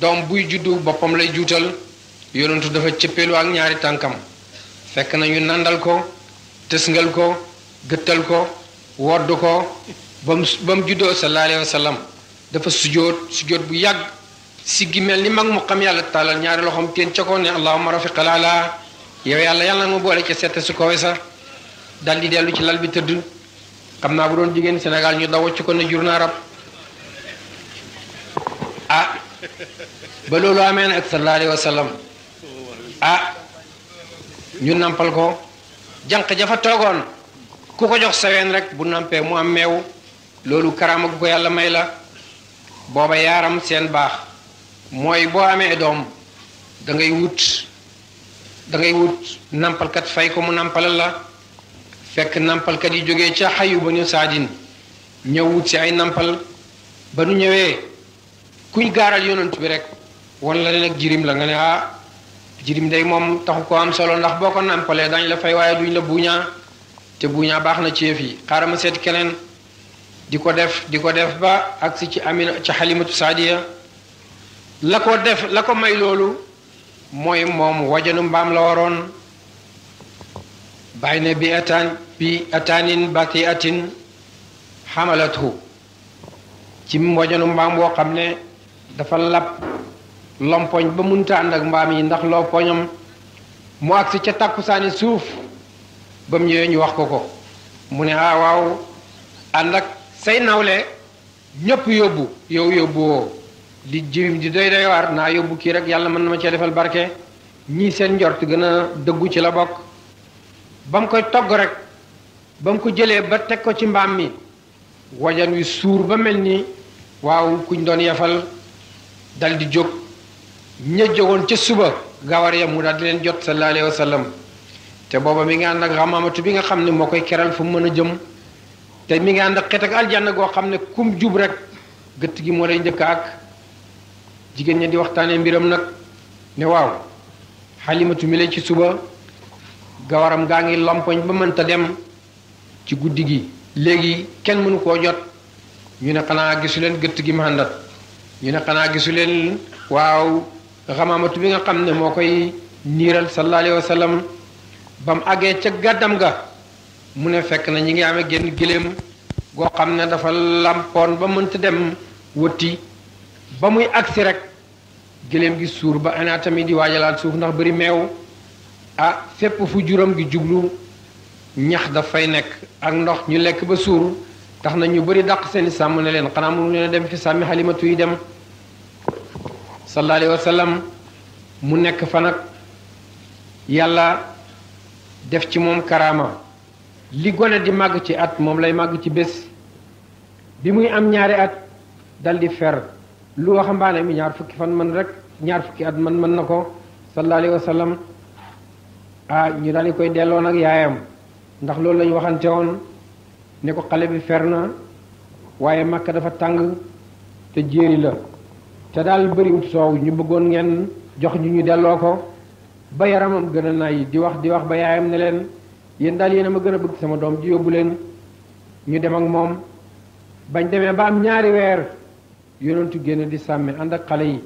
doom buy juddu boppam lay juutal yonentu dafa cëppeelu ak ñaari tànkam fekk na ñu nandal ko tësngal ko gëttal ko wodd ko ba mu ba mu juddoo sallallahu alayhi wa sallam dafa sujoot sujoot bu yàgg si gi mel ni mag mu xam yàlla taalal ñaari loxoom teen ca ko ne allahumma rafiqal ala yow yàlla yàlla na ma boole ca sette su kowe sa dal di dellu ci lal bi tëdd xam naa bu doon jigéen senegal ñu daw ci ko ne jur naa rab ah ba loolu amee nag sallallahu alayhi wa ah ñu nampal ko jànq jafa toogoon ku ko jox saween rek bu nampee mu am meew loolu karaama gu ko yàlla may la booba yaaram seen baax mooy boo amee doom dangay ngay wut da wut nampalkat fay ko mu nampalal la fekk nampalkat yi jógee ca xayu ba ñu saadin ñëw wut si ay nampal ba nu ñëwee kuñ gaaral yonent bi rek wan la ne nag jirim la nga ne ah jirim day moom taxu ko am solo ndax boo ko nampalee dañ la fay waaye duñ la buuñaa te buuñaa baax na ci yi xaaral ma seet keneen di ko def di ko def ba agsi ci amina ci xalimatu saadiya la ko def la ko may loolu mooy moom wajanu mbaam la waroon bàyyi ne bi ataan bi ataanin bati atin xamalatu ci mbojanu mbaam boo xam ne dafa lab lompoñ ba munta ànd ak mbaam yi ndax lompoñam mu agsi ca tàkkusaani suuf ba mu ñëwee ñu wax ko ko mu ne ah waaw ak say nawle ñëpp yóbbu yow yóbbu di li di doy doy waar naa yóbbu kii rek yàlla mën na ma cee defal barke ñii seen njort gën a dëggu ci la bokk ba mu koy togg rek ba mu ko jëlee ba teg ko ci mbaam mi wajan wi suur ba mel nii waaw kuñ doon yafal dal di jóg ña jógoon ca suba gawar ya mu daal di leen jot sallallahu alayhi wa te booba mi ngi ànd ak bi nga xam ne moo koy keral fu mu mën a jëm te mi ngi ànd ak xet ak aljanna goo xam ne kum jub rek gëtt gi moo lay njëkk ak jigéen ña di waxtaanee mbiram nag ne waaw xalimatu mi lay ci suba gawaram gaa ngi lompoñ ba mënta dem ci guddi gi léegi kenn mënu koo jot ñu ne xanaa gisu leen gëtt gi mahandat ñu ne xanaa gisu leen waaw xamaamatu bi nga xam ne moo koy niiral sallallahu alayhi wa sallam ba mu àggee ca gàddam ga mu ne fekk na ñi ngi amee génn géléem goo xam ne dafa làmpoon ba mënta dem wëtti ba muy agsi rek géléem gi suur ba anaa tamit di waajalaat suuf ndax bari meew ah fépp fu juróom gi jublu ñax dafay nekk ak ndox ñu lekk ba suur tax na ñu bari dàq seeni sàmm ne leen xanaa mënu leen dem fi sàmmi xalimatu yi dem sallallahu alayhi mu nekk fa nag yàlla def ci moom karaama li gone di màgg ci at moom lay màgg ci bés bi muy am ñaari at dal di fer lu waxambaane mi ñaar fukki fan man rek ñaar fukki at man mën na ko sallallahu alayhi wa ah ñu daal di koy delloo nag yaayam ndax loolu lañu waxante woon ne ko xale bi fer na waaye màkk dafa tàng te jéeri la te daal bëriwut soow ñu bëggoon ngeen jox ñu ñu delloo ko ba yaramam gën a nay di wax di wax ba yaayam ne leen yéen daal yéen a ma gën a bëgg sama doom ji yóbbu leen ñu dem ak moom bañ demee ba am ñaari weer yonentu génn di sàmme ànd ak xale yi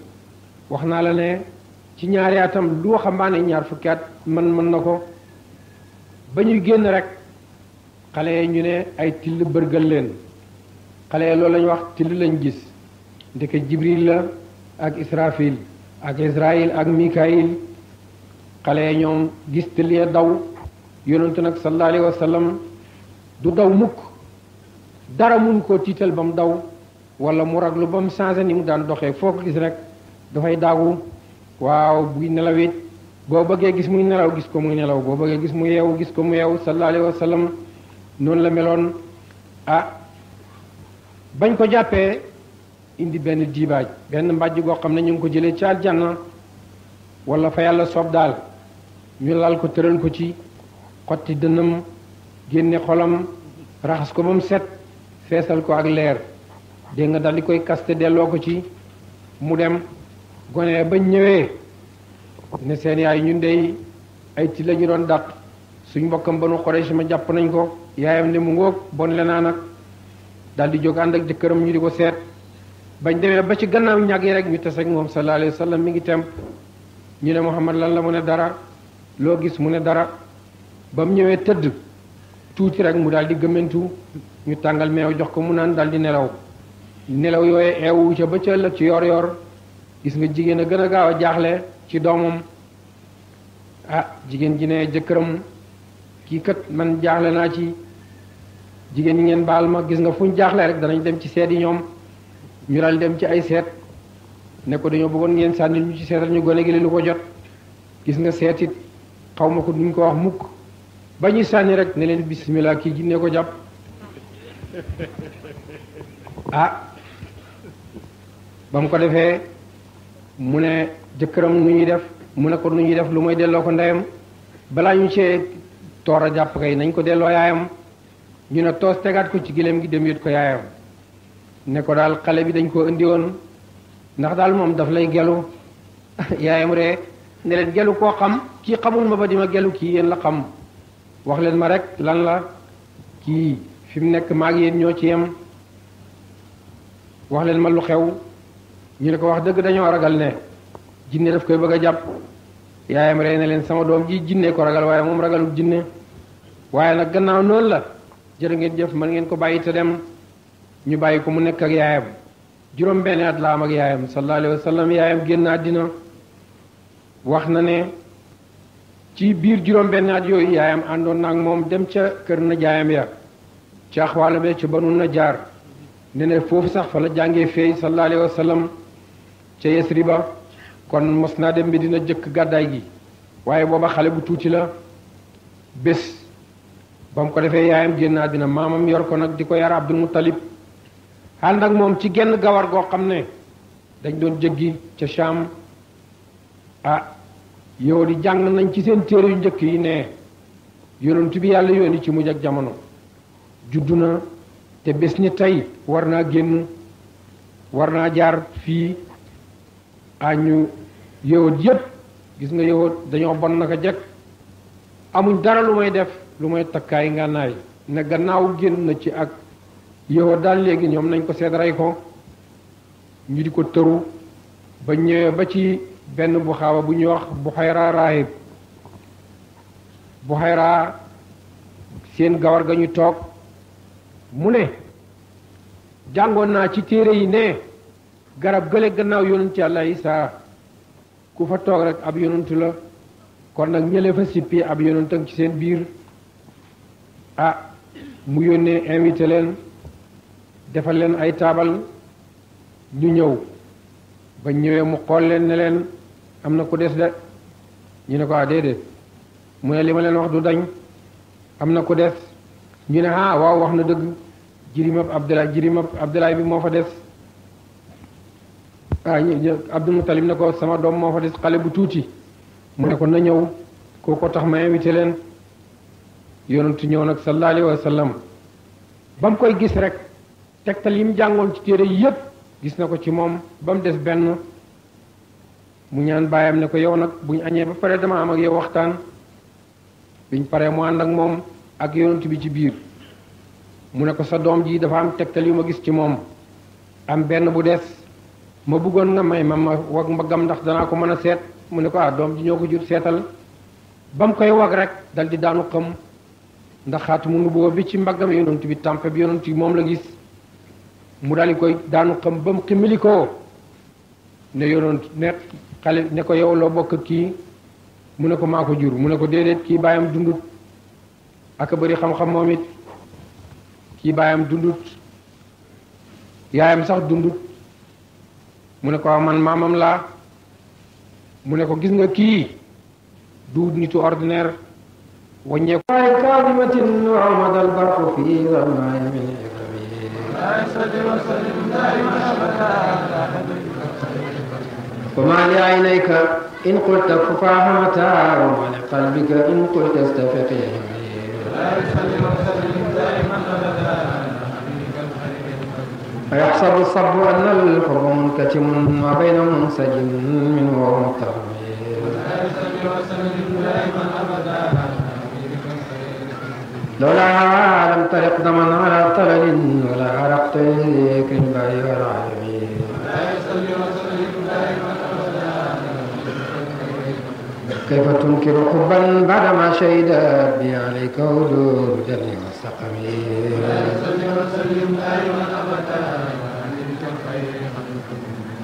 wax naa la ne ci ñaari atam lu waxambaane ñaar fukki at man mën na ko ba ñuy génn rek xale yi ñu ne ay till bërgal leen xale yi loolu lañu wax till lañ gis ndeke jibril la ak israfil ak israil ak mikail xale ya ñoom gis till ya daw yonentu nag sallallahu alayhi wa du daw mukk dara mun koo tiital ba mu daw walla mu raglu ba mu changé ni mu daan doxee foo ko gis rek dafay daagu waaw buy nelaw it boo bëggee gis muy nelaw gis ko muy nelaw boo bëggee gis mu yeewu gis ko mu yeewu sallallahu alayhi wa sallam noonu la meloon a ah, bañ ko jàppee indi benn diibaaj benn mbàjj goo xam ne ñu ngi ko jëlee ci aljanna walla fa yàlla soob daal ñu lal ko tëral ko ci xotti dënnam génne xolam raxas ko ba mu set feesal ko ak leer dégg nga daal di koy kaste delloo ko ci mu dem gone bañ ñëwee ne seen yaay ñun dey ay ci la ñu doon dàq suñ mbokkam banu Quraysh ma jàpp nañ ko yaayam ne mu ngoog bon le naa nag daal di jóg ànd ak jëkkëram ñu di ko seet bañ demee ba ci gannaaw ñàgg yi rek ñu tase moom sallallahu alayhi wa sallam mi ngi temp ñu ne Muhammad lan la mu ne dara loo gis mu ne dara ba mu ñëwee tëdd tuuti rek mu daal di gëmmentu ñu tàngal meew jox ko mu naan daal di nelaw nelaw yooye eewu ca ba ca ëllëg ci yoor yor gis nga jigéen a gën a gaaw a jaaxle ci doomam ah jigéen ji ne jëkkëram kii kat man jaaxle naa ci jigéen ñi ngeen baal ma gis nga fuñ jaaxle rek danañ dem ci seet yi ñoom ñu daal dem ci ay seet ne ko dañoo bëggoon ngeen sànnil ñu ci seetal ñu gone gi li lu ko jot gis nga seetit xaw ma ko duñ ko wax mukk ba ñuy sànni rek ne leen bismillah kii jinne ko jàpp *laughs* ah ba ko defee mu ne jëkkëram nu ñuy def mu ne ko nu ñuy def lu mooy delloo ko ndeyam balaa ñu cee toor a jàpp kay nañ ko delloo yaayam ñu ne toos tegaat ko ci gëléem gi dem yët ko yaayam ne ko daal xale bi dañ koo indi woon ndax daal moom daf lay gelu *laughs* yaayam ree ne leen gelu koo xam kii xamul ma ba ma gelu kii yéen la xam wax leen ma rek lan la kii fi mu nekk maag yéen ñoo ci yem wax leen ma lu xew ñu ne ko wax dëgg dañoo ragal ne jinne daf koy bëgg a jàpp yaayam rey na leen sama doom ji jinne ko ragal waaye moom ragalul jinne waaye nag gannaaw noonu la jërë ngeen jëf mën ngeen ko bàyyi te dem ñu bàyyi ko mu nekk ak yaayam juróom benn at la am ak yaayam sallallahu alayhi wa sallam yaayam génn àddina wax na ne ci biir juróom benn at yooyu yaayam àndoon na ak moom dem ca kër na jaayam ya ca axwaala be ca banu na jaar ne foofu sax fa la jàngee feey sallallahu ca Yesriba kon mos naa dem bi dina jëkk gàddaay gi waaye booba xale bu tuuti la bés ba mu ko defee yaayam génn àddina maamam yor ko nag di ko yar Abdul Muttalib ànd ak moom ci genn gawar goo xam ne dañ doon jéggi ca Sham ah yow di jàng nañ ci seen njëkk yi ne yonent bi yàlla yooni ci mujj ak jamono juddu na te bés ni tey war naa génn war naa jaar fii añu yowut yépp gis nga yowut dañoo bon naka jekk amuñ dara lu may def lu may takkaay ngànnaay ne gannaaw génn na ci ak yowut daal léegi ñoom nañ ko seet rey ko ñu di ko tëru ba ñëwee ba ci benn bu xaaba bu ñuy wax bu xayraa raahib bu xayraa seen gawar ga ñu toog mu ne jàngoon naa ci téere yi ne garab gële gannaaw yonent yàlla Isaa ku fa toog rek ab yonent la kon nag ñële fa sippi ab yonent ak ci seen biir ah mu yónnee invité leen defal leen ay taabal ñu ñëw ba ñëwee mu xool leen ne leen am na ku des de ñu ne ko ah déedéet mu ne li ma leen wax du dañ am na ku des ñu ne ah waaw wax na dëgg jirimab Abdalaay jirimab Abdalaay bi moo fa des ah Abdul Mutalib ne ko sama doom moo fa des xale bu tuuti mu ne ko na ñëw koo ko tax ma invité leen yonentu ñëw nag sallallahu alayhi wa sallam ba mu koy gis rek tegtal yi mu jàngoon ci téere yépp gis na ko ci moom ba mu des benn mu ñaan baayam ne ko yow nag bu añee ba pare dama am ak yow waxtaan biñ pare mu ànd ak moom ak yonent bi ci biir mu ne ko sa doom ji dafa am tegtal yu ma gis ci moom am benn bu des ma bëggoon nga may ma ma wag mbaggam ndax danaa ko mën a seet mu ne ko ah doom ji ñoo ko jur seetal ba mu koy wag rek dal di daanu xam ndax xaatumu nubuwa bi ci mbaggam yonent bi tàmpe bi yonent bi moom la gis mu daal di koy daanu xam ba mu ximili ko ne yonent ne xale ne ko yow loo bokk kii mu ne ko maa ko jur mu ne ko déedéet kii baayam dundut ak a bëri xam-xam moom it kii bàyyam dundut yaayam sax dundut mu ne ko man maamam laa mu ne ko gis nga kii duut nitu ordinaire waññeeku ay kaalimatin nomadal barqu fi zamaya min وما لعينيك إن قلت ففاهمتا وما لقلبك إن قلت استفقيه لا يصلي وسلم دائما أبدا أيحسب الصب أن الحب منكتم وبين منسجم منه ومقترب لولا لم ترق دما على طلل ولا عرقت إليك البعي والعالمين كيف تنكر حبا بعدما شهدت بي عليك وجود جميع السقم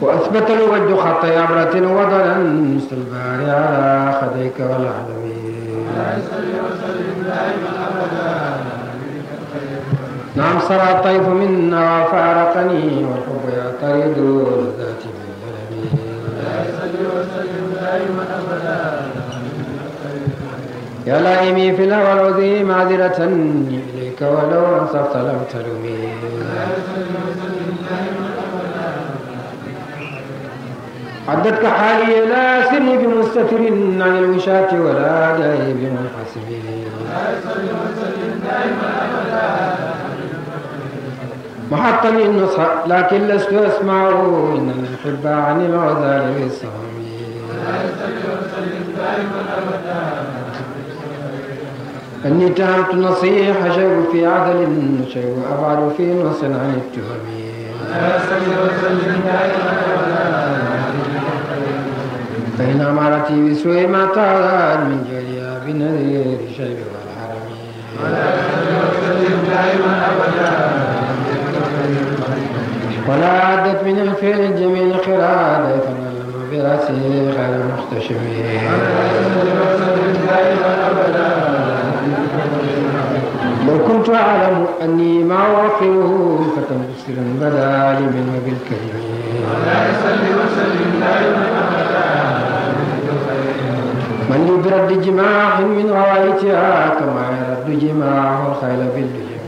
وأثبت الوجه خط عبرة وضلا مثل الباري على خديك والعالمين نعم سرى الطيف منا فارقني والحب يعترض لذاتي من يلمي يا لائمي في الأول ذي معذرة إليك ولو أنصفت لم تلومي عدتك حالي لا سر بمستتر عن الوشاة ولا دائب منحسب محقا النصح لكن لست اسمعه ان الاحب عن العذال بالصهم اني تهمت نصيح شيء في عدل شيء افعل في نص عن التهم لا سيد وسلم دائما ابدا فإن أمرتي بسوء ما تعذر من جريا بنذير الشيب والحرم ولا عدت من الفعل الجميل خرادة فنعم برأسه غير مختشم لو كنت أعلم أني ما أوقره فتنبصر بدا لمن وبالكريم ولا يسلم وسلم دائما من يدرد جماع من روايتها كما يرد جماع الخيل في اللجم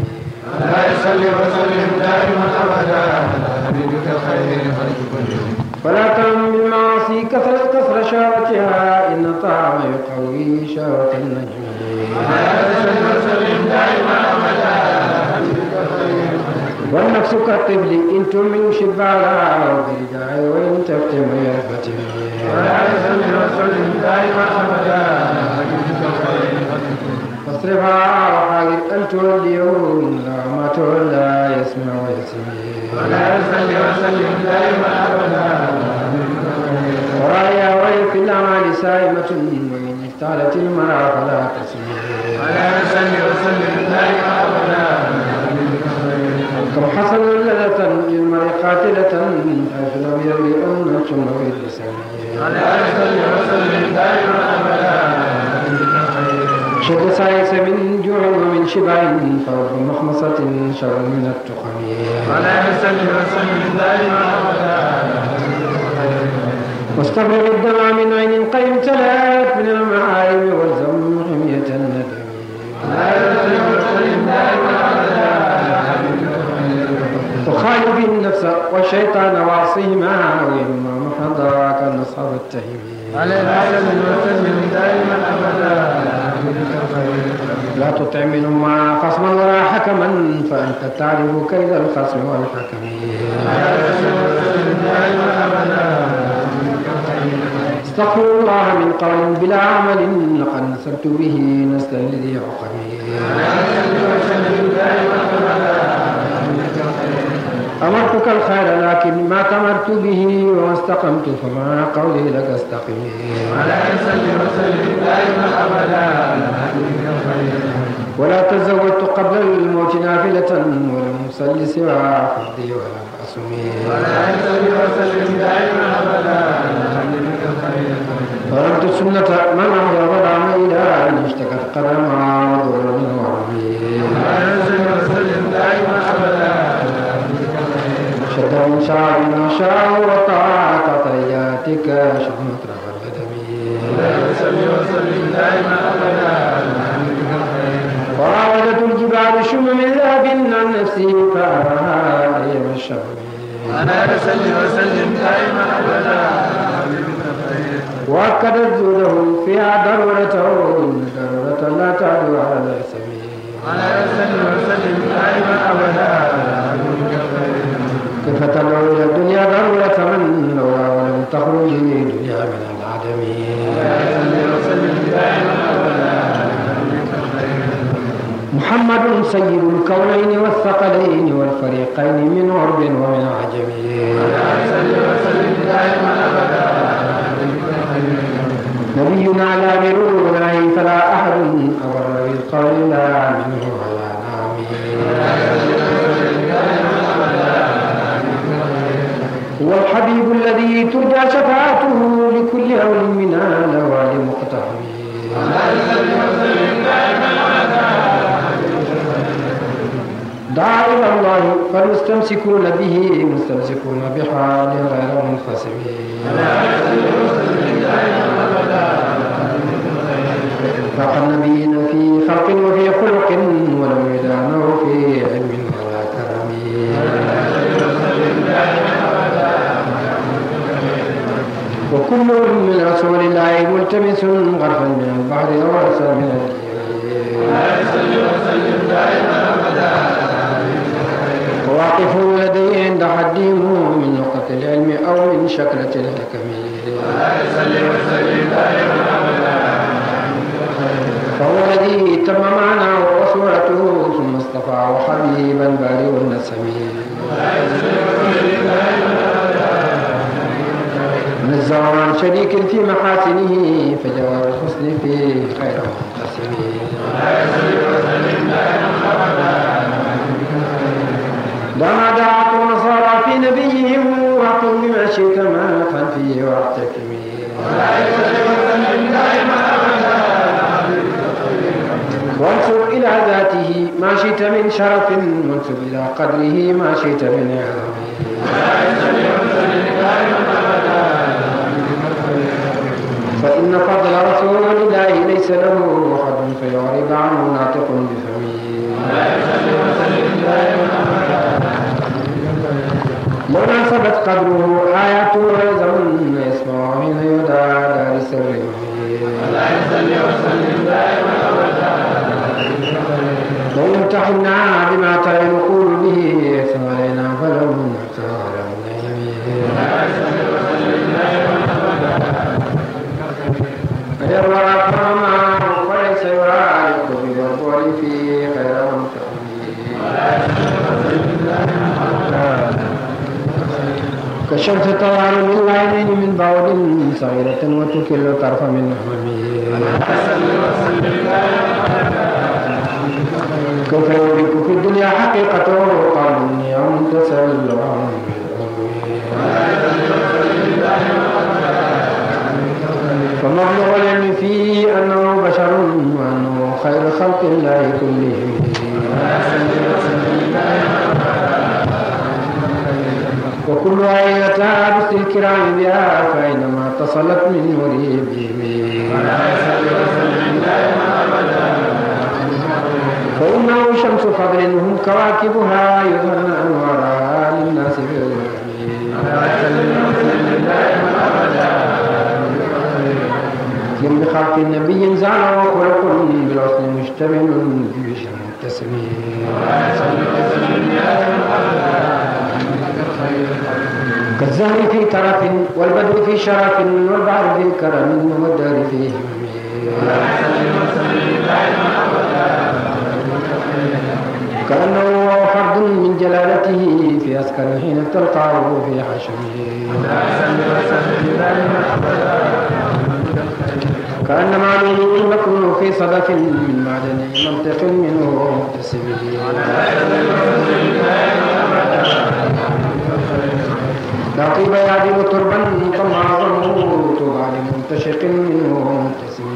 لا يصلي وسلم دائما ابدا على نبيك الخير خلق كلهم ولا تم بالمعاصي كثرة كثر شهوتها إن طعم يقوي شهوة النجم لا يصلي وسلم دائما ابدا والنفس كالطفل إن تؤمن شبعها وبرجعها وإن تفتم يرفتها ولا يسلم وسلم دائما أبدا فاصرفها وعلي أن توليون لما تولى يسمع ويسمع ولا يسلم وسلم دائما أبدا ورايا ويل في الأعمال سائمة وإن افتعلت المرأة فلا تسمع ولا يسلم وسلم دائما أبدا كم حصل لذة للمرء قاتلة حيث لم يروي أمة وإلسان شر سائس من جوع ومن شبع فرب مخمصة شر من التخم ولا يسل رسل دائما واستغرق الدمع من عين قيم تلات من المعايب والزم حمية الندم ولا يسل رسل دائما وخالف النفس والشيطان وعصيهما وإما فدعاك نصحب التهيمين على العالم والتزم دائما أبدا لا تطع منهما خصما ولا حكما فأنت تعرف كيد الخصم والحكم استغفر الله من قول بلا عمل لقد نسبت به نسلا ذي عقمي أمرتك الخير لكن ما تمرت به وما استقمت فما قولي لك استقيم ولا يسلم وسلم دائما أبدا ولا تزودت قبل الموت نافلة ولم أصل سوى فردي ولا أسمي ولا يسلم وسلم دائما أبدا فرمت السنة من أمر وضع إلى أن اشتكت قدمها شاء ما شاء وطاعة طياتك شمت رب القدمين وسلم دائما أبدا وراودة الجبال شم من ذهب عن نفسه كارها أيام الشمس أنا أسلم وسلم دائما أبدا وأكدت جودهم فيها ضرورته ضرورة لا تعدو على سبيل أنا أسلم وسلم دائما أبدا كيف تدعو إلى الدنيا ضرورة منوى ولم تخرج من الدنيا من العدم محمد سيد الكونين والثقلين والفريقين من عرب ومن عجم نبينا لا غير الله فلا أحد أبر بالقول لا من هو الحبيب الذي ترجى شفاعته لكل هول منا لو لمقتحم دعا إلى الله فالمستمسكون به مستمسكون بحال غير منقسمين فقد نبينا في خلق وفي خلق وكل من رسول الله ملتمس غرفا من البحر ورسا من واقفوا لدي عند حدهم من نقطة العلم أو من شكلة الحكم فهو الذي تم معناه وصورته ثم اصطفى وحبيبا بارئ النسمين يجزى عن شريك في محاسنه فجواب الحسن فيه خير محتسب لما دعت النصارى في نبيهم وقل بما شئت ما فيه واحتكمي وانصب إلى ذاته ما شئت من شرف وانصب إلى قدره ما شئت من إعظام إن فضل رسول الله ليس له أحد فيعرض عنه ناطق بفمه مناسبت قدره آيات ويزم ما يسمع منها يدعى دار سره وامتحنا بما تعين قول به ثم علينا فلهم تعالى من كشمس طوال من العينين من بعد صغيرة وتكل طرف من همه كفورك في الدنيا حقيقة وقال يوم تسلم فمبلغ العلم فيه أنه بشر وأنه خير خلق الله كلهم وكل عين تعبس الكرام بها فإنما اتصلت من نوره بهم فإنه شمس فضل هم كواكبها يظهرن أنوارها للناس في بخلق النبي زعل وخلق بالحسن مشتمل في شر التسميم كالزهر في ترف والبدر في شرف والبعر في كرم والدار في كأنه هو فرد من جلالته في أسكن حين تلقاه في حشمه كأنما عليه المكروه في صدف من معدن منطق منه مكتسبه ذات بياد وتربا فمعظمه طوبى لمنتشق منه ممتسم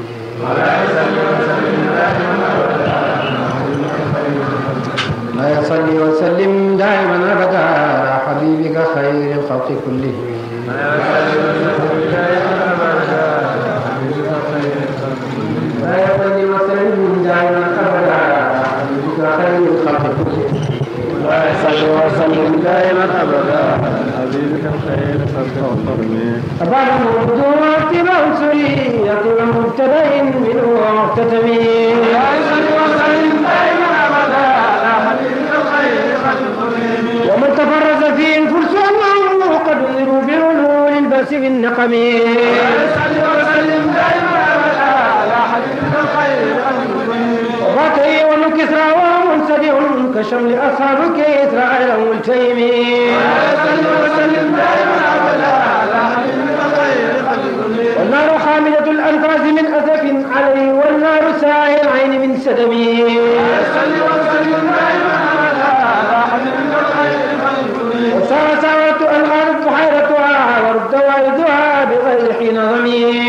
لا يصلي وسلم دائما ابدا على حبيبك خير الخلق كلهم لا يصلي وسلم دائما ابدا على حبيبك خير الخلق كلهم لا يصلي وسلم دائما ابدا العزيز كالخير صدق وصرمي أبعد الوجوهات منصري يطلع مبتدئ منه مقتتمي يا عزة وسعيد دائما أبدا على حبيب الخير قد ومن تفرز فيه الفرس أنه قد انذروا بعلو الباس في النقم يا عزة كشمل أصحاب إسرائيل ملتئمين وسلم وسلم دائما أبدا على حبيبنا غير خليل والنار حاملة الأنفاس من أسف عليه والنار ساعي العين من سدمه وسلم وسلم دائما أبدا على حبيبنا غير خليل وسار سارة الأرض بحيرتها والدوائدها بغير حين ظمين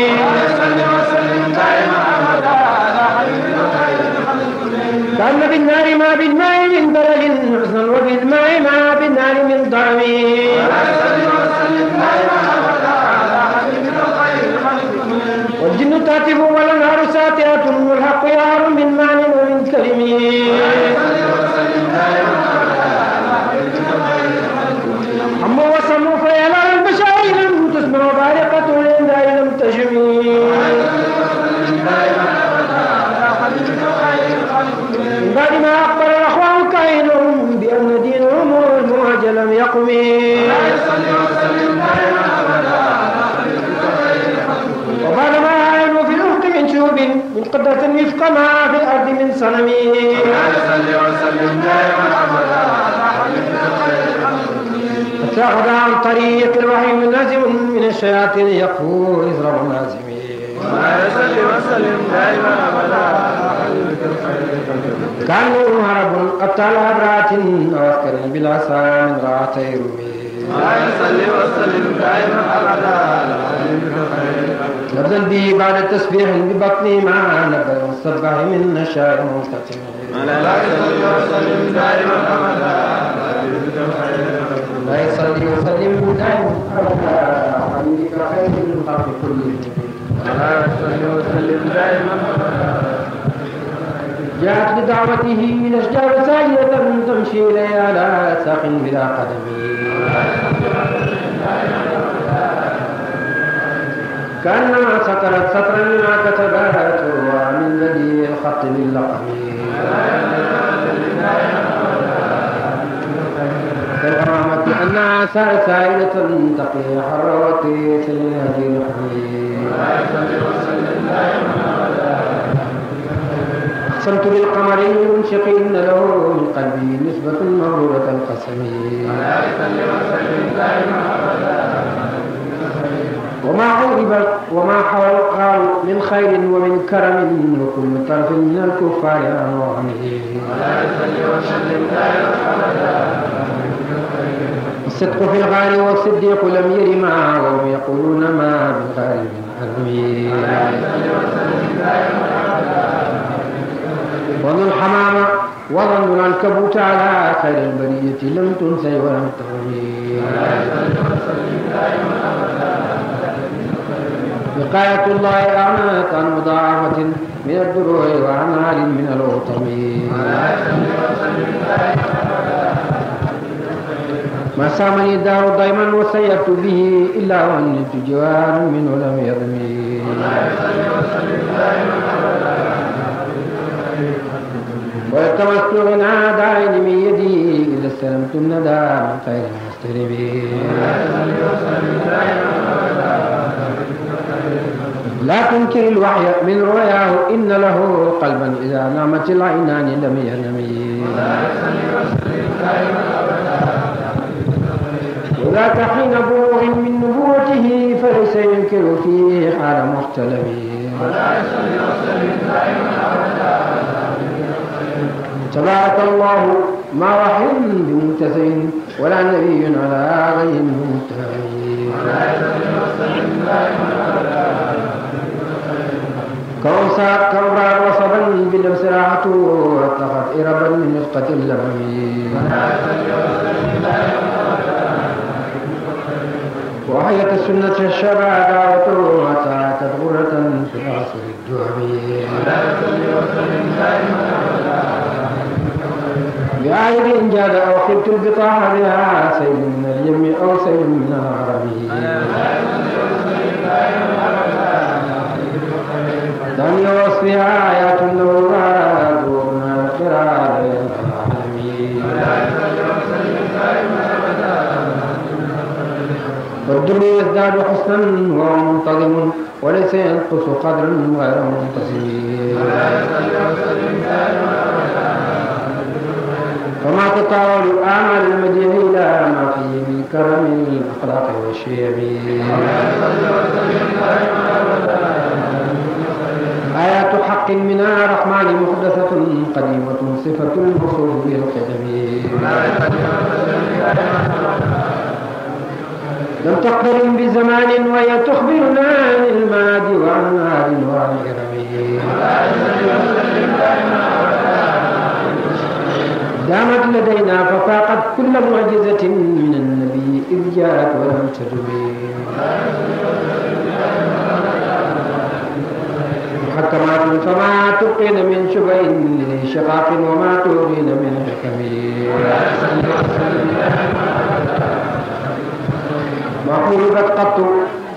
كان في النار ما في الماء من درج حسن وفي الماء ما في النار من طعم والجن تاتب والانهار ساتئة والحق يار من معنى ومن كلمه لم يقمه وبعد ما عينوا في الأفق من شهب من قدرة وفق ما في الأرض من صنمه اتخذ عن طريق الرحيم نازم من الشياطين يقول إذ رب نازمين وما يصلي وسلم دائما أبدا كانوا هرب أبطال عبرات وأذكر بلا سام راتي رومي ما يصلي وسلم دائما أبدا نبذا به بعد تسبيح ببطني مع نبذ الصبح من نشاء منقطع لا يصلي وسلم دائما أبدا لا يصلي وسلم دائما أبدا عليك خير الخلق كلهم لا يصلي وسلم دائما أبدا جاءت بدعوته إلى الأشجار ساجدة تمشي إليها على ساق بلا قدم كأنما سطرت سطرا مما كتبته ومن بديع الخط باللقم كالغرامة أنها سائلة تقي حر وتيس لهذه الحميد أقسمت بالقمر المنشقين له من قلبي نسبة مغرورة القسم وما عرب وما حول قال من خير ومن كرم وكل طرف من الكفار عن وهمه الصدق في الغار والصديق لم ير معه وهم يقولون ما بالغار من عدمه وما الحمام وظن العنكبوت على خير البرية لم تنسي ولم تغني وقاية الله أعناك عن مضاعفة من الدروع وعن عال من الوطم ما سامني الدار دائما وسيرت به إلا وأنت جوار منه لم يرمي وتمسك العادين من يدي إذا استلمت الندى من خير المستربين لا تنكر الوحي من رؤياه إن له قلبا إذا نامت العينان لم ينمي وذاك حين بوغ من نبوته فليس ينكر فيه حال مختلف ولا يصلي وسلم دائما تبارك الله ما رحم بمنتهين ولا نبي على غير المنتهين كوسا كورا وصبا بالابسراعة واتخذ إربا من نفقة اللبن وحية السنة الشبع دعوته أتى تدغرة في العصر الدعمي لعيب جاد أو خبت البطاحة بها سيل من اليم أو سيل من العربي لم يوصفها آيات نورها دون قراءة والدل يزداد حسنا وهو منتظم وليس ينقص قدرا غير منتصم فما تطاول أعمال المجيء إلى ما فيه من كرم الأخلاق والشيم آيات حق منها رحمن محدثة قديمة صفة الوصول به القدم لم تقترن بزمان وهي تخبرنا عن الماضي وعن عاد وعن إرمي دامت لدينا ففاقت كل معجزة من النبي إذ جاءت ولم تدمير محكمات فما تبقين من شبه لشقاق وما تغنين من حكم ما قلبت قط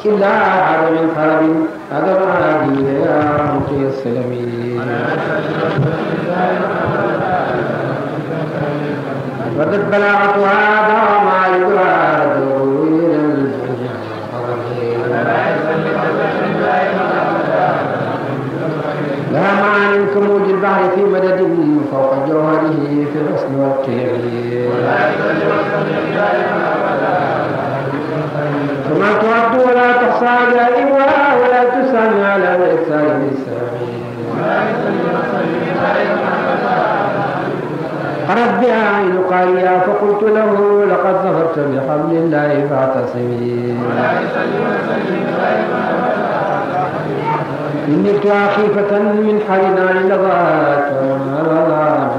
إلا هذا من خلب هذا العادي يا مطي السلمين وقد بلغتها دار ما يدعى لا معنى كموج البحر في مدد فوق جوهره في الحسن والكريم كما تعد ولا تحصى جائبها ولا تسمى على الإكسار بالسامين قرت بها عين قارئة فقلت له لقد ظهرت بحمد الله فاعتصمي إني خيفة من حالنا لضاعت وما ضاعت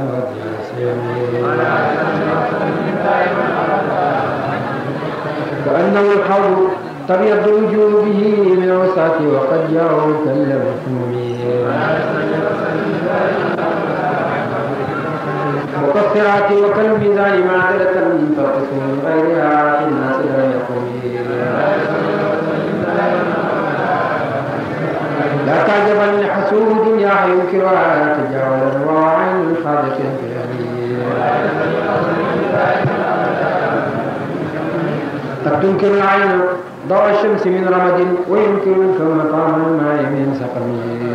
كأنه الحول تبيض الوجوه به من وسعته وقد جاءوا كالمحمومين وكالصراط وكالميزان ما عدلت من فوقك من غيرها في الناس لا يقوم لا تعجبن حسود يا ينكرها تجاوزا وعين خالق بأبيه قد تنكر العين ضوء الشمس من رمد وينكر الفم طعم الماء من سقمه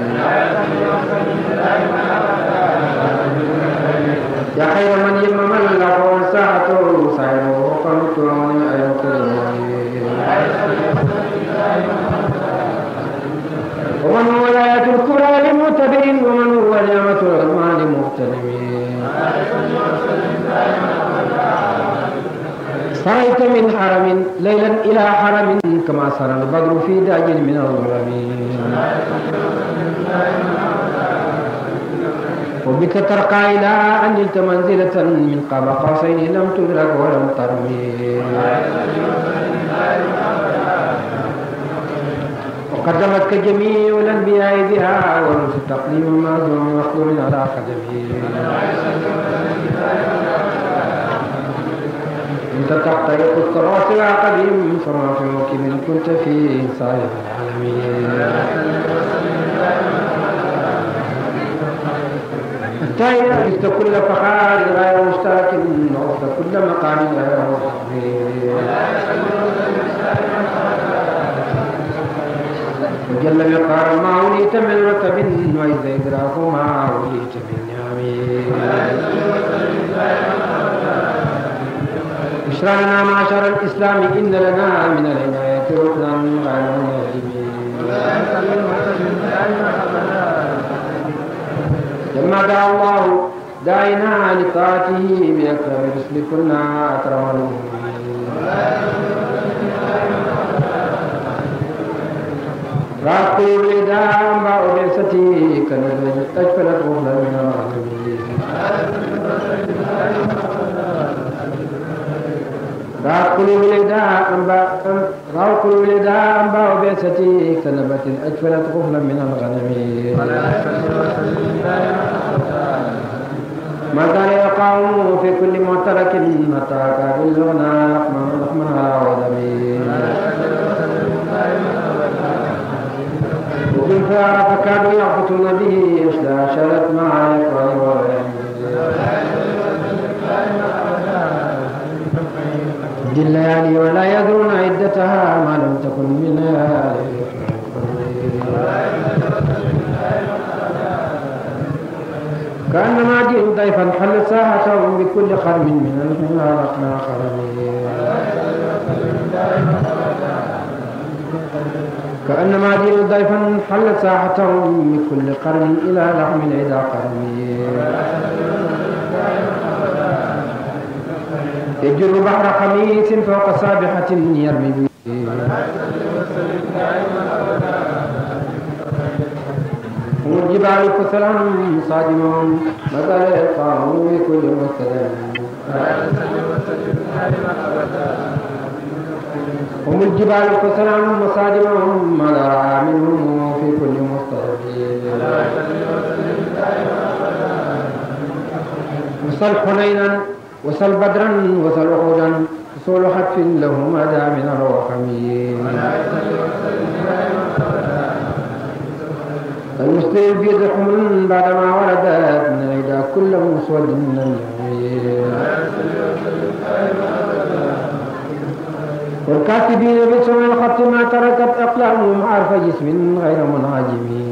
يا خير من يمن له ساعته سعيه قوت أيوة ومن ولاية الكرى لمعتبر ومن هو نعمة الرحمن لمغتنمين سريت من حرم ليلا إلى حرم كما سرى البدر في داج من الظلم وبك ترقى إلى أنجلت منزلة من قاب قوسين لم تدرك ولم ترمي وقدمتك جميع الأنبياء بها والرسل تقديم معزوم مخدوم على خدمه كنت تخترق التراث العقديم فما في موكب كنت فيه صاحب العالمين تاين لست كل فخار غير مشتاك وفد كل مقام غير مستحيل وجل وقار ما وليت من رتب وإذا إدراك ما وليت من نعم بشرى لنا معشر الإسلام إن لنا من العناية ركنا غير مهزمين لما دعا الله دعينا لطاعته بأكثر الرسل كنا أكرم المؤمنين رأت قلوب الإداء أنباء بعثته كنجم أجفلت غفلا من الرحمين راى قلوب الإداء أنباء راى قلوب الإداء أنباء بئستي كنبت أجفلت غفلا من الغنم ما كان يقام في كل معترك متى كان الغنى لحما لحمها ودمي وكن فكانوا يعبثون به إحدى شرت مع إخوانه في الليالي ولا يدرون عدتها ما لم تكن من كأنما جئت ضيفا حل ساعة بكل خرم من الحمار أقنع خرمي كأنما جئت ضيفا حل ساعة بكل قرن إلى لحم العدا قرني يجر بحر خميس فوق سابحة يرمي به والجبال كثلا صادم مدى يلقاه بكل مستدام هم الجبال كثلا مصادمهم ما نرى منهم في كل مستدام وصل حنينا وسل بدرا وسل أحدا فصول خطف له مدى من الرحمين المستيب بيد حمل بعدما ولدت نعيدا كل مسود من الجميل والكاتبين بسم الخط ما تركت أقلامهم عارف جسم غير منعجمين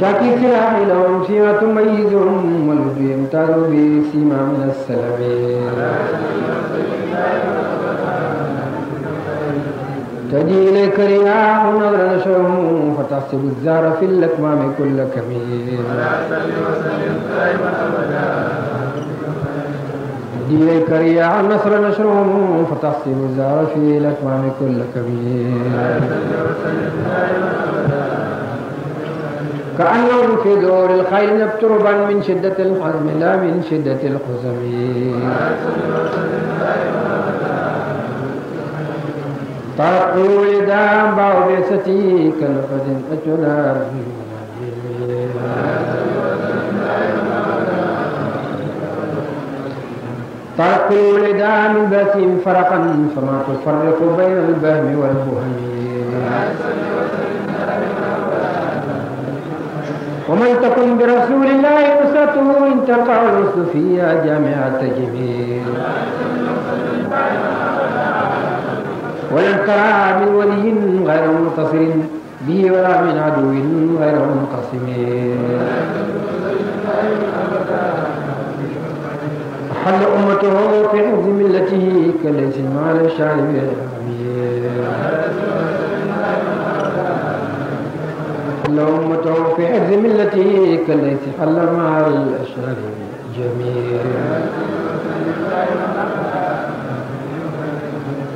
شاكي سلاحي لهم فيما تميزهم والذي يمتاز به سيما من السلب تجي إليك رياح نظر نشره فتحسب الزهر في الأكمام كل كمين تجي إليك رياح نصر نشره فتحسب الزهر في الأكمام كل كبير كأنهم في دور الخيل نبتربا من شدة الحزم لا من شدة القسم طرقوا لدام باو بعثتي كنفذ أجلى طرقوا لدام بثيم فرقا فما تفرق بين البهم والبهم ومن تكن برسول الله أسرته إن تقع الرسل فيها جامعة جميل ولن ترى من ولي غير منتصر به ولا من عدو غير منقسم حل أمته في عز ملته كالذي ما لا شعر به اللهم توفي أرض ملتي كالتي حل مع الأشرار جميع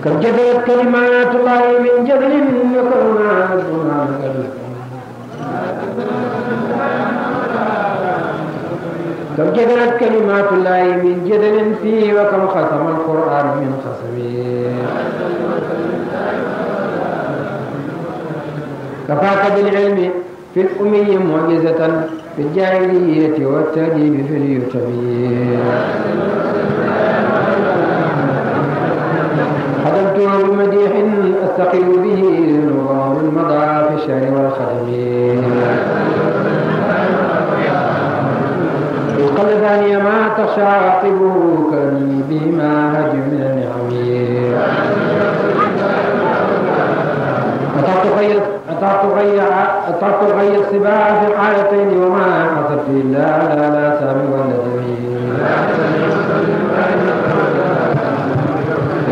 كم جدلت كلمات الله من جدل وكرما كم جدلت كلمات الله من جدل فيه وكم ختم القرآن من خصمه كفاك بالعلم في الأمي معجزة في الجاهلية والتأديب في اليتمية خدمته بمديح أستقل به نظام مضى في الشعر والخدم القلب ثاني ما تخشى عاقبه كأني بما هج من النعم حتى تغير حتى تغير حتى تغير سباعة في الحالتين وما حسبت إلا على الآثام والندمين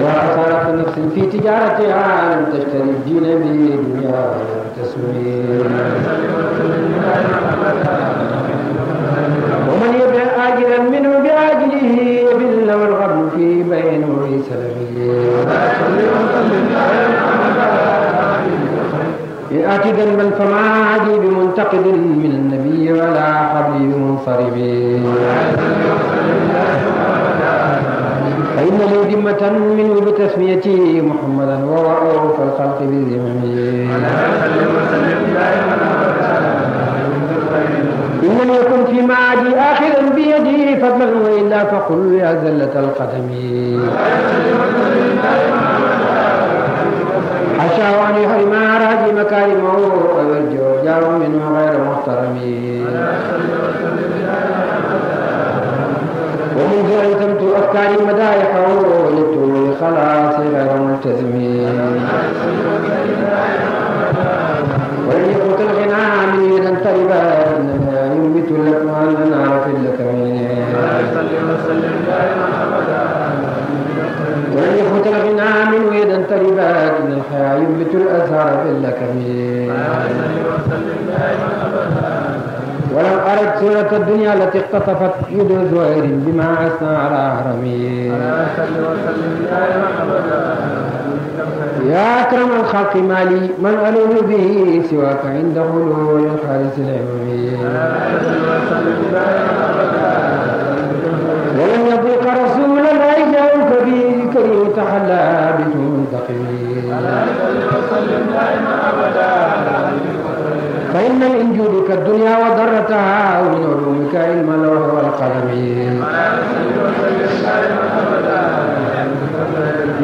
وأثارة نفس في تجارتها لم تشتري الدين به دنيا ولا تسوير ومن يبيع آجلا منه بآجله يبل والغبن في بينه سلبي يعتدا من فما عادي بمنتقد من النبي ولا حبي منصرب فإن لي ذمة منه بتسميته محمدا ورؤوف الخلق بذمه إن لم يكن في معادي آخذا بيدي فضلا وإلا فقل يا زلة القدم مكارمه ويرجو جار منه غير محترم ومنذ أن تمت أفكاري مدايحه للطول خلاص غير ملتزم الدنيا التي اقتصفت يد زهير بما أثنى على أهرمي يا أكرم الخلق مالي من ألوه به سواك عند غلو الحارس العممي ولم يضيق رسول الله جاءك به كريم تحلى بجود دقيق فإن من جودك الدنيا وضرتها ومن علومك علم اللوح والقلم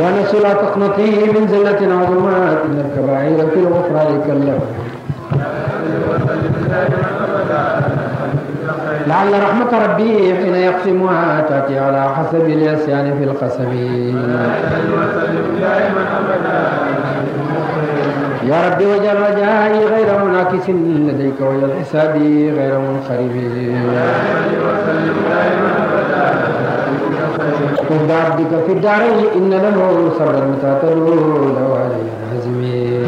ونسوا لا تقنطيه من زلة عظمات إن الكبائر في الغفران كاللوح لعل رحمة ربي حين يقسمها تأتي على حسب اليسيان في القسم يا رب وجل رجائي غير منعكس لديك وجل حسابي غير منخرب قد عبدك في الدارين إن له صبرا متى تلوه لو علي العزمي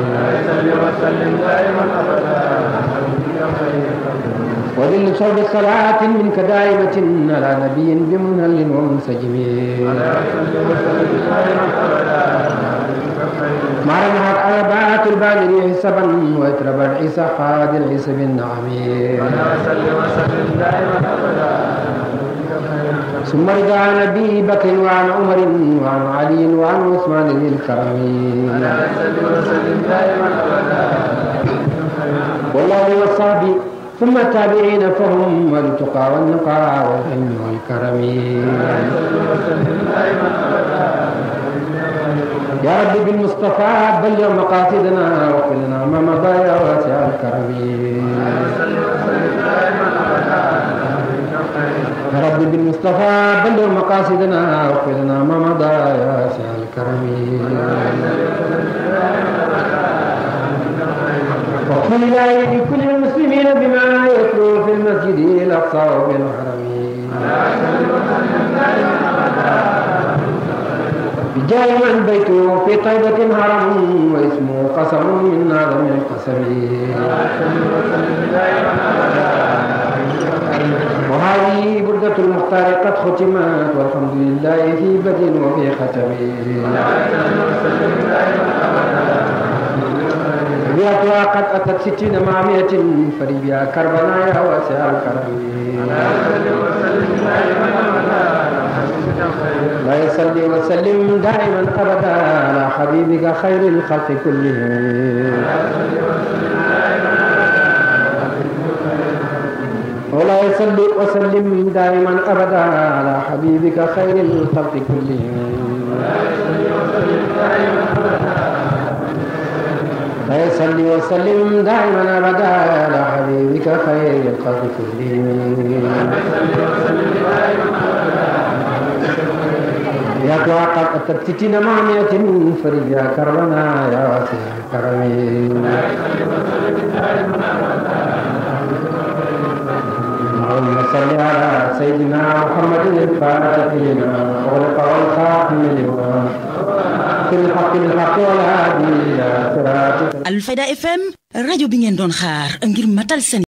وذل صوب صلاة منك دائمة على نبي بمنهل ومنسجم على وسلم دائما أبدا معرفة أربعة البدر حسبا واترب العيسى قاد العيسى بالنعم ثم رضى عن ابي بكر وعن عمر وعن علي وعن عثمان ذي الكرم والله والصحب ثم التابعين فهم والتقى والنقى والعلم والكرم يا رب بالمصطفى بلغ مقاصدنا واغفر لنا ما مضى يا واسع الكرم يا رب بالمصطفى بلغ مقاصدنا واغفر لنا ما مضى يا واسع الكرم واغفر لله كل المسلمين بما يتلو في المسجد الاقصى وبالحرم جاء عن بيته في طيبة هرم واسمه قسم من أعظم القسم وهذه بردة المختار قد ختمت والحمد لله في بدء وفي ختم ربيعتها قد أتت ستين مع مئة فربيا كربلاء واسع الكرم ويصلي وسلم دائما أبدا على حبيبك خير الخلق كلهم ولا يصلي وسلم دائما أبدا على حبيبك خير الخلق كلهم فيصلي وسلم دائما ابدا على حبيبك خير الخلق كلهم يتوقع تبتتنا معنية فرجا كربنا يا واسع الكرم اللهم صل على سيدنا محمد الفاتح لما أغلق والخاتم لما في الحق الحق والهادي إلى صراط الفدا اف ام rajo bi ngeen doon xaar ngir matal seen